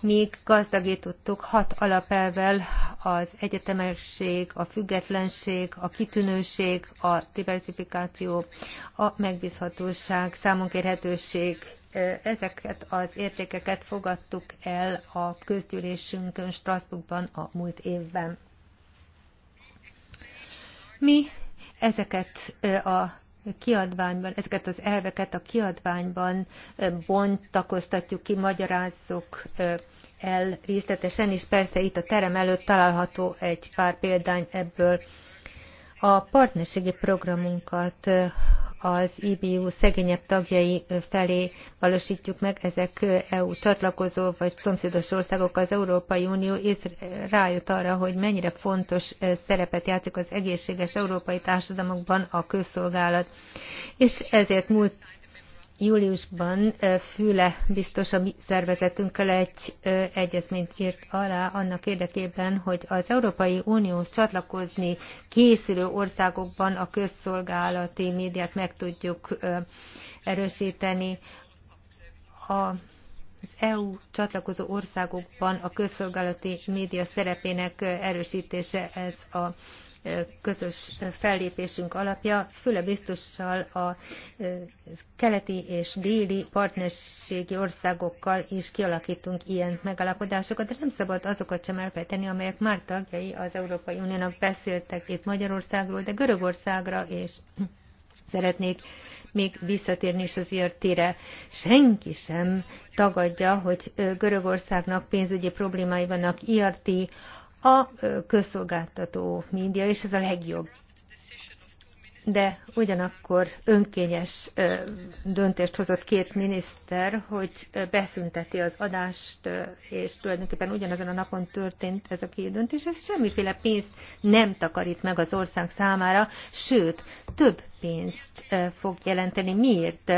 még gazdagítottuk hat alapelvel az egyetemesség, a függetlenség, a kitűnőség, minőség, a diversifikáció, a megbízhatóság, számonkérhetőség, ezeket az értékeket fogadtuk el a közgyűlésünkön Strasbourgban a múlt évben. Mi ezeket a kiadványban, ezeket az elveket a kiadványban bontakoztatjuk ki, magyarázzuk el részletesen, és persze itt a terem előtt található egy pár példány ebből. A partnerségi programunkat az IBU szegényebb tagjai felé valósítjuk meg, ezek EU csatlakozó vagy szomszédos országok, az Európai Unió és rájött arra, hogy mennyire fontos szerepet játszik az egészséges európai társadalmakban a közszolgálat. És ezért múlt Júliusban Füle biztos a mi szervezetünkkel egy egyezményt írt alá annak érdekében, hogy az Európai Unióhoz csatlakozni készülő országokban a közszolgálati médiát meg tudjuk erősíteni. A az EU csatlakozó országokban a közszolgálati média szerepének erősítése ez a közös fellépésünk alapja, Füle biztossal a keleti és déli partnerségi országokkal is kialakítunk ilyen megalapodásokat, de nem szabad azokat sem elfejteni, amelyek már tagjai az Európai Uniónak beszéltek itt Magyarországról, de Görögországra és szeretnék még visszatérni is az IRT-re. Senki sem tagadja, hogy Görögországnak pénzügyi problémái vannak IRT a közszolgáltató média, és ez a legjobb. De ugyanakkor önkényes döntést hozott két miniszter, hogy beszünteti az adást, és tulajdonképpen ugyanazon a napon történt ez a két döntés. Ez semmiféle pénzt nem takarít meg az ország számára, sőt, több pénzt fog jelenteni. Miért?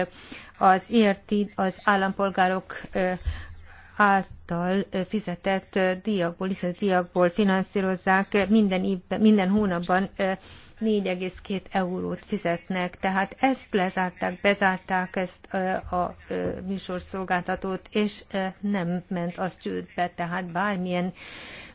Az érti az állampolgárok által fizetett díjakból, liszett díjakból finanszírozzák, minden, évben, minden hónapban 4,2 eurót fizetnek. Tehát ezt lezárták, bezárták ezt a műsorszolgáltatót, és nem ment az csődbe, tehát bármilyen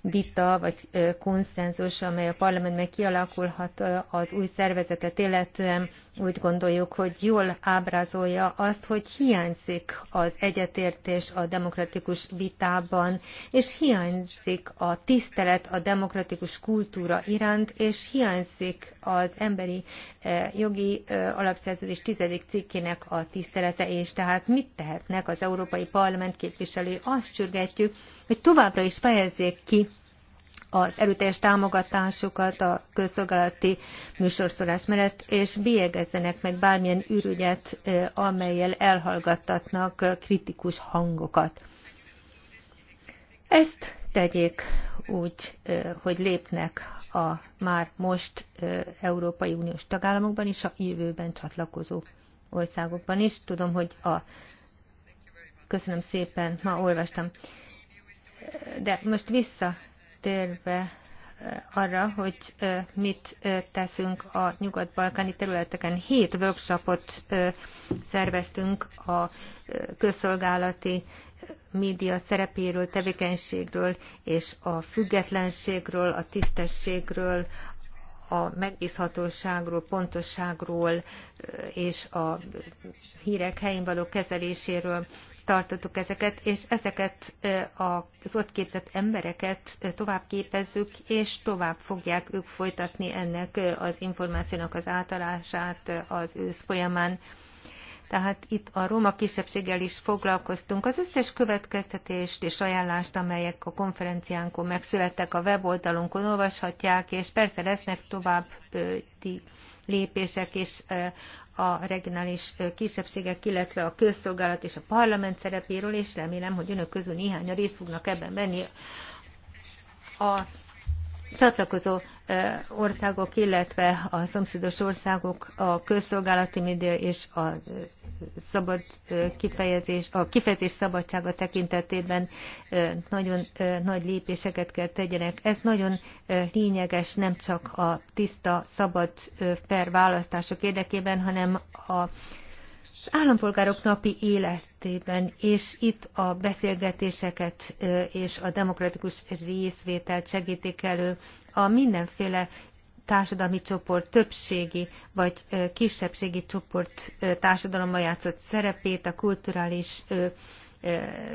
vita vagy konszenzus, amely a parlamentben kialakulhat az új szervezetet illetően, úgy gondoljuk, hogy jól ábrázolja azt, hogy hiányzik az egyetértés a demokratikus vitában, és hiányzik a tisztelet a demokratikus kultúra iránt, és hiányzik az emberi jogi alapszerződés tizedik cikkének a tisztelete, és tehát mit tehetnek az Európai Parlament képviselői? Azt csürgetjük, hogy továbbra is fejezzék ki az erőteljes támogatásukat a közszolgálati műsorszorás mellett, és bélyegezzenek meg bármilyen ürügyet, amelyel elhallgattatnak kritikus hangokat. Ezt tegyék úgy, hogy lépnek a már most Európai Uniós tagállamokban is, a jövőben csatlakozó országokban is. Tudom, hogy a... Köszönöm szépen, ma olvastam. De most vissza Térve eh, arra, hogy eh, mit eh, teszünk a nyugat-balkáni területeken. Hét workshopot szerveztünk a közszolgálati média szerepéről, tevékenységről és a függetlenségről, a tisztességről, a megbízhatóságról, pontosságról és a hírek helyén való kezeléséről tartottuk ezeket, és ezeket az ott képzett embereket tovább képezzük, és tovább fogják ők folytatni ennek az információnak az általását az ősz folyamán. Tehát itt a roma kisebbséggel is foglalkoztunk. Az összes következtetést és ajánlást, amelyek a konferenciánkon megszülettek, a weboldalunkon olvashatják, és persze lesznek további lépések, és a regionális kisebbségek, illetve a közszolgálat és a parlament szerepéről, és remélem, hogy önök közül néhányan részt fognak ebben venni a csatlakozó országok, illetve a szomszédos országok a közszolgálati média és a szabad kifejezés, a kifejezés szabadsága tekintetében nagyon nagy lépéseket kell tegyenek. Ez nagyon lényeges nem csak a tiszta, szabad, fair választások érdekében, hanem a állampolgárok napi életében, és itt a beszélgetéseket és a demokratikus részvételt segítik elő a mindenféle társadalmi csoport többségi vagy kisebbségi csoport társadalommal játszott szerepét, a kulturális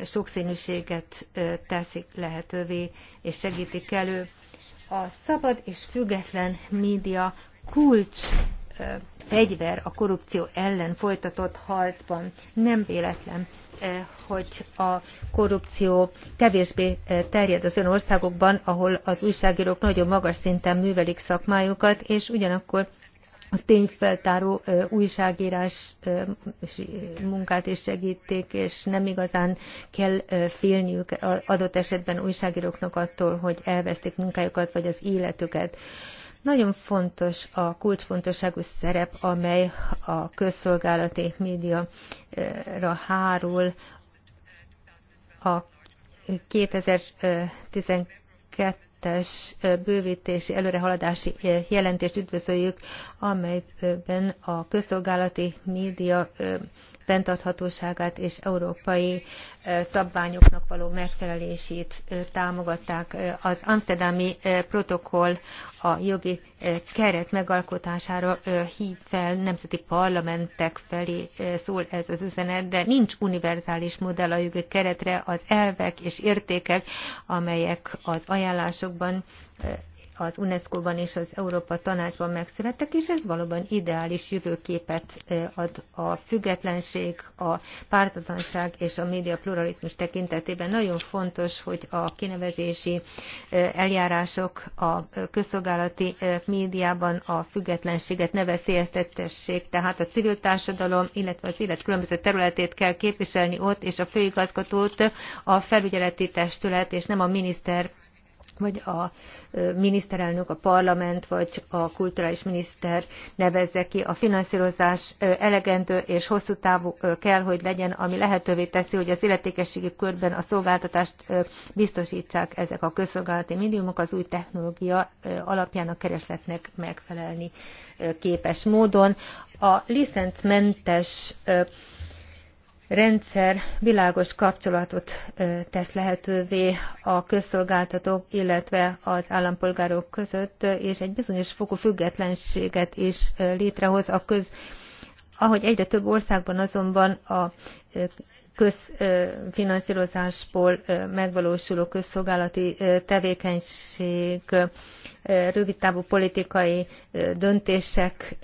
sokszínűséget teszik lehetővé és segítik elő. A szabad és független média kulcs fegyver a korrupció ellen folytatott harcban. Nem véletlen, hogy a korrupció kevésbé terjed az olyan országokban, ahol az újságírók nagyon magas szinten művelik szakmájukat, és ugyanakkor a tényfeltáró újságírás munkát is segítik, és nem igazán kell félniük adott esetben újságíróknak attól, hogy elvesztik munkájukat vagy az életüket. Nagyon fontos a kulcsfontosságú szerep, amely a közszolgálati médiára hárul a 2012 es bővítési előrehaladási jelentést üdvözöljük, amelyben a közszolgálati média fenntarthatóságát és európai szabványoknak való megfelelését támogatták. Az amsterdami protokoll a jogi keret megalkotására hív fel nemzeti parlamentek felé szól ez az üzenet, de nincs univerzális modell a jogi keretre az elvek és értékek, amelyek az ajánlásokban az UNESCO-ban és az Európa Tanácsban megszülettek, és ez valóban ideális jövőképet ad a függetlenség, a pártatlanság és a média pluralizmus tekintetében. Nagyon fontos, hogy a kinevezési eljárások a közszolgálati médiában a függetlenséget ne veszélyeztetessék, tehát a civil társadalom, illetve az élet különböző területét kell képviselni ott, és a főigazgatót a felügyeleti testület, és nem a miniszter vagy a miniszterelnök, a parlament, vagy a kulturális miniszter nevezze ki. A finanszírozás elegendő és hosszú távú kell, hogy legyen, ami lehetővé teszi, hogy az illetékességi körben a szolgáltatást biztosítsák ezek a közszolgálati médiumok az új technológia alapján a keresletnek megfelelni képes módon. A licencmentes rendszer világos kapcsolatot tesz lehetővé a közszolgáltatók, illetve az állampolgárok között, és egy bizonyos fokú függetlenséget is létrehoz a köz ahogy egyre több országban azonban a közfinanszírozásból megvalósuló közszolgálati tevékenység, rövidtávú politikai döntések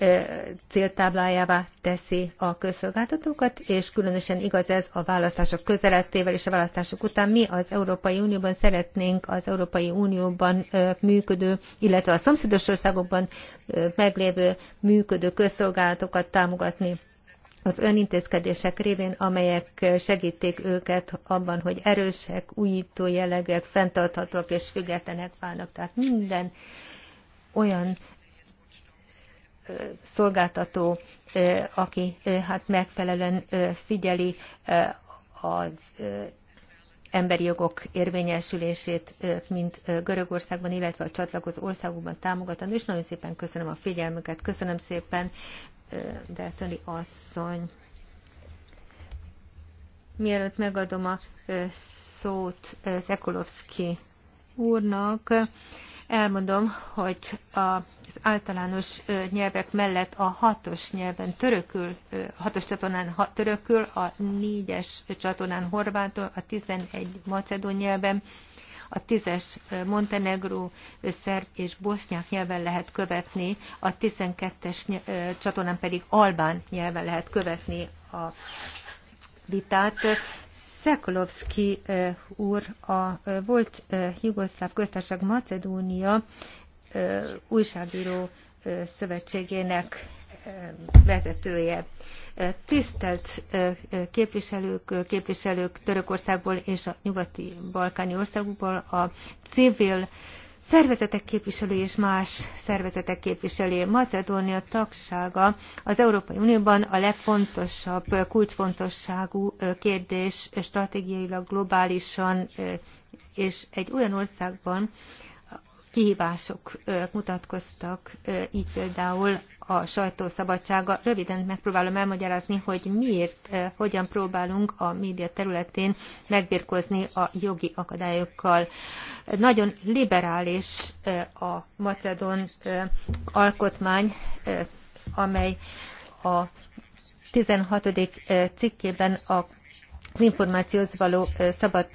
céltáblájává teszi a közszolgáltatókat, és különösen igaz ez a választások közelettével és a választások után. Mi az Európai Unióban szeretnénk az Európai Unióban működő, illetve a szomszédos országokban meglévő működő közszolgálatokat támogatni az önintézkedések révén, amelyek segítik őket abban, hogy erősek, újító jellegűek, fenntarthatóak és függetlenek válnak. Tehát minden olyan szolgáltató, aki hát megfelelően figyeli az emberi jogok érvényesülését, mint Görögországban, illetve a csatlakozó országokban támogatandó, és nagyon szépen köszönöm a figyelmüket, köszönöm szépen Deltoni asszony. Mielőtt megadom a szót Zekulovszki úrnak, elmondom, hogy az általános nyelvek mellett a hatos nyelven törökül, hatos csatornán törökül, a négyes csatornán horvátul, a tizenegy macedón nyelven, a tízes Montenegró, szerb és bosznyák nyelven lehet követni, a tizenkettes csatornán pedig albán nyelven lehet követni a vitát. Szekolovszki úr, a volt Jugoszláv köztársaság Macedónia újságíró szövetségének vezetője. Tisztelt képviselők, képviselők Törökországból és a nyugati balkáni országokból, a civil szervezetek képviselői és más szervezetek képviselői. Macedónia tagsága az Európai Unióban a legfontosabb, kulcsfontosságú kérdés stratégiailag globálisan és egy olyan országban, kihívások mutatkoztak, így például a sajtószabadsága. Röviden megpróbálom elmagyarázni, hogy miért, hogyan próbálunk a média területén megbirkózni a jogi akadályokkal. Nagyon liberális a macedon alkotmány, amely a 16. cikkében a az információhoz való szabad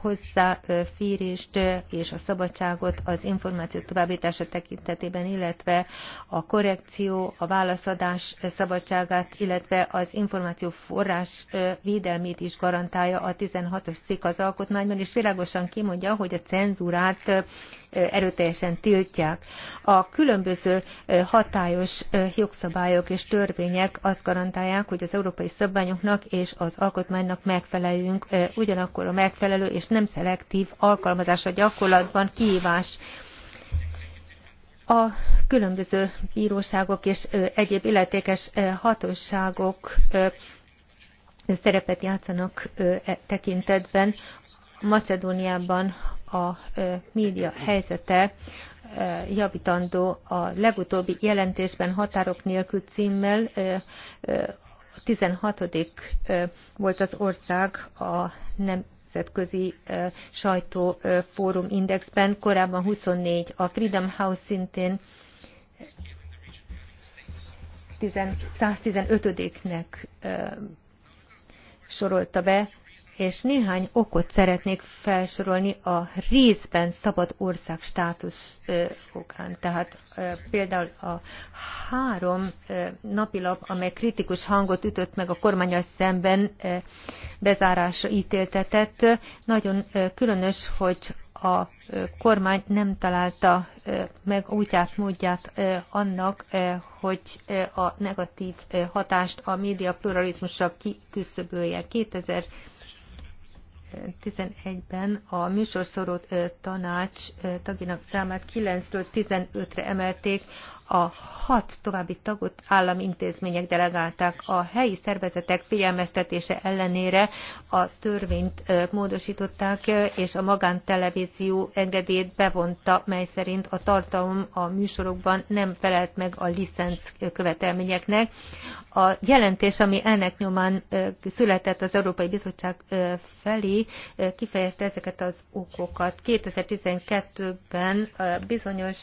hozzáférést és a szabadságot az információ továbbítása tekintetében, illetve a korrekció, a válaszadás szabadságát, illetve az információ forrás védelmét is garantálja a 16-os cikk az alkotmányban, és világosan kimondja, hogy a cenzúrát erőteljesen tiltják. A különböző hatályos jogszabályok és törvények azt garantálják, hogy az európai szabványoknak és az alkotmánynak megfeleljünk, ugyanakkor a megfelelő és nem szelektív alkalmazása gyakorlatban kihívás a különböző bíróságok és egyéb illetékes hatóságok szerepet játszanak e tekintetben, Macedóniában a média helyzete javítandó a legutóbbi jelentésben határok nélkül címmel 16. volt az ország a nem nemzetközi sajtófórum indexben, korábban 24, a Freedom House szintén 115-nek sorolta be és néhány okot szeretnék felsorolni a részben szabad ország státusz okán. Tehát például a három napilap, amely kritikus hangot ütött meg a kormányos szemben, bezárásra ítéltetett. Nagyon különös, hogy a kormány nem találta meg útját, módját annak, hogy a negatív hatást a média pluralizmusra kiküszöbölje. 2000 2011-ben a műsorszorú tanács tagjának számát 9-ről 15-re emelték, a hat további tagot állami intézmények delegálták. A helyi szervezetek figyelmeztetése ellenére a törvényt módosították, és a magántelevízió engedélyt bevonta, mely szerint a tartalom a műsorokban nem felelt meg a licenc követelményeknek. A jelentés, ami ennek nyomán született az Európai Bizottság felé, kifejezte ezeket az okokat. 2012-ben bizonyos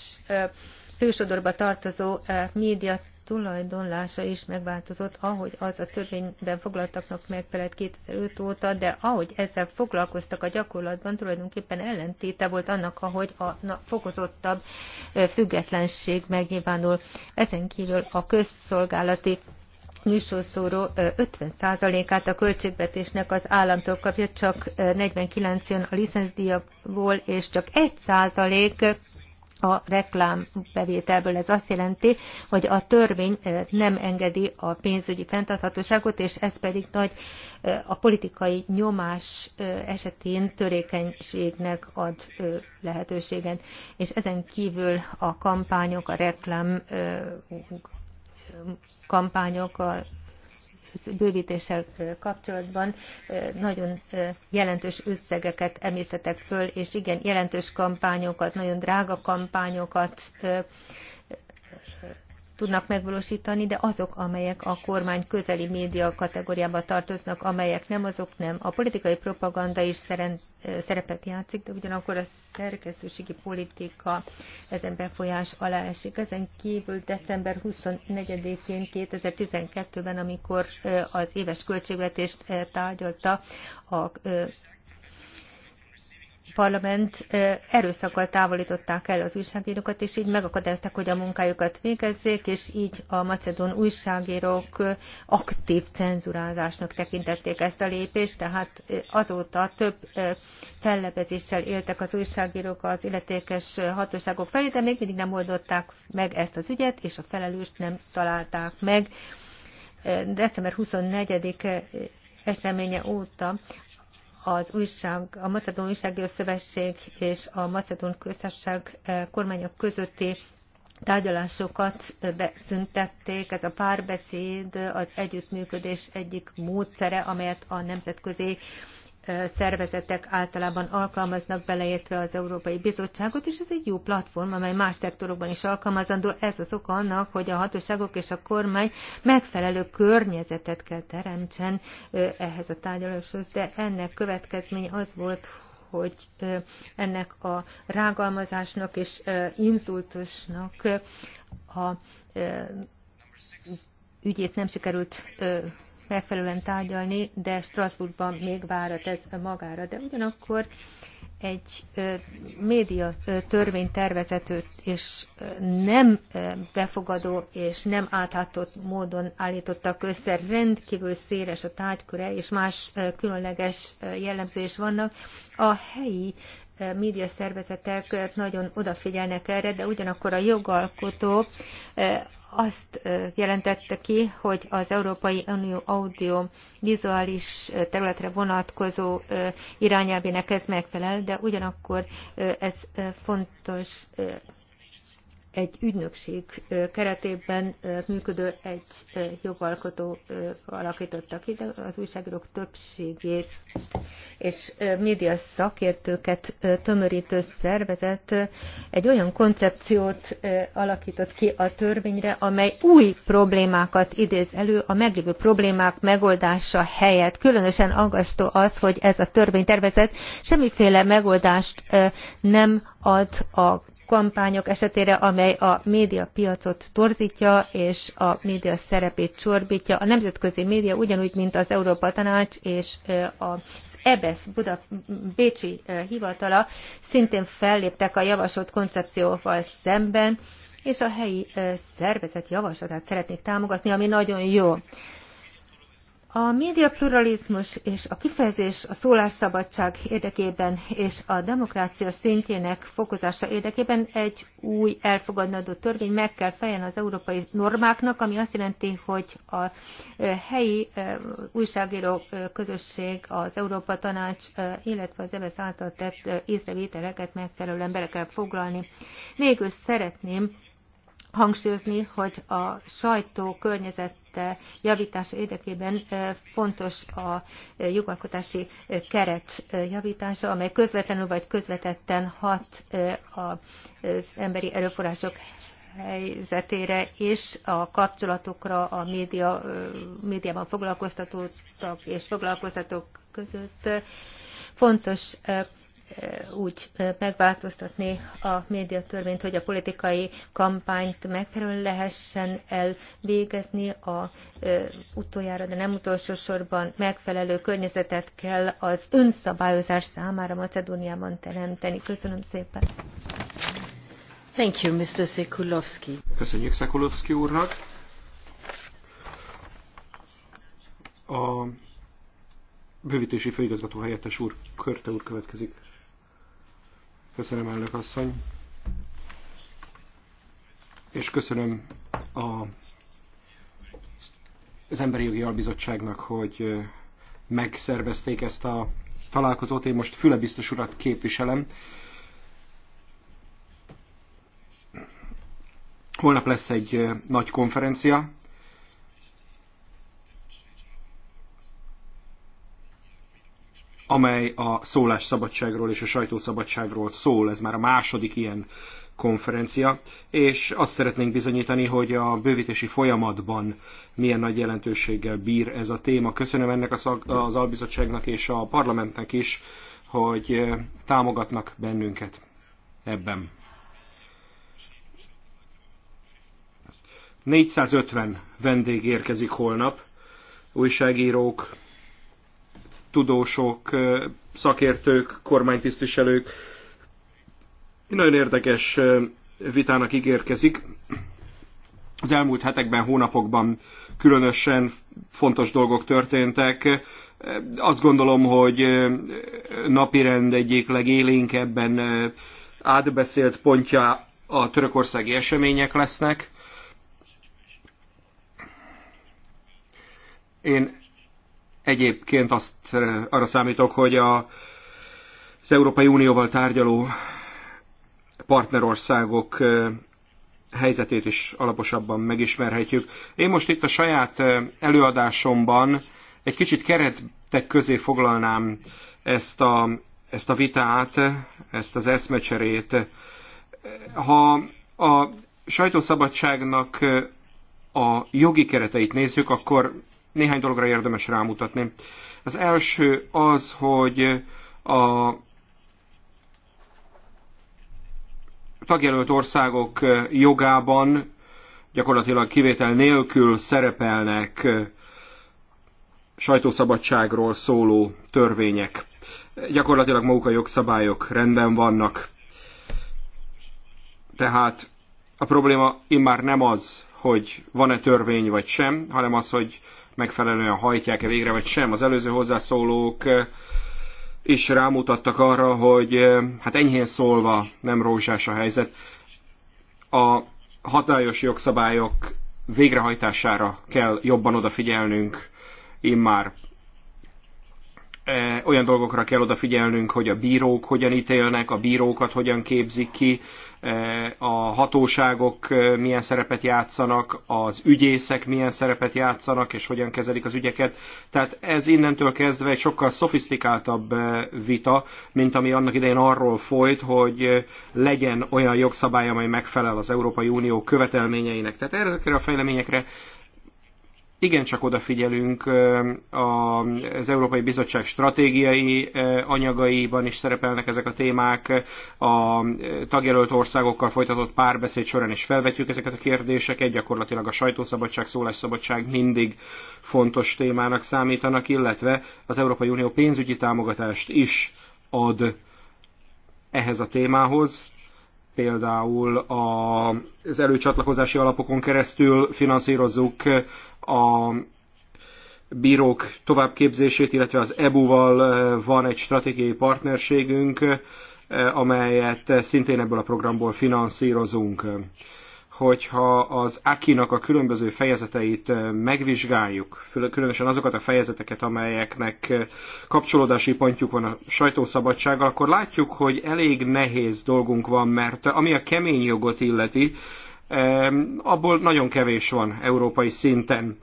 fősodorba tartozó média tulajdonlása is megváltozott, ahogy az a törvényben foglaltaknak megfelelt 2005 óta, de ahogy ezzel foglalkoztak a gyakorlatban, tulajdonképpen ellentéte volt annak, ahogy a fokozottabb függetlenség megnyilvánul. Ezen kívül a közszolgálati műsorszóró 50%-át a költségvetésnek az államtól kapja, csak 49 jön a licenszdíjakból, és csak 1% a reklámbevételből. Ez azt jelenti, hogy a törvény nem engedi a pénzügyi fenntarthatóságot, és ez pedig nagy a politikai nyomás esetén törékenységnek ad lehetőségen. És ezen kívül a kampányok, a reklám kampányok a bővítéssel kapcsolatban nagyon jelentős összegeket emésztetek föl, és igen, jelentős kampányokat, nagyon drága kampányokat tudnak megvalósítani, de azok, amelyek a kormány közeli média kategóriába tartoznak, amelyek nem, azok nem. A politikai propaganda is szerepet játszik, de ugyanakkor a szerkesztőségi politika ezen befolyás alá esik. Ezen kívül december 24-én 2012-ben, amikor az éves költségvetést tárgyalta a parlament erőszakkal távolították el az újságírókat, és így megakadályozták, hogy a munkájukat végezzék, és így a macedón újságírók aktív cenzurázásnak tekintették ezt a lépést, tehát azóta több fellebezéssel éltek az újságírók az illetékes hatóságok felé, de még mindig nem oldották meg ezt az ügyet, és a felelőst nem találták meg. December 24 eseménye óta az újság, a Macedón Újságíró Szövetség és a Macedón Köztársaság eh, kormányok közötti tárgyalásokat eh, beszüntették. Ez a párbeszéd az együttműködés egyik módszere, amelyet a nemzetközi szervezetek általában alkalmaznak, beleértve az Európai Bizottságot, és ez egy jó platform, amely más szektorokban is alkalmazandó. Ez az oka annak, hogy a hatóságok és a kormány megfelelő környezetet kell teremtsen ehhez a tárgyaláshoz, de ennek következménye az volt, hogy ennek a rágalmazásnak és inzultusnak a ügyét nem sikerült megfelelően tárgyalni, de Strasbourgban még várat ez magára. De ugyanakkor egy média törvény tervezetőt és nem befogadó és nem átlátott módon állítottak össze. Rendkívül széles a tárgyköre, és más különleges jellemzés vannak. A helyi média szervezetek nagyon odafigyelnek erre, de ugyanakkor a jogalkotó azt jelentette ki, hogy az Európai Unió audio vizuális területre vonatkozó irányelvének ez megfelel, de ugyanakkor ez fontos egy ügynökség keretében működő egy jogalkotó alakította ki, de az újságírók többségét és média szakértőket tömörítő szervezet egy olyan koncepciót alakított ki a törvényre, amely új problémákat idéz elő, a meglévő problémák megoldása helyett. Különösen aggasztó az, hogy ez a törvénytervezet semmiféle megoldást nem ad a kampányok esetére, amely a média piacot torzítja, és a média szerepét csorbítja. A nemzetközi média ugyanúgy, mint az Európa Tanács és az EBS, e Buda Bécsi hivatala szintén felléptek a javasolt koncepcióval szemben, és a helyi szervezet javaslatát szeretnék támogatni, ami nagyon jó. A médiapluralizmus és a kifejezés a szólásszabadság érdekében és a demokrácia szintjének fokozása érdekében egy új elfogadandó törvény meg kell fejen az európai normáknak, ami azt jelenti, hogy a eh, helyi eh, újságíró eh, közösség, az Európa Tanács, illetve az EBSZ által tett észrevételeket megfelelően bele kell foglalni. Végül szeretném hangsúlyozni, hogy a sajtó környezete javítása érdekében fontos a jogalkotási keret javítása, amely közvetlenül vagy közvetetten hat az emberi erőforrások helyzetére és a kapcsolatokra a média, médiában foglalkoztatók és foglalkoztatók között fontos Eh, úgy eh, megváltoztatni a médiatörvényt, hogy a politikai kampányt megfelelően lehessen elvégezni a eh, utoljára, de nem utolsó sorban megfelelő környezetet kell az önszabályozás számára Macedóniában teremteni. Köszönöm szépen! Thank you, Mr. Sekulovski. Köszönjük Szekulovski úrnak. A bővítési főigazgató helyettes úr, Körte úr következik. Köszönöm, elnök asszony. És köszönöm a, az Emberi Jogi Albizottságnak, hogy megszervezték ezt a találkozót. Én most Füle biztos urat képviselem. Holnap lesz egy nagy konferencia, amely a szólásszabadságról és a sajtószabadságról szól. Ez már a második ilyen konferencia, és azt szeretnénk bizonyítani, hogy a bővítési folyamatban milyen nagy jelentőséggel bír ez a téma. Köszönöm ennek a az albizottságnak és a parlamentnek is, hogy eh, támogatnak bennünket ebben. 450 vendég érkezik holnap, újságírók, tudósok, szakértők, kormánytisztviselők. Nagyon érdekes vitának ígérkezik. Az elmúlt hetekben, hónapokban különösen fontos dolgok történtek. Azt gondolom, hogy napirend egyik legélénkebben átbeszélt pontja a törökországi események lesznek. Én Egyébként azt eh, arra számítok, hogy a, az Európai Unióval tárgyaló partnerországok eh, helyzetét is alaposabban megismerhetjük. Én most itt a saját eh, előadásomban egy kicsit keretek közé foglalnám ezt a, ezt a vitát, ezt az eszmecserét. Ha a sajtószabadságnak a jogi kereteit nézzük, akkor néhány dologra érdemes rámutatni. Az első az, hogy a tagjelölt országok jogában gyakorlatilag kivétel nélkül szerepelnek sajtószabadságról szóló törvények. Gyakorlatilag maguk a jogszabályok rendben vannak. Tehát a probléma immár nem az, hogy van-e törvény vagy sem, hanem az, hogy megfelelően hajtják-e végre, vagy sem. Az előző hozzászólók eh, is rámutattak arra, hogy eh, hát enyhén szólva nem rózsás a helyzet. A hatályos jogszabályok végrehajtására kell jobban odafigyelnünk immár. Eh, olyan dolgokra kell odafigyelnünk, hogy a bírók hogyan ítélnek, a bírókat hogyan képzik ki, a hatóságok milyen szerepet játszanak, az ügyészek milyen szerepet játszanak, és hogyan kezelik az ügyeket. Tehát ez innentől kezdve egy sokkal szofisztikáltabb vita, mint ami annak idején arról folyt, hogy legyen olyan jogszabály, amely megfelel az Európai Unió követelményeinek. Tehát ezekre a fejleményekre igencsak odafigyelünk az Európai Bizottság stratégiai anyagaiban is szerepelnek ezek a témák, a tagjelölt országokkal folytatott párbeszéd során is felvetjük ezeket a kérdéseket, gyakorlatilag a sajtószabadság, szólásszabadság mindig fontos témának számítanak, illetve az Európai Unió pénzügyi támogatást is ad ehhez a témához, például az előcsatlakozási alapokon keresztül finanszírozzuk a bírók továbbképzését, illetve az EBU-val eh, van egy stratégiai partnerségünk, eh, amelyet szintén ebből a programból finanszírozunk. Hogyha az AKI-nak a különböző fejezeteit eh, megvizsgáljuk, különösen azokat a fejezeteket, amelyeknek kapcsolódási pontjuk van a sajtószabadsággal, akkor látjuk, hogy elég nehéz dolgunk van, mert ami a kemény jogot illeti, abból nagyon kevés van európai szinten.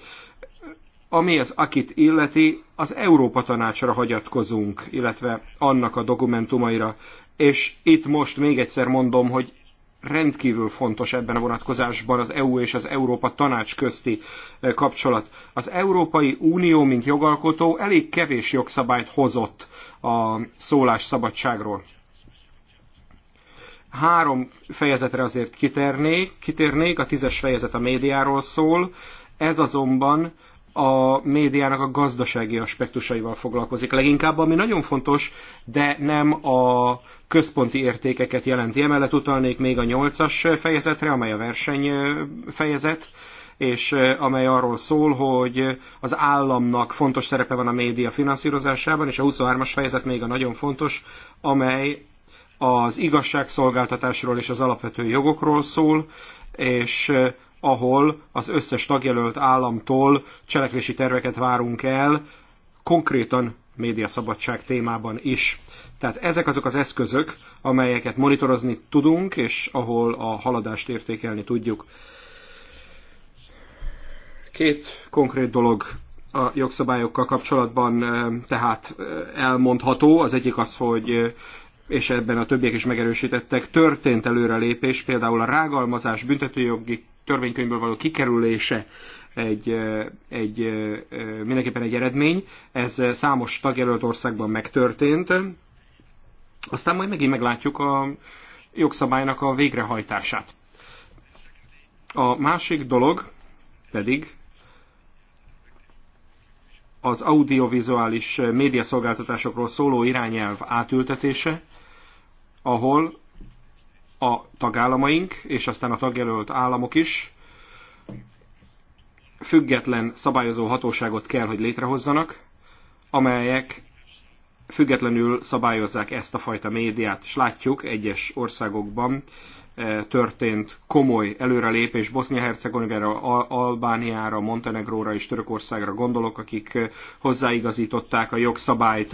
Ami az akit illeti, az Európa Tanácsra hagyatkozunk, illetve annak a dokumentumaira. És itt most még egyszer mondom, hogy rendkívül fontos ebben a vonatkozásban az EU és az Európa Tanács közti e, kapcsolat. Az Európai Unió, mint jogalkotó, elég kevés jogszabályt hozott a szólásszabadságról. Három fejezetre azért kitérnék, kitérnék, a tízes fejezet a médiáról szól, ez azonban a médiának a gazdasági aspektusaival foglalkozik leginkább, ami nagyon fontos, de nem a központi értékeket jelenti. Emellett utalnék még a nyolcas fejezetre, amely a verseny fejezet, és eh, amely arról szól, hogy az államnak fontos szerepe van a média finanszírozásában, és a 23-as fejezet még a nagyon fontos, amely az igazságszolgáltatásról és az alapvető jogokról szól, és eh, ahol az összes tagjelölt államtól cselekvési terveket várunk el, konkrétan médiaszabadság témában is. Tehát ezek azok az eszközök, amelyeket monitorozni tudunk, és ahol a haladást értékelni tudjuk. Két konkrét dolog a jogszabályokkal kapcsolatban eh, tehát eh, elmondható. Az egyik az, hogy és ebben a többiek is megerősítettek, történt előrelépés, például a rágalmazás büntetőjogi törvénykönyvből való kikerülése egy, egy, mindenképpen egy eredmény. Ez számos tagjelölt országban megtörtént. Aztán majd megint meglátjuk a jogszabálynak a végrehajtását. A másik dolog pedig az audiovizuális médiaszolgáltatásokról szóló irányelv átültetése, ahol a tagállamaink és aztán a tagjelölt államok is független szabályozó hatóságot kell, hogy létrehozzanak, amelyek függetlenül szabályozzák ezt a fajta médiát, és látjuk egyes országokban E, történt komoly előrelépés Bosznia-Hercegovinára, Albániára, Montenegróra és Törökországra gondolok, akik e, hozzáigazították a jogszabályt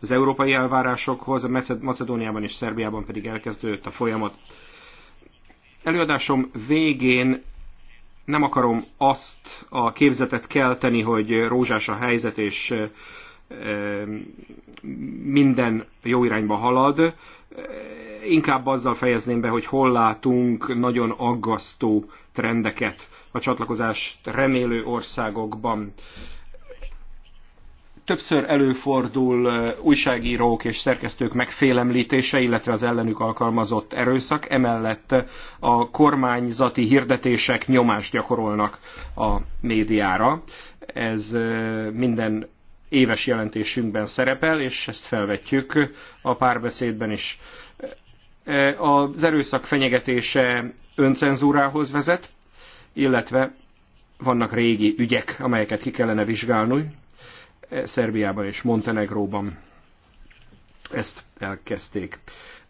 az európai elvárásokhoz, a Macedóniában és Szerbiában pedig elkezdődött a folyamat. Előadásom végén nem akarom azt a képzetet kelteni, hogy rózsás a helyzet, és e, minden jó irányba halad. Inkább azzal fejezném be, hogy hol látunk nagyon aggasztó trendeket a csatlakozást remélő országokban. Többször előfordul újságírók és szerkesztők megfélemlítése, illetve az ellenük alkalmazott erőszak, emellett a kormányzati hirdetések nyomást gyakorolnak a médiára. Ez minden éves jelentésünkben szerepel, és ezt felvetjük a párbeszédben is. E, az erőszak fenyegetése öncenzúrához vezet, illetve vannak régi ügyek, amelyeket ki kellene vizsgálni, e, Szerbiában és Montenegróban ezt elkezdték.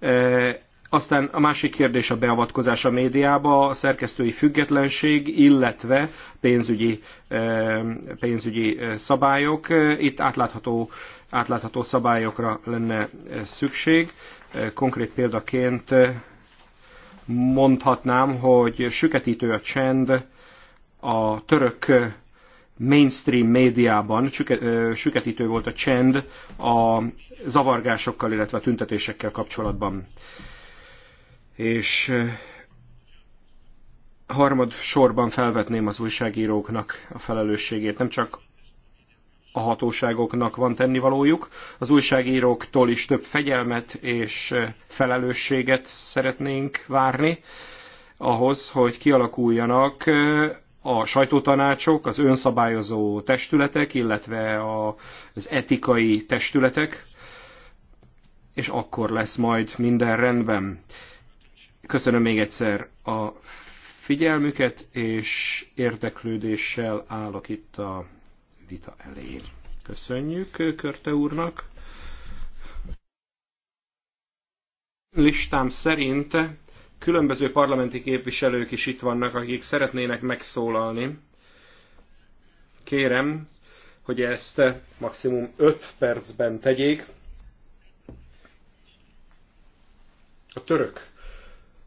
E, aztán a másik kérdés a beavatkozás a médiába, a szerkesztői függetlenség, illetve pénzügyi, pénzügyi szabályok. Itt átlátható, átlátható szabályokra lenne szükség. Konkrét példaként mondhatnám, hogy süketítő a csend a török mainstream médiában, süketítő volt a csend a zavargásokkal, illetve a tüntetésekkel kapcsolatban és harmad sorban felvetném az újságíróknak a felelősségét. Nem csak a hatóságoknak van tennivalójuk, az újságíróktól is több fegyelmet és felelősséget szeretnénk várni ahhoz, hogy kialakuljanak a sajtótanácsok, az önszabályozó testületek, illetve az etikai testületek, és akkor lesz majd minden rendben. Köszönöm még egyszer a figyelmüket, és érdeklődéssel állok itt a vita elé. Köszönjük Körte úrnak. Listám szerint különböző parlamenti képviselők is itt vannak, akik szeretnének megszólalni. Kérem, hogy ezt maximum 5 percben tegyék. A török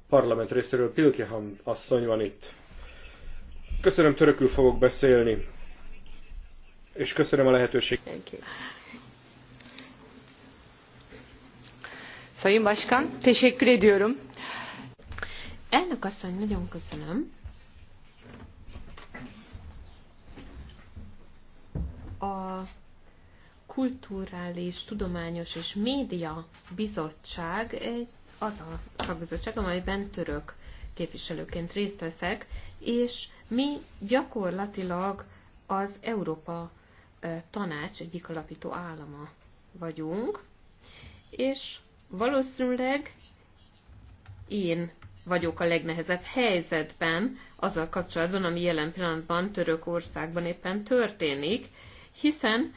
parlament részéről Pilkeham asszony van itt. Köszönöm, törökül fogok beszélni, és köszönöm a lehetőséget. Sayın Başkan, teşekkür ediyorum. Elnök asszony, nagyon köszönöm. A Kulturális, Tudományos és Média Bizottság egy az a szakbizottság, amelyben török képviselőként részt veszek, és mi gyakorlatilag az Európa tanács egyik alapító állama vagyunk, és valószínűleg én vagyok a legnehezebb helyzetben azzal kapcsolatban, ami jelen pillanatban Törökországban éppen történik, hiszen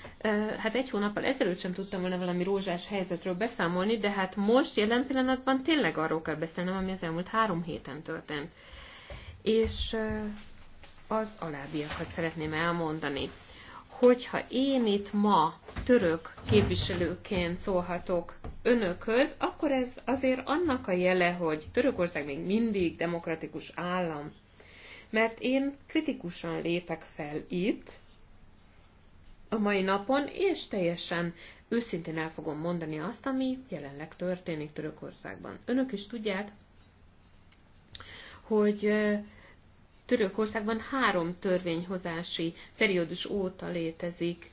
hát egy hónappal ezelőtt sem tudtam volna valami rózsás helyzetről beszámolni, de hát most jelen pillanatban tényleg arról kell beszélnem, ami az elmúlt három héten történt. És az alábbiakat szeretném elmondani. Hogyha én itt ma török képviselőként szólhatok önökhöz, akkor ez azért annak a jele, hogy Törökország még mindig demokratikus állam. Mert én kritikusan lépek fel itt, a mai napon, és teljesen őszintén el fogom mondani azt, ami jelenleg történik Törökországban. Önök is tudják, hogy Törökországban három törvényhozási periódus óta létezik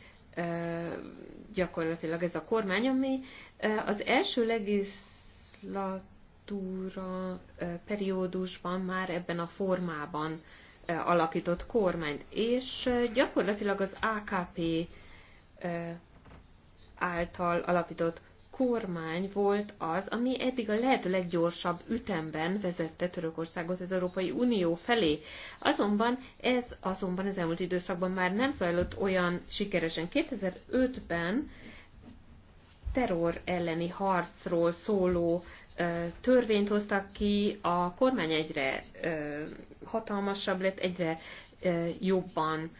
gyakorlatilag ez a kormány, ami az első legislatúra periódusban már ebben a formában alakított kormányt, és gyakorlatilag az AKP által alapított kormány volt az, ami eddig a lehető leggyorsabb ütemben vezette Törökországot az Európai Unió felé. Azonban ez azonban az elmúlt időszakban már nem zajlott olyan sikeresen. 2005-ben terror elleni harcról szóló törvényt hoztak ki, a kormány egyre hatalmasabb lett, egyre jobban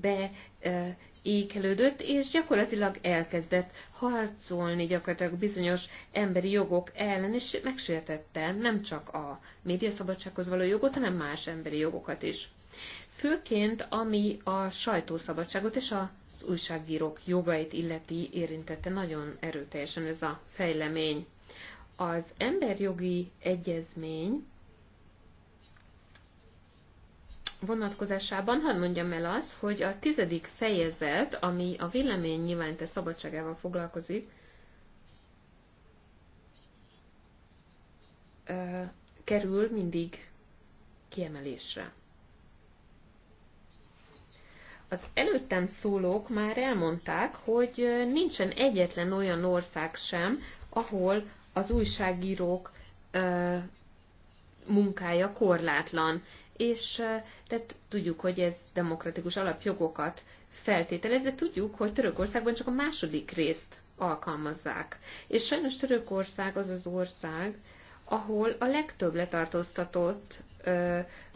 beékelődött, és gyakorlatilag elkezdett harcolni gyakorlatilag bizonyos emberi jogok ellen, és megsértette nem csak a médiaszabadsághoz való jogot, hanem más emberi jogokat is. Főként, ami a sajtószabadságot és az újságírók jogait illeti érintette nagyon erőteljesen ez a fejlemény az emberjogi egyezmény vonatkozásában hadd mondjam el azt, hogy a tizedik fejezet, ami a vélemény nyilvántás szabadságával foglalkozik, kerül mindig kiemelésre. Az előttem szólók már elmondták, hogy nincsen egyetlen olyan ország sem, ahol az újságírók munkája korlátlan, és tehát tudjuk, hogy ez demokratikus alapjogokat feltételez, de tudjuk, hogy Törökországban csak a második részt alkalmazzák. És sajnos Törökország az az ország, ahol a legtöbb letartóztatott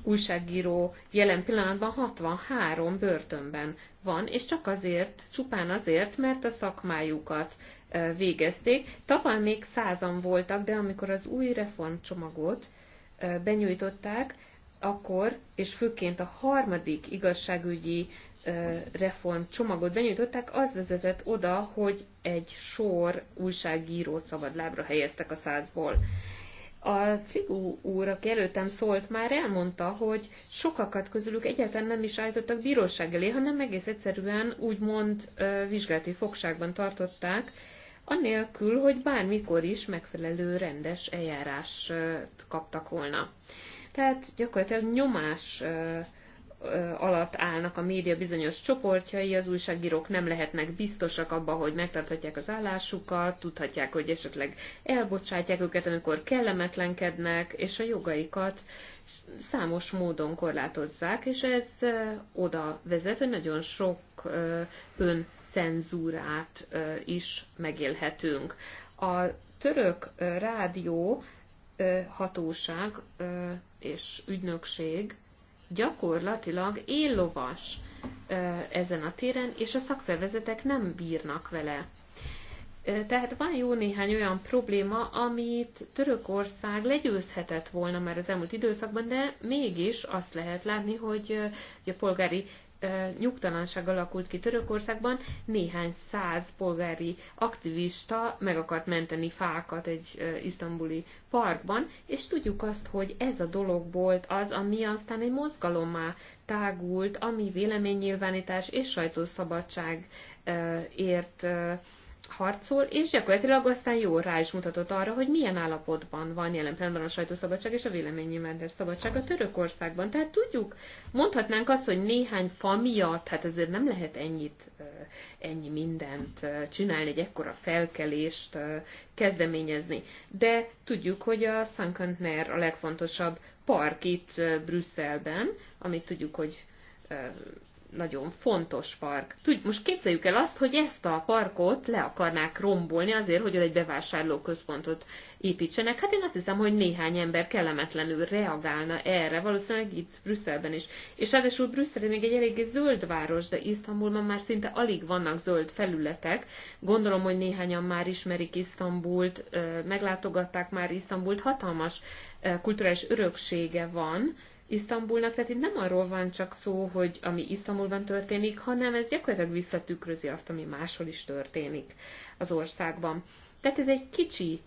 újságíró jelen pillanatban 63 börtönben van, és csak azért, csupán azért, mert a szakmájukat végezték. Tavaly még százan voltak, de amikor az új reformcsomagot benyújtották, akkor, és főként a harmadik igazságügyi reform csomagot benyújtották, az vezetett oda, hogy egy sor újságírót szabadlábra helyeztek a százból a Frigó úr, aki előttem szólt, már elmondta, hogy sokakat közülük egyáltalán nem is állítottak bíróság elé, hanem egész egyszerűen úgymond vizsgálati fogságban tartották, anélkül, hogy bármikor is megfelelő rendes eljárást kaptak volna. Tehát gyakorlatilag nyomás alatt állnak a média bizonyos csoportjai, az újságírók nem lehetnek biztosak abban, hogy megtarthatják az állásukat, tudhatják, hogy esetleg elbocsátják őket, amikor kellemetlenkednek, és a jogaikat számos módon korlátozzák, és ez oda vezet, hogy nagyon sok öncenzúrát is megélhetünk. A török rádió hatóság és ügynökség gyakorlatilag éllovas ezen a téren, és a szakszervezetek nem bírnak vele. Tehát van jó néhány olyan probléma, amit Törökország legyőzhetett volna már az elmúlt időszakban, de mégis azt lehet látni, hogy a polgári nyugtalanság alakult ki Törökországban, néhány száz polgári aktivista meg akart menteni fákat egy isztambuli parkban, és tudjuk azt, hogy ez a dolog volt az, ami aztán egy mozgalommá tágult, ami véleménynyilvánítás és sajtószabadságért harcol, és gyakorlatilag aztán jó rá is mutatott arra, hogy milyen állapotban van jelen pillanatban a sajtószabadság és a véleménynyilvántás szabadság a Törökországban. Tehát tudjuk, mondhatnánk azt, hogy néhány fa miatt, hát ezért nem lehet ennyit, ennyi mindent csinálni, egy ekkora felkelést kezdeményezni. De tudjuk, hogy a Sankantner a legfontosabb park itt Brüsszelben, amit tudjuk, hogy nagyon fontos park. Tudj, most képzeljük el azt, hogy ezt a parkot le akarnák rombolni azért, hogy egy bevásárlóközpontot építsenek. Hát én azt hiszem, hogy néhány ember kellemetlenül reagálna erre, valószínűleg itt Brüsszelben is. És ráadásul Brüsszel még egy eléggé zöld város, de Isztambulban már szinte alig vannak zöld felületek. Gondolom, hogy néhányan már ismerik Isztambult, meglátogatták már Isztambult, hatalmas kulturális öröksége van, Isztambulnak, tehát itt nem arról van csak szó, hogy ami Isztambulban történik, hanem ez gyakorlatilag visszatükrözi azt, ami máshol is történik az országban. Tehát ez egy kicsi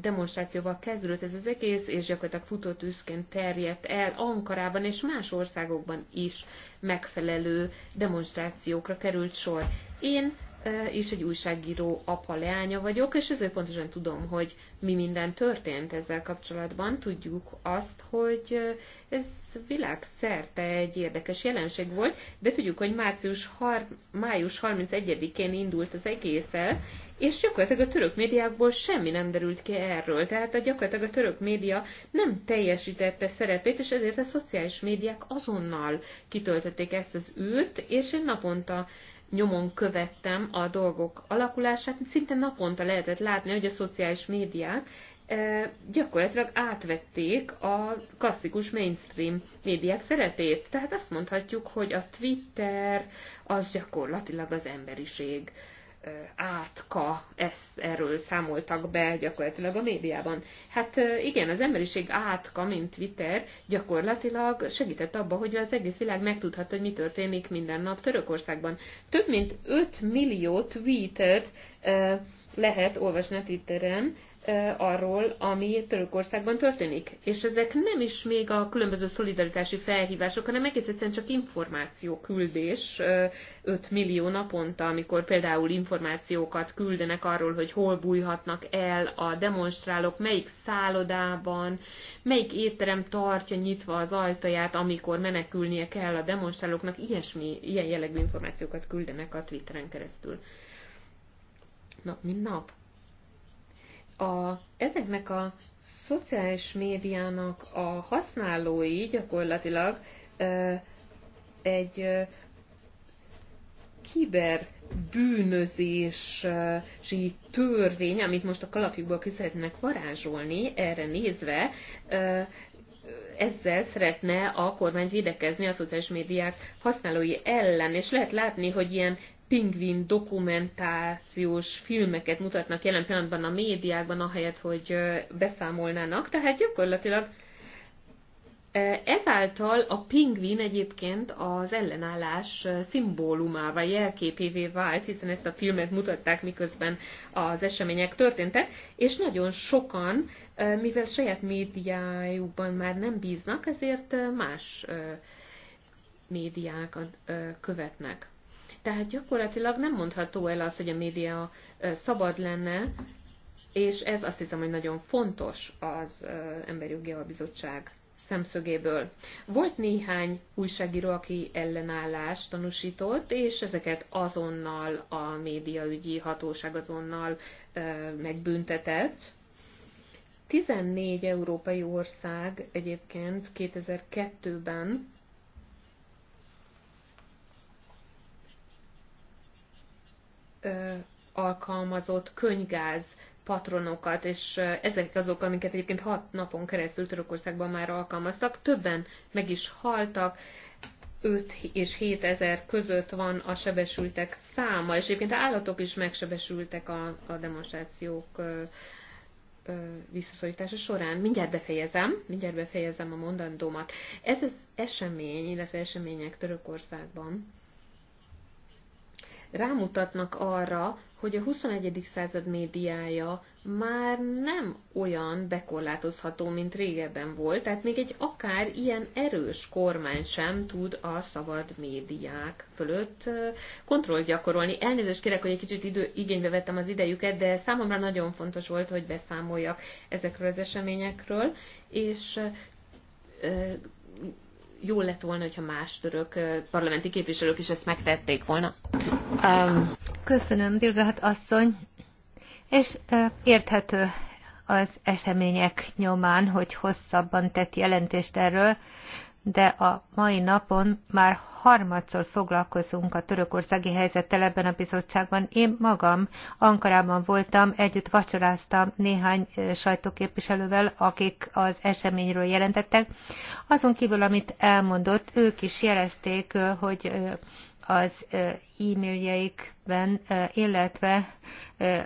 demonstrációval kezdődött ez az egész, és gyakorlatilag üszként terjedt el Ankarában és más országokban is megfelelő demonstrációkra került sor. Én és egy újságíró apa leánya vagyok, és ezért pontosan tudom, hogy mi minden történt ezzel kapcsolatban. Tudjuk azt, hogy ez világszerte egy érdekes jelenség volt, de tudjuk, hogy március har- május 31-én indult az egész el, és gyakorlatilag a török médiákból semmi nem derült ki erről. Tehát a gyakorlatilag a török média nem teljesítette szerepét, és ezért a szociális médiák azonnal kitöltötték ezt az űrt, és én naponta nyomon követtem a dolgok alakulását, szinte naponta lehetett látni, hogy a szociális médiák eh, gyakorlatilag átvették a klasszikus mainstream médiák szerepét. Tehát azt mondhatjuk, hogy a Twitter az gyakorlatilag az emberiség átka, ezt, erről számoltak be gyakorlatilag a médiában. Hát igen, az emberiség átka, mint Twitter, gyakorlatilag segített abba, hogy az egész világ megtudhat, hogy mi történik minden nap Törökországban. Több mint 5 millió tweetet lehet olvasni a Twitteren arról, ami Törökországban történik. És ezek nem is még a különböző szolidaritási felhívások, hanem egész egyszerűen csak információ küldés 5 millió naponta, amikor például információkat küldenek arról, hogy hol bújhatnak el a demonstrálók, melyik szállodában, melyik étterem tartja nyitva az ajtaját, amikor menekülnie kell a demonstrálóknak, ilyesmi, ilyen jellegű információkat küldenek a Twitteren keresztül nap mint nap. A, ezeknek a szociális médiának a használói gyakorlatilag ö, egy ö, kiberbűnözési törvény, amit most a kalapjukból ki szeretnek varázsolni, erre nézve, ezzel szeretne a kormány védekezni a szociális médiák használói ellen, és lehet látni, hogy ilyen pingvin dokumentációs filmeket mutatnak jelen pillanatban a médiákban, ahelyett, hogy beszámolnának. Tehát gyakorlatilag ezáltal a pingvin egyébként az ellenállás szimbólumává, jelképévé vált, hiszen ezt a filmet mutatták, miközben az események történtek, és nagyon sokan, mivel saját médiájukban már nem bíznak, ezért más médiákat követnek. Tehát gyakorlatilag nem mondható el az, hogy a média szabad lenne, és ez azt hiszem, hogy nagyon fontos az Emberi Jogi Bizottság szemszögéből. Volt néhány újságíró, aki ellenállást tanúsított, és ezeket azonnal a médiaügyi hatóság azonnal megbüntetett, 14 európai ország egyébként 2002-ben alkalmazott könygáz patronokat, és ezek azok, amiket egyébként hat napon keresztül Törökországban már alkalmaztak. Többen meg is haltak, 5 és 7 ezer között van a sebesültek száma, és egyébként állatok is megsebesültek a, a demonstrációk ö, ö, visszaszorítása során. Mindjárt befejezem, mindjárt befejezem a mondandómat. Ez az esemény, illetve események Törökországban rámutatnak arra, hogy a 21. század médiája már nem olyan bekorlátozható, mint régebben volt, tehát még egy akár ilyen erős kormány sem tud a szabad médiák fölött kontrollt gyakorolni. Elnézést kérek, hogy egy kicsit idő, igénybe vettem az idejüket, de számomra nagyon fontos volt, hogy beszámoljak ezekről az eseményekről, és jól lett volna, hogyha más török parlamenti képviselők is ezt megtették volna. Um, köszönöm, Dilgahat asszony, és uh, érthető az események nyomán, hogy hosszabban tett jelentést erről de a mai napon már harmadszor foglalkozunk a törökországi helyzettel ebben a bizottságban. Én magam Ankarában voltam, együtt vacsoráztam néhány sajtóképviselővel, akik az eseményről jelentettek. Azon kívül, amit elmondott, ők is jelezték, hogy az e-mailjeikben, illetve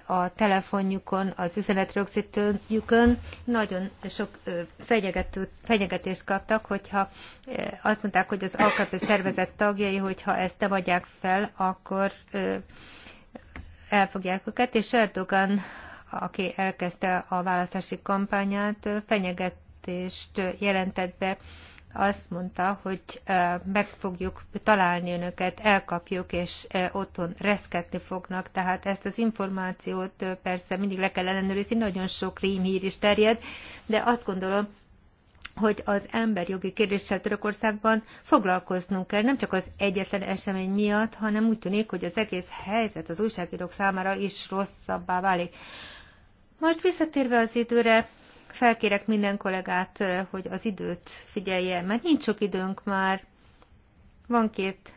a telefonjukon, az üzenetrögzítőjükön nagyon sok fenyegető, fenyegetést kaptak, hogyha azt mondták, hogy az alkapő szervezet tagjai, hogyha ezt nem adják fel, akkor elfogják őket, és Erdogan, aki elkezdte a választási kampányát, fenyegetést jelentett be azt mondta, hogy meg fogjuk találni önöket, elkapjuk, és otthon reszketni fognak. Tehát ezt az információt persze mindig le kell ellenőrizni, nagyon sok rémhír is terjed, de azt gondolom, hogy az emberjogi kérdéssel Törökországban foglalkoznunk kell, nem csak az egyetlen esemény miatt, hanem úgy tűnik, hogy az egész helyzet az újságírók számára is rosszabbá válik. Most visszatérve az időre, Felkérek minden kollégát, eh, hogy az időt figyelje, mert nincs sok időnk már. Van két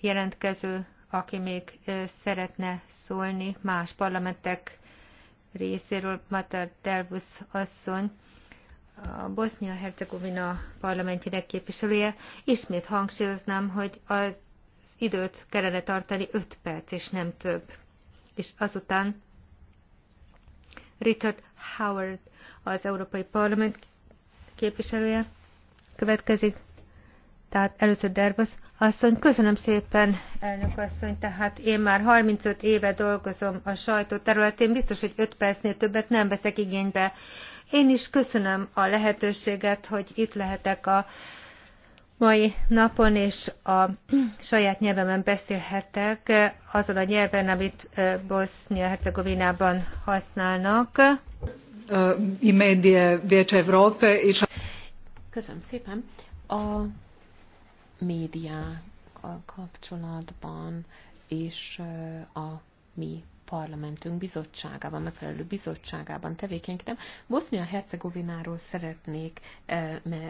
jelentkező, aki még eh, szeretne szólni más parlamentek részéről, Mater Delvus asszony, a bosnia hercegovina parlamentjének képviselője. Ismét hangsúlyoznám, hogy az időt kellene tartani 5 perc, és nem több. És azután Richard Howard, az Európai Parlament képviselője. Következik. Tehát először Derbasz asszony. Köszönöm szépen, elnök asszony. Tehát én már 35 éve dolgozom a sajtó területén. Biztos, hogy 5 percnél többet nem veszek igénybe. Én is köszönöm a lehetőséget, hogy itt lehetek a mai napon, és a saját nyelvemen beszélhetek azon a nyelven, amit Bosznia-Hercegovinában használnak. Imedie Viecs Európa és... Köszönöm szépen. A médiákkal kapcsolatban és a mi parlamentünk bizottságában, megfelelő bizottságában tevékenykedem. Bosznia-Hercegovináról szeretnék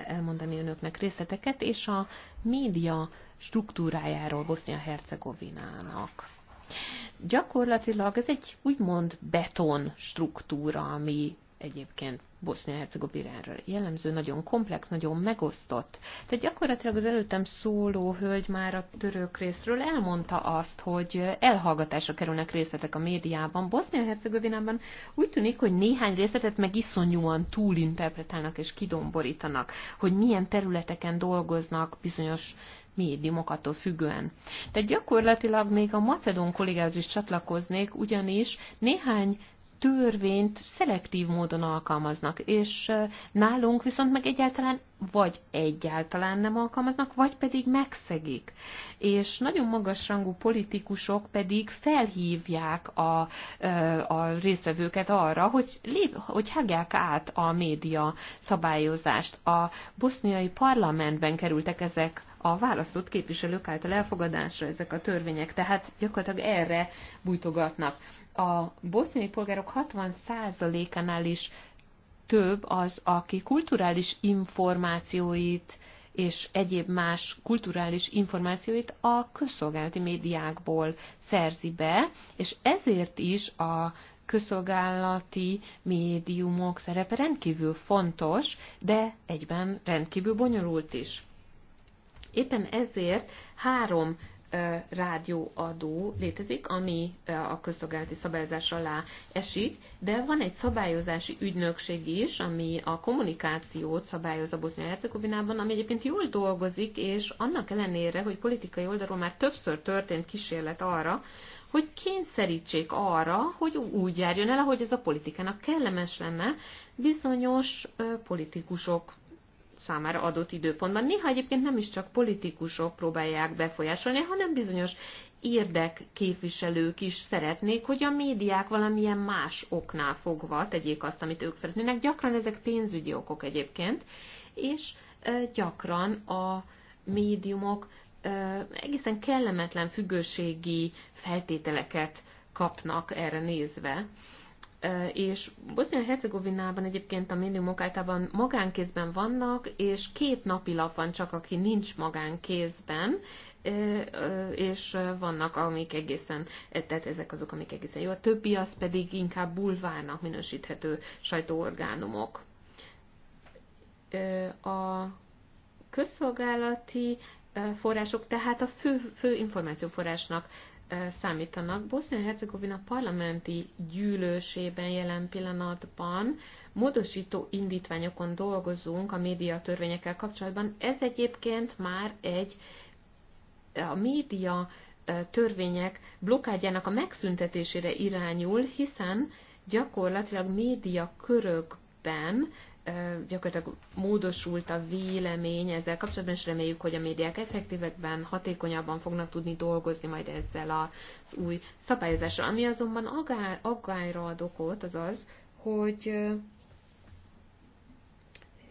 elmondani önöknek részleteket, és a média struktúrájáról Bosznia-Hercegovinának. Gyakorlatilag ez egy úgymond beton struktúra, ami egyébként Bosznia-Hercegovinára jellemző, nagyon komplex, nagyon megosztott. Tehát gyakorlatilag az előttem szóló hölgy már a török részről elmondta azt, hogy elhallgatásra kerülnek részletek a médiában. Bosznia-Hercegovinában úgy tűnik, hogy néhány részletet meg iszonyúan túlinterpretálnak és kidomborítanak, hogy milyen területeken dolgoznak bizonyos médiumok attól függően. Tehát gyakorlatilag még a macedón kollégához is csatlakoznék, ugyanis néhány törvényt szelektív módon alkalmaznak, és nálunk viszont meg egyáltalán vagy egyáltalán nem alkalmaznak, vagy pedig megszegik. És nagyon magasrangú politikusok pedig felhívják a, a résztvevőket arra, hogy, lép, hogy hágják át a média szabályozást. A boszniai parlamentben kerültek ezek a választott képviselők által elfogadásra ezek a törvények, tehát gyakorlatilag erre bújtogatnak a boszniai polgárok 60%-ánál is több az, aki kulturális információit és egyéb más kulturális információit a közszolgálati médiákból szerzi be, és ezért is a közszolgálati médiumok szerepe rendkívül fontos, de egyben rendkívül bonyolult is. Éppen ezért három rádióadó létezik, ami a közszolgálati szabályozás alá esik, de van egy szabályozási ügynökség is, ami a kommunikációt szabályozza Bosznia-Hercegovinában, ami egyébként jól dolgozik, és annak ellenére, hogy politikai oldalról már többször történt kísérlet arra, hogy kényszerítsék arra, hogy úgy járjon el, ahogy ez a politikának kellemes lenne, bizonyos politikusok számára adott időpontban. Néha egyébként nem is csak politikusok próbálják befolyásolni, hanem bizonyos érdekképviselők is szeretnék, hogy a médiák valamilyen más oknál fogva tegyék azt, amit ők szeretnének. Gyakran ezek pénzügyi okok egyébként, és gyakran a médiumok egészen kellemetlen függőségi feltételeket kapnak erre nézve és Bosznia-Hercegovinában egyébként a médiumok általában magánkézben vannak, és két napi lap van csak, aki nincs magánkézben, és vannak, amik egészen, e, tehát ezek azok, amik egészen jó. A többi az pedig inkább bulvárnak minősíthető sajtóorgánumok. A közszolgálati források tehát a fő, fő információforrásnak számítanak. Bosznia-Hercegovina parlamenti gyűlősében jelen pillanatban módosító indítványokon dolgozunk a médiatörvényekkel kapcsolatban. Ez egyébként már egy a média törvények blokádjának a megszüntetésére irányul, hiszen gyakorlatilag média körökben gyakorlatilag módosult a vélemény ezzel kapcsolatban, és reméljük, hogy a médiák effektívekben, hatékonyabban fognak tudni dolgozni majd ezzel az új szabályozással. Ami azonban aggályra ad okot, az az, hogy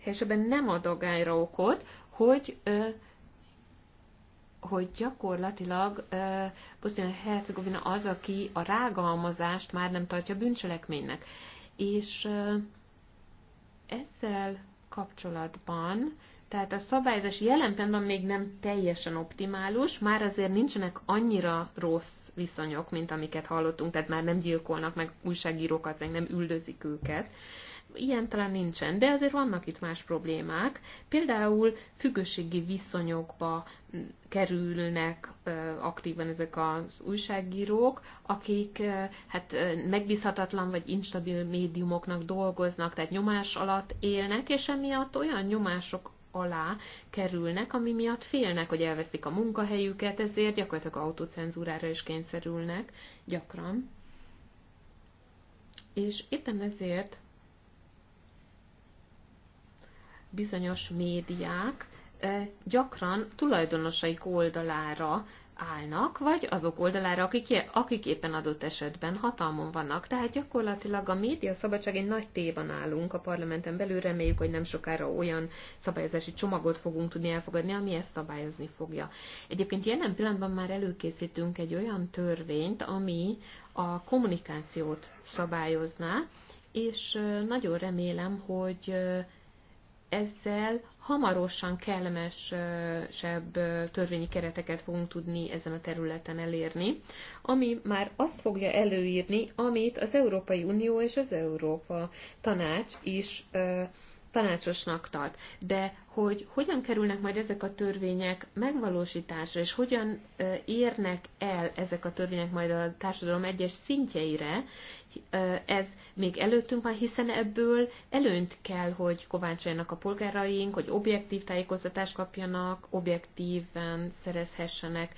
és ebben nem ad aggályra okot, hogy hogy gyakorlatilag Bosznia-Hercegovina az, aki a rágalmazást már nem tartja bűncselekménynek. És ezzel kapcsolatban, tehát a szabályozás jelen pillanatban még nem teljesen optimális, már azért nincsenek annyira rossz viszonyok, mint amiket hallottunk, tehát már nem gyilkolnak meg újságírókat, meg nem üldözik őket, ilyen talán nincsen, de azért vannak itt más problémák. Például függőségi viszonyokba kerülnek aktívan ezek az újságírók, akik hát megbízhatatlan vagy instabil médiumoknak dolgoznak, tehát nyomás alatt élnek, és emiatt olyan nyomások alá kerülnek, ami miatt félnek, hogy elvesztik a munkahelyüket, ezért gyakorlatilag autocenzúrára is kényszerülnek gyakran. És éppen ezért bizonyos médiák gyakran tulajdonosaik oldalára állnak, vagy azok oldalára, akik, akik éppen adott esetben hatalmon vannak. Tehát gyakorlatilag a média szabadság egy nagy téban állunk a parlamenten belül, reméljük, hogy nem sokára olyan szabályozási csomagot fogunk tudni elfogadni, ami ezt szabályozni fogja. Egyébként jelen pillanatban már előkészítünk egy olyan törvényt, ami a kommunikációt szabályozná, és nagyon remélem, hogy ezzel hamarosan kellemesebb törvényi kereteket fogunk tudni ezen a területen elérni, ami már azt fogja előírni, amit az Európai Unió és az Európa Tanács is tanácsosnak tart. De hogy hogyan kerülnek majd ezek a törvények megvalósításra, és hogyan érnek el ezek a törvények majd a társadalom egyes szintjeire, ez még előttünk van, hiszen ebből előnyt kell, hogy kovácsoljanak a polgáraink, hogy objektív tájékoztatást kapjanak, objektíven szerezhessenek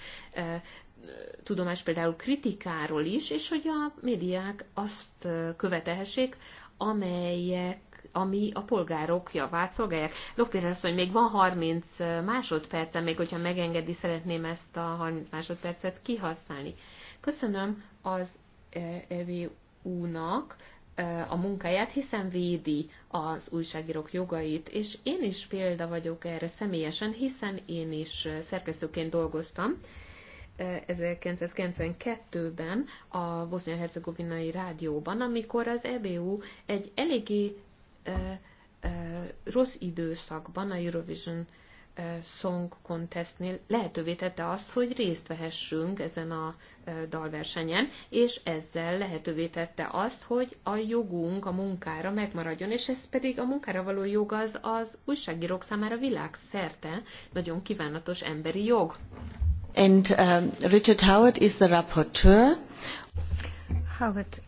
tudomás például kritikáról is, és hogy a médiák azt követelhessék, amelyek ami a polgárok javát szolgálják. Lopér azt hogy még van 30 másodpercem, még hogyha megengedi, szeretném ezt a 30 másodpercet kihasználni. Köszönöm az EVU-nak a munkáját, hiszen védi az újságírók jogait, és én is példa vagyok erre személyesen, hiszen én is szerkesztőként dolgoztam, 1992-ben a bosznia-hercegovinai rádióban, amikor az EBU egy eléggé rossz időszakban a Eurovision Song Contestnél lehetővé tette azt, hogy részt vehessünk ezen a dalversenyen, és ezzel lehetővé tette azt, hogy a jogunk a munkára megmaradjon, és ez pedig a munkára való jog az az újságírók számára világszerte nagyon kívánatos emberi jog. And um, Richard Howard is the rapporteur. Hallgat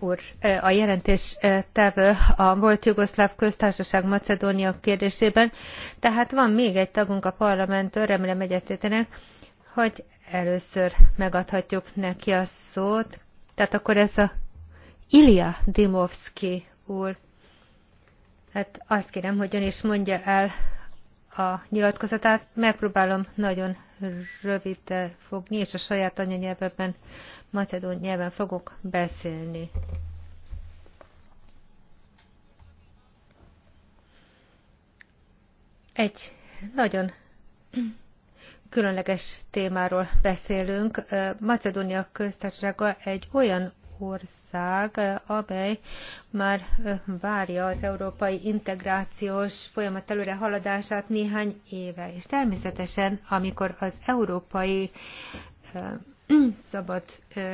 úr, a jelentés tevő a volt Jugoszláv köztársaság Macedónia kérdésében, tehát van még egy tagunk a parlamenttől, remélem egyetértenek, hogy először megadhatjuk neki a szót. Tehát akkor ez a Ilia Dimovski úr. Hát azt kérem, hogy ön is mondja el a nyilatkozatát. Megpróbálom nagyon rövid fogni, és a saját anyanyelvemben, macedón nyelven fogok beszélni. Egy nagyon különleges témáról beszélünk. Macedónia köztársasága egy olyan ország, amely már várja az európai integrációs folyamat előre haladását néhány éve. És természetesen, amikor az európai szabad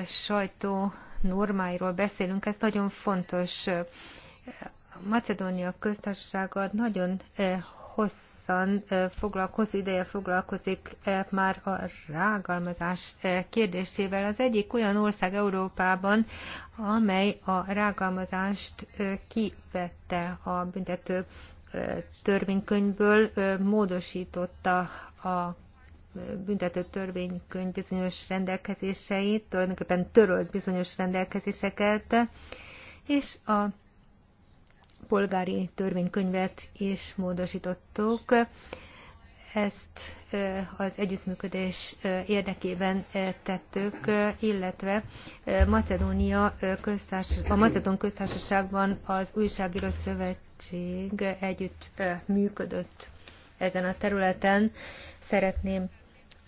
sajtó normáiról beszélünk, ez nagyon fontos. A Macedónia köztársasága nagyon hosszú hosszan foglalkoz, ideje foglalkozik már a rágalmazás kérdésével. Az egyik olyan ország Európában, amely a rágalmazást kivette a büntető törvénykönyvből, módosította a büntető törvénykönyv bizonyos rendelkezéseit, tulajdonképpen törölt bizonyos rendelkezéseket, és a polgári törvénykönyvet is módosítottuk. Ezt az együttműködés érdekében tettük, illetve Macedónia a Macedón köztársaságban az újságíró szövetség együtt működött ezen a területen. Szeretném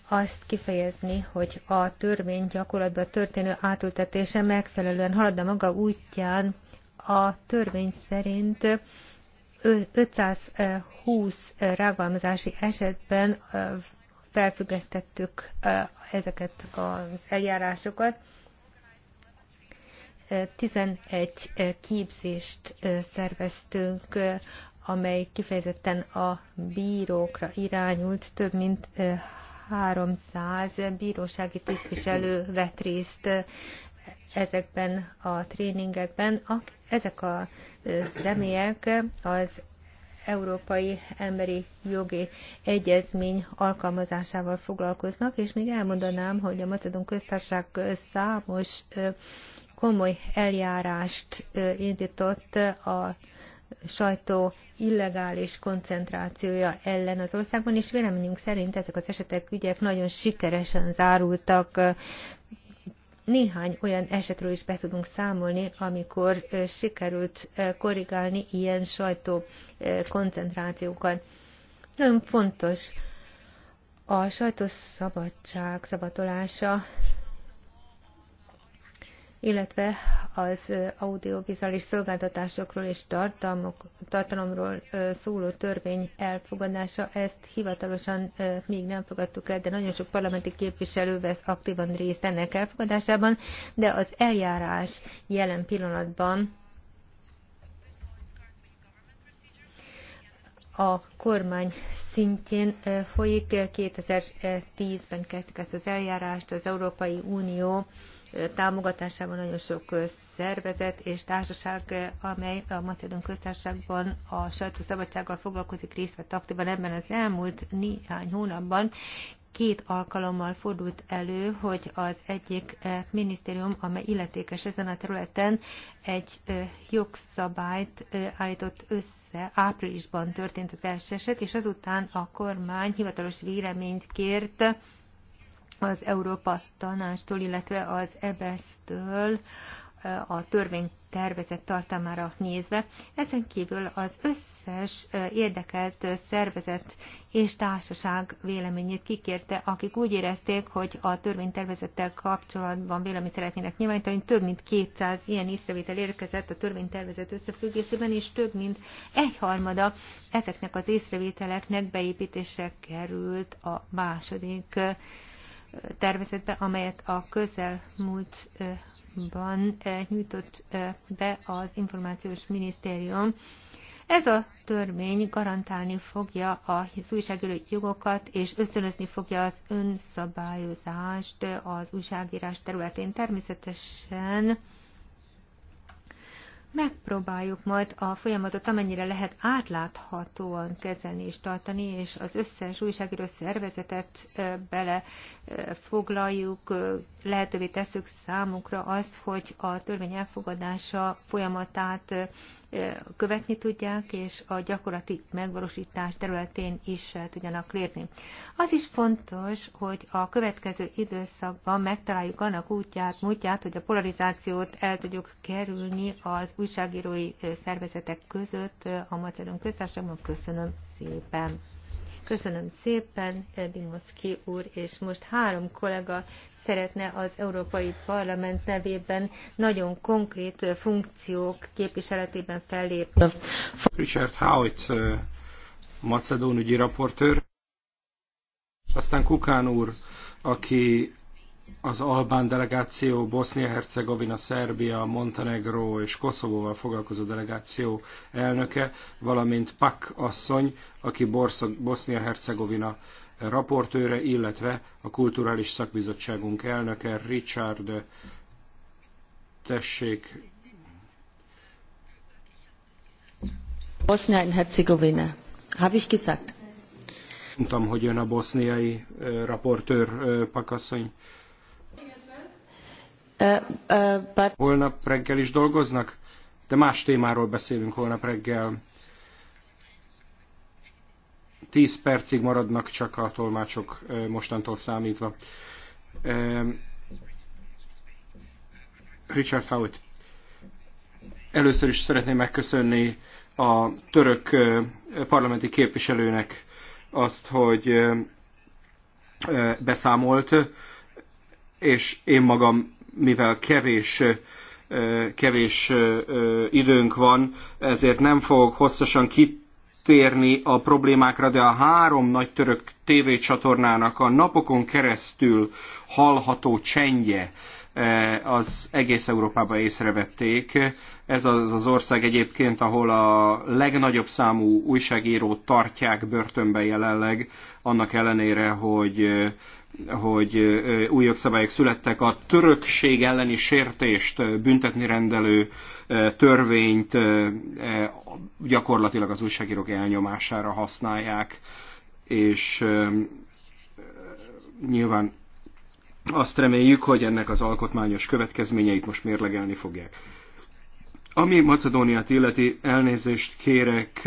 azt kifejezni, hogy a törvény gyakorlatban történő átültetése megfelelően halad a maga útján, a törvény szerint 520 rágalmazási esetben felfüggesztettük ezeket az eljárásokat. 11 képzést szerveztünk, amely kifejezetten a bírókra irányult, több mint 300 bírósági tisztviselő vett részt ezekben a tréningekben, akik ezek a személyek az Európai Emberi Jogi Egyezmény alkalmazásával foglalkoznak, és még elmondanám, hogy a Macedon Köztársaság számos komoly eljárást indított a sajtó illegális koncentrációja ellen az országban, és véleményünk szerint ezek az esetek ügyek nagyon sikeresen zárultak. Néhány olyan esetről is be tudunk számolni, amikor sikerült korrigálni ilyen sajtó koncentrációkat. Nagyon fontos a sajtószabadság szabatolása illetve az audiovizuális szolgáltatásokról és tartalmok, tartalomról szóló törvény elfogadása, ezt hivatalosan még nem fogadtuk el, de nagyon sok parlamenti képviselő vesz aktívan részt ennek elfogadásában, de az eljárás jelen pillanatban a kormány szintjén folyik. 2010-ben kezdtük ezt az eljárást, az Európai Unió támogatásában nagyon sok szervezet és társaság, amely a Macedon Köztársaságban a sajtószabadsággal foglalkozik, részt vett aktívan ebben az elmúlt néhány hónapban, két alkalommal fordult elő, hogy az egyik minisztérium, amely illetékes ezen a területen, egy jogszabályt állított össze. Áprilisban történt az első eset, és azután a kormány hivatalos véleményt kért az Európa Tanástól, illetve az EBS-től e a törvénytervezet tartalmára nézve. Ezen kívül az összes érdekelt szervezet és társaság véleményét kikérte, akik úgy érezték, hogy a törvénytervezettel kapcsolatban véleményt szeretnének nyilvánítani. Több mint 200 ilyen észrevétel érkezett a törvénytervezet összefüggésében, és több mint egyharmada ezeknek az észrevételeknek beépítése került a második tervezetbe, amelyet a közelmúltban eh, nyújtott eh, be az Információs Minisztérium. Ez a törvény garantálni fogja az újságírói jogokat, és ösztönözni fogja az önszabályozást eh, az újságírás területén. Természetesen megpróbáljuk majd a folyamatot amennyire lehet átláthatóan kezelni és tartani, és az összes újságíró szervezetet bele foglaljuk, lehetővé tesszük számukra azt, hogy a törvény elfogadása folyamatát követni tudják, és a gyakorlati megvalósítás területén is tudjanak lépni. Az is fontos, hogy a következő időszakban megtaláljuk annak útját, módját, hogy a polarizációt el tudjuk kerülni az újságírói szervezetek között a Macedon Köztársaságban. Köszönöm szépen! Köszönöm szépen, Dimoszki úr, és most három kollega szeretne az Európai Parlament nevében nagyon konkrét funkciók képviseletében fellépni. Richard Howitt, macedón ügyi raportőr, aztán Kukán úr, aki az Albán delegáció, Bosznia-Hercegovina, Szerbia, Montenegro és Koszovóval foglalkozó delegáció elnöke, valamint Pak asszony, aki Bosznia-Hercegovina raportőre, illetve a Kulturális Szakbizottságunk elnöke, Richard, tessék. Bosznia-Hercegovina. Habe ich gesagt? Mondtam, hogy jön a boszniai raportőr, Pakasszony. Holnap reggel is dolgoznak? De más témáról beszélünk holnap reggel. Tíz percig maradnak csak a tolmácsok mostantól számítva. Richard Howitt. Először is szeretném megköszönni a török parlamenti képviselőnek azt, hogy beszámolt, és én magam mivel kevés kevés időnk van, ezért nem fogok hosszasan kitérni a problémákra, de a három nagy török tévécsatornának a napokon keresztül hallható csendje az egész Európában észrevették. Ez az az ország egyébként, ahol a legnagyobb számú újságírót tartják börtönbe jelenleg, annak ellenére, hogy hogy új jogszabályok születtek a törökség elleni sértést büntetni rendelő törvényt gyakorlatilag az újságírók elnyomására használják, és nyilván azt reméljük, hogy ennek az alkotmányos következményeit most mérlegelni fogják. Ami Macedóniát illeti, elnézést kérek,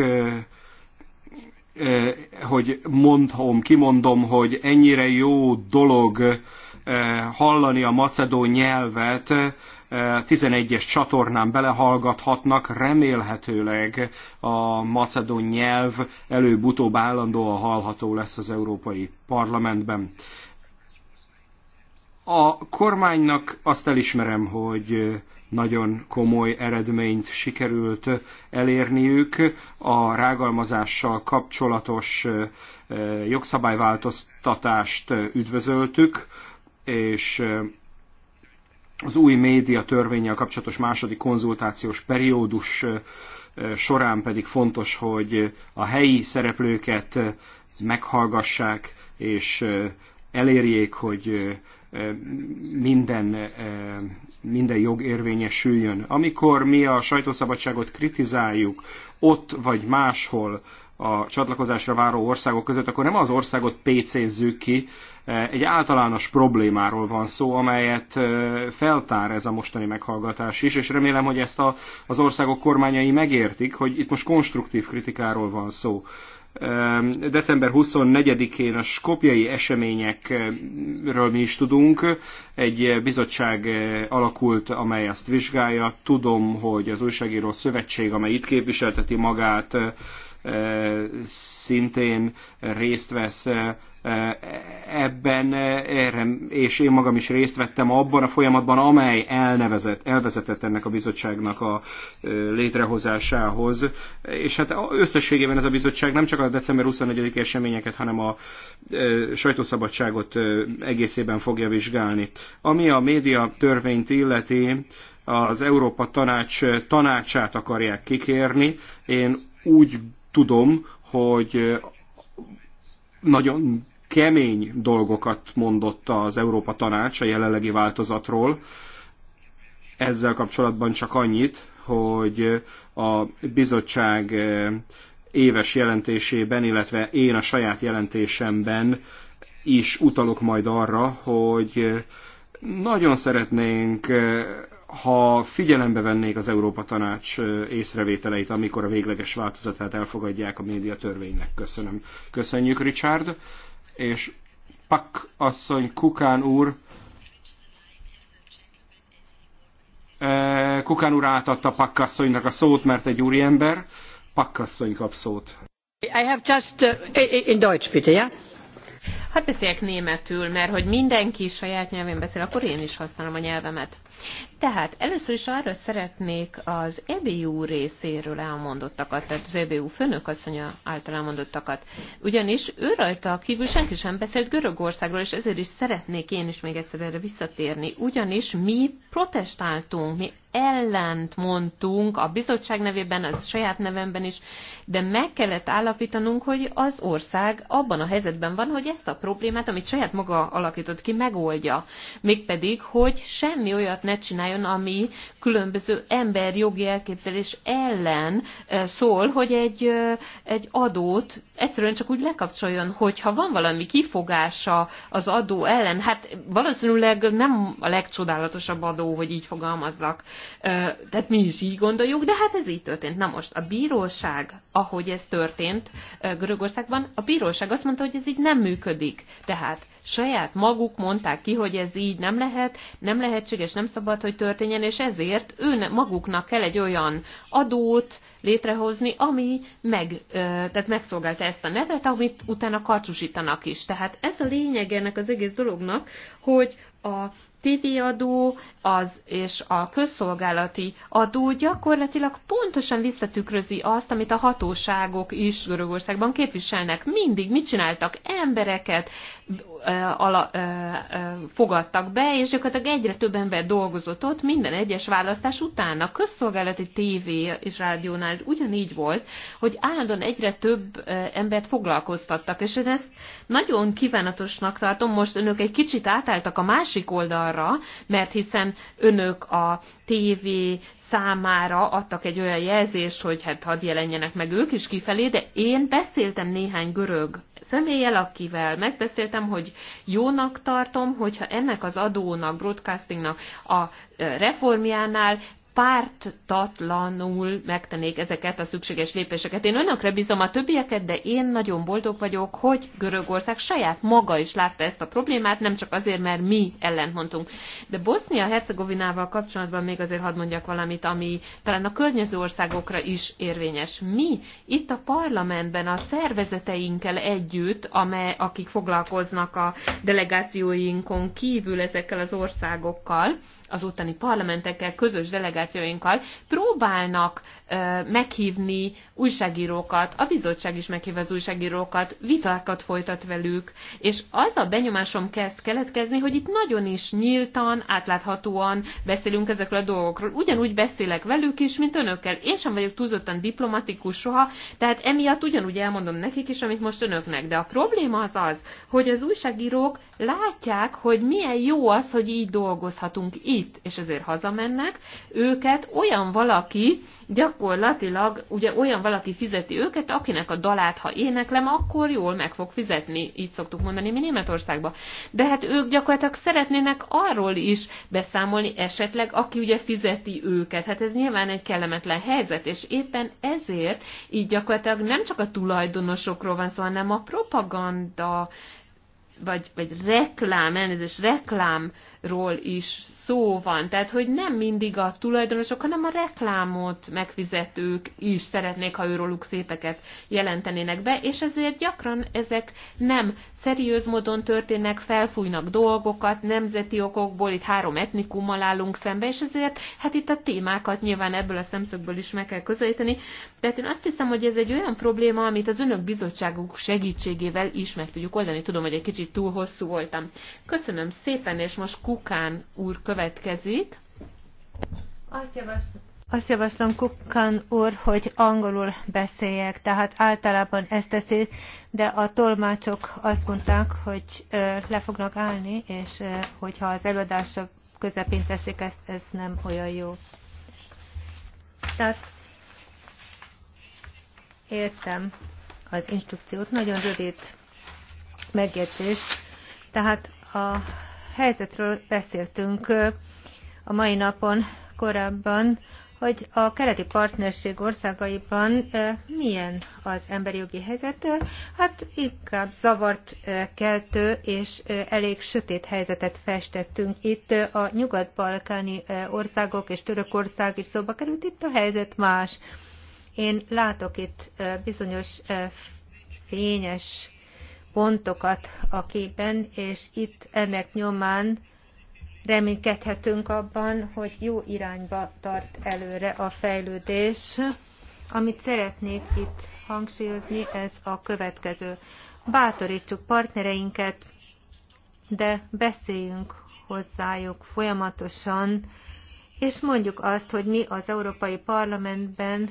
hogy mondom, kimondom, hogy ennyire jó dolog hallani a macedón nyelvet, 11-es csatornán belehallgathatnak, remélhetőleg a macedón nyelv előbb-utóbb állandóan hallható lesz az Európai Parlamentben. A kormánynak azt elismerem, hogy nagyon komoly eredményt sikerült elérniük. A rágalmazással kapcsolatos jogszabályváltoztatást üdvözöltük, és az új média törvényel kapcsolatos második konzultációs periódus során pedig fontos, hogy a helyi szereplőket meghallgassák, és elérjék, hogy minden, minden jog érvényesüljön. Amikor mi a sajtószabadságot kritizáljuk ott vagy máshol a csatlakozásra váró országok között, akkor nem az országot pécézzük ki, egy általános problémáról van szó, amelyet feltár ez a mostani meghallgatás is, és remélem, hogy ezt a, az országok kormányai megértik, hogy itt most konstruktív kritikáról van szó December 24-én a skopjai eseményekről mi is tudunk. Egy bizottság alakult, amely azt vizsgálja. Tudom, hogy az Újságíró Szövetség, amely itt képviselteti magát, szintén részt vesz ebben, erre, és én magam is részt vettem abban a folyamatban, amely elnevezett, elvezetett ennek a bizottságnak a létrehozásához. És hát összességében ez a bizottság nem csak a december 24-i eseményeket, hanem a sajtószabadságot egészében fogja vizsgálni. Ami a média törvényt illeti, az Európa Tanács tanácsát akarják kikérni. Én úgy tudom, hogy nagyon kemény dolgokat mondott az Európa Tanács a jelenlegi változatról. Ezzel kapcsolatban csak annyit, hogy a bizottság éves jelentésében, illetve én a saját jelentésemben is utalok majd arra, hogy nagyon szeretnénk ha figyelembe vennék az Európa Tanács észrevételeit, amikor a végleges változatát elfogadják a média törvénynek. Köszönöm. Köszönjük, Richard. És Pak asszony, Kukán úr, Kukán úr átadta Pak asszonynak a szót, mert egy úriember. Pak asszony kap szót. I have just, uh, in Deutsch, bitte, ja? Hát beszéljek németül, mert hogy mindenki saját nyelvén beszél, akkor én is használom a nyelvemet. Tehát először is arra szeretnék az EBU részéről elmondottakat, tehát az EBU főnök asszonya által elmondottakat. Ugyanis ő rajta kívül senki sem beszélt Görögországról, és ezért is szeretnék én is még egyszer erre visszatérni. Ugyanis mi protestáltunk, mi ellent mondtunk a bizottság nevében, az saját nevemben is, de meg kellett állapítanunk, hogy az ország abban a helyzetben van, hogy ezt a problémát, amit saját maga alakított ki, megoldja. Mégpedig, hogy semmi olyat ne csinálja, szabályon, ami különböző emberjogi elképzelés ellen eh, szól, hogy egy, eh, egy adót egyszerűen csak úgy lekapcsoljon, hogyha van valami kifogása az adó ellen, hát valószínűleg nem a legcsodálatosabb adó, hogy így fogalmazzak. Eh, tehát mi is így gondoljuk, de hát ez így történt. Na most a bíróság, ahogy ez történt Görögországban, a bíróság azt mondta, hogy ez így nem működik. Tehát saját maguk mondták ki, hogy ez így nem lehet, nem lehetséges, nem szabad, hogy történjen, és ezért ő maguknak kell egy olyan adót létrehozni, ami meg, tehát megszolgálta ezt a nevet, amit utána karcsúsítanak is. Tehát ez a lényeg ennek az egész dolognak, hogy a TV adó, az, és a közszolgálati adó gyakorlatilag pontosan visszatükrözi azt, amit a hatóságok is Görögországban képviselnek. Mindig mit csináltak? Embereket ala, fogadtak be, és gyakorlatilag egyre több ember dolgozott ott minden egyes választás után. A közszolgálati tévé és rádiónál ugyanígy volt, hogy állandóan egyre több embert foglalkoztattak, és én ezt nagyon kívánatosnak tartom. Most önök egy kicsit átálltak a másik oldalra, mert hiszen önök a tévé számára adtak egy olyan jelzést, hogy hát hadd jelenjenek meg ők is kifelé, de én beszéltem néhány görög személlyel, akivel megbeszéltem, hogy jónak tartom, hogyha ennek az adónak, broadcastingnak a reformjánál pártatlanul megtennék ezeket a szükséges lépéseket. Én önökre bízom a többieket, de én nagyon boldog vagyok, hogy Görögország saját maga is látta ezt a problémát, nem csak azért, mert mi mondtunk. De Bosznia-Hercegovinával kapcsolatban még azért hadd mondjak valamit, ami talán a környező országokra is érvényes. Mi itt a parlamentben a szervezeteinkkel együtt, amely, akik foglalkoznak a delegációinkon kívül ezekkel az országokkal, az ottani parlamentekkel, közös delegációinkkal próbálnak ö, meghívni újságírókat, a bizottság is meghív az újságírókat, vitákat folytat velük, és az a benyomásom kezd keletkezni, hogy itt nagyon is nyíltan, átláthatóan beszélünk ezekről a dolgokról. Ugyanúgy beszélek velük is, mint önökkel. Én sem vagyok túlzottan diplomatikus soha, tehát emiatt ugyanúgy elmondom nekik is, amit most önöknek. De a probléma az az, hogy az újságírók látják, hogy milyen jó az, hogy így dolgozhatunk, itt, és ezért hazamennek, őket olyan valaki, gyakorlatilag ugye olyan valaki fizeti őket, akinek a dalát, ha éneklem, akkor jól meg fog fizetni, így szoktuk mondani mi Németországban. De hát ők gyakorlatilag szeretnének arról is beszámolni esetleg, aki ugye fizeti őket. Hát ez nyilván egy kellemetlen helyzet, és éppen ezért így gyakorlatilag nem csak a tulajdonosokról van szó, hanem a propaganda vagy, vagy reklám, elnézést, reklám ról is szó van. Tehát, hogy nem mindig a tulajdonosok, hanem a reklámot megfizetők is szeretnék, ha őróluk szépeket jelentenének be, és ezért gyakran ezek nem szeriőz módon történnek, felfújnak dolgokat nemzeti okokból, itt három etnikummal állunk szembe, és ezért hát itt a témákat nyilván ebből a szemszögből is meg kell közelíteni. Tehát én azt hiszem, hogy ez egy olyan probléma, amit az önök bizottságuk segítségével is meg tudjuk oldani. Tudom, hogy egy kicsit túl hosszú voltam. Köszönöm szépen, és most Kukán úr következik. Azt javaslom. Azt javaslom Kukán úr, hogy angolul beszéljek, tehát általában ezt teszi, de a tolmácsok azt mondták, hogy le fognak állni, és hogyha az előadása közepén teszik ezt, ez nem olyan jó. Tehát értem az instrukciót, nagyon rövid megjegyzés. Tehát a helyzetről beszéltünk a mai napon korábban, hogy a keleti partnerség országaiban milyen az emberi jogi helyzet. Hát inkább zavart keltő és elég sötét helyzetet festettünk. Itt a nyugat-balkáni országok és Törökország is szóba került, itt a helyzet más. Én látok itt bizonyos fényes pontokat a képen, és itt ennek nyomán reménykedhetünk abban, hogy jó irányba tart előre a fejlődés. Amit szeretnék itt hangsúlyozni, ez a következő. Bátorítsuk partnereinket, de beszéljünk hozzájuk folyamatosan, és mondjuk azt, hogy mi az Európai Parlamentben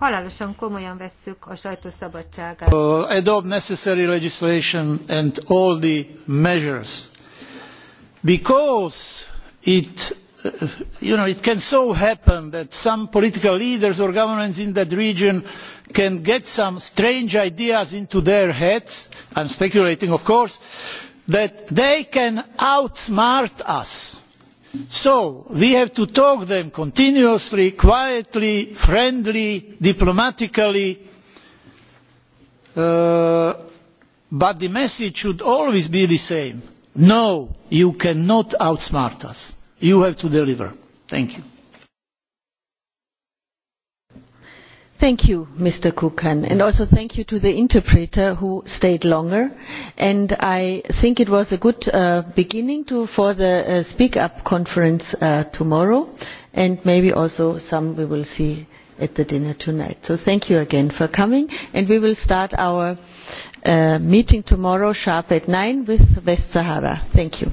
Halálosan komolyan vesszük a sajtószabadságát. Uh, adopt necessary legislation and all the measures. Because it uh, you know, it can so happen that some political leaders or governments in that region can get some strange ideas into their heads I'm speculating of course that they can outsmart us so we have to talk to them continuously quietly friendly diplomatically uh, but the message should always be the same no you cannot outsmart us you have to deliver. thank you. Thank you, Mr. Kukan, and also thank you to the interpreter who stayed longer. And I think it was a good uh, beginning to, for the uh, Speak Up conference uh, tomorrow, and maybe also some we will see at the dinner tonight. So thank you again for coming, and we will start our uh, meeting tomorrow sharp at 9 with West Sahara. Thank you.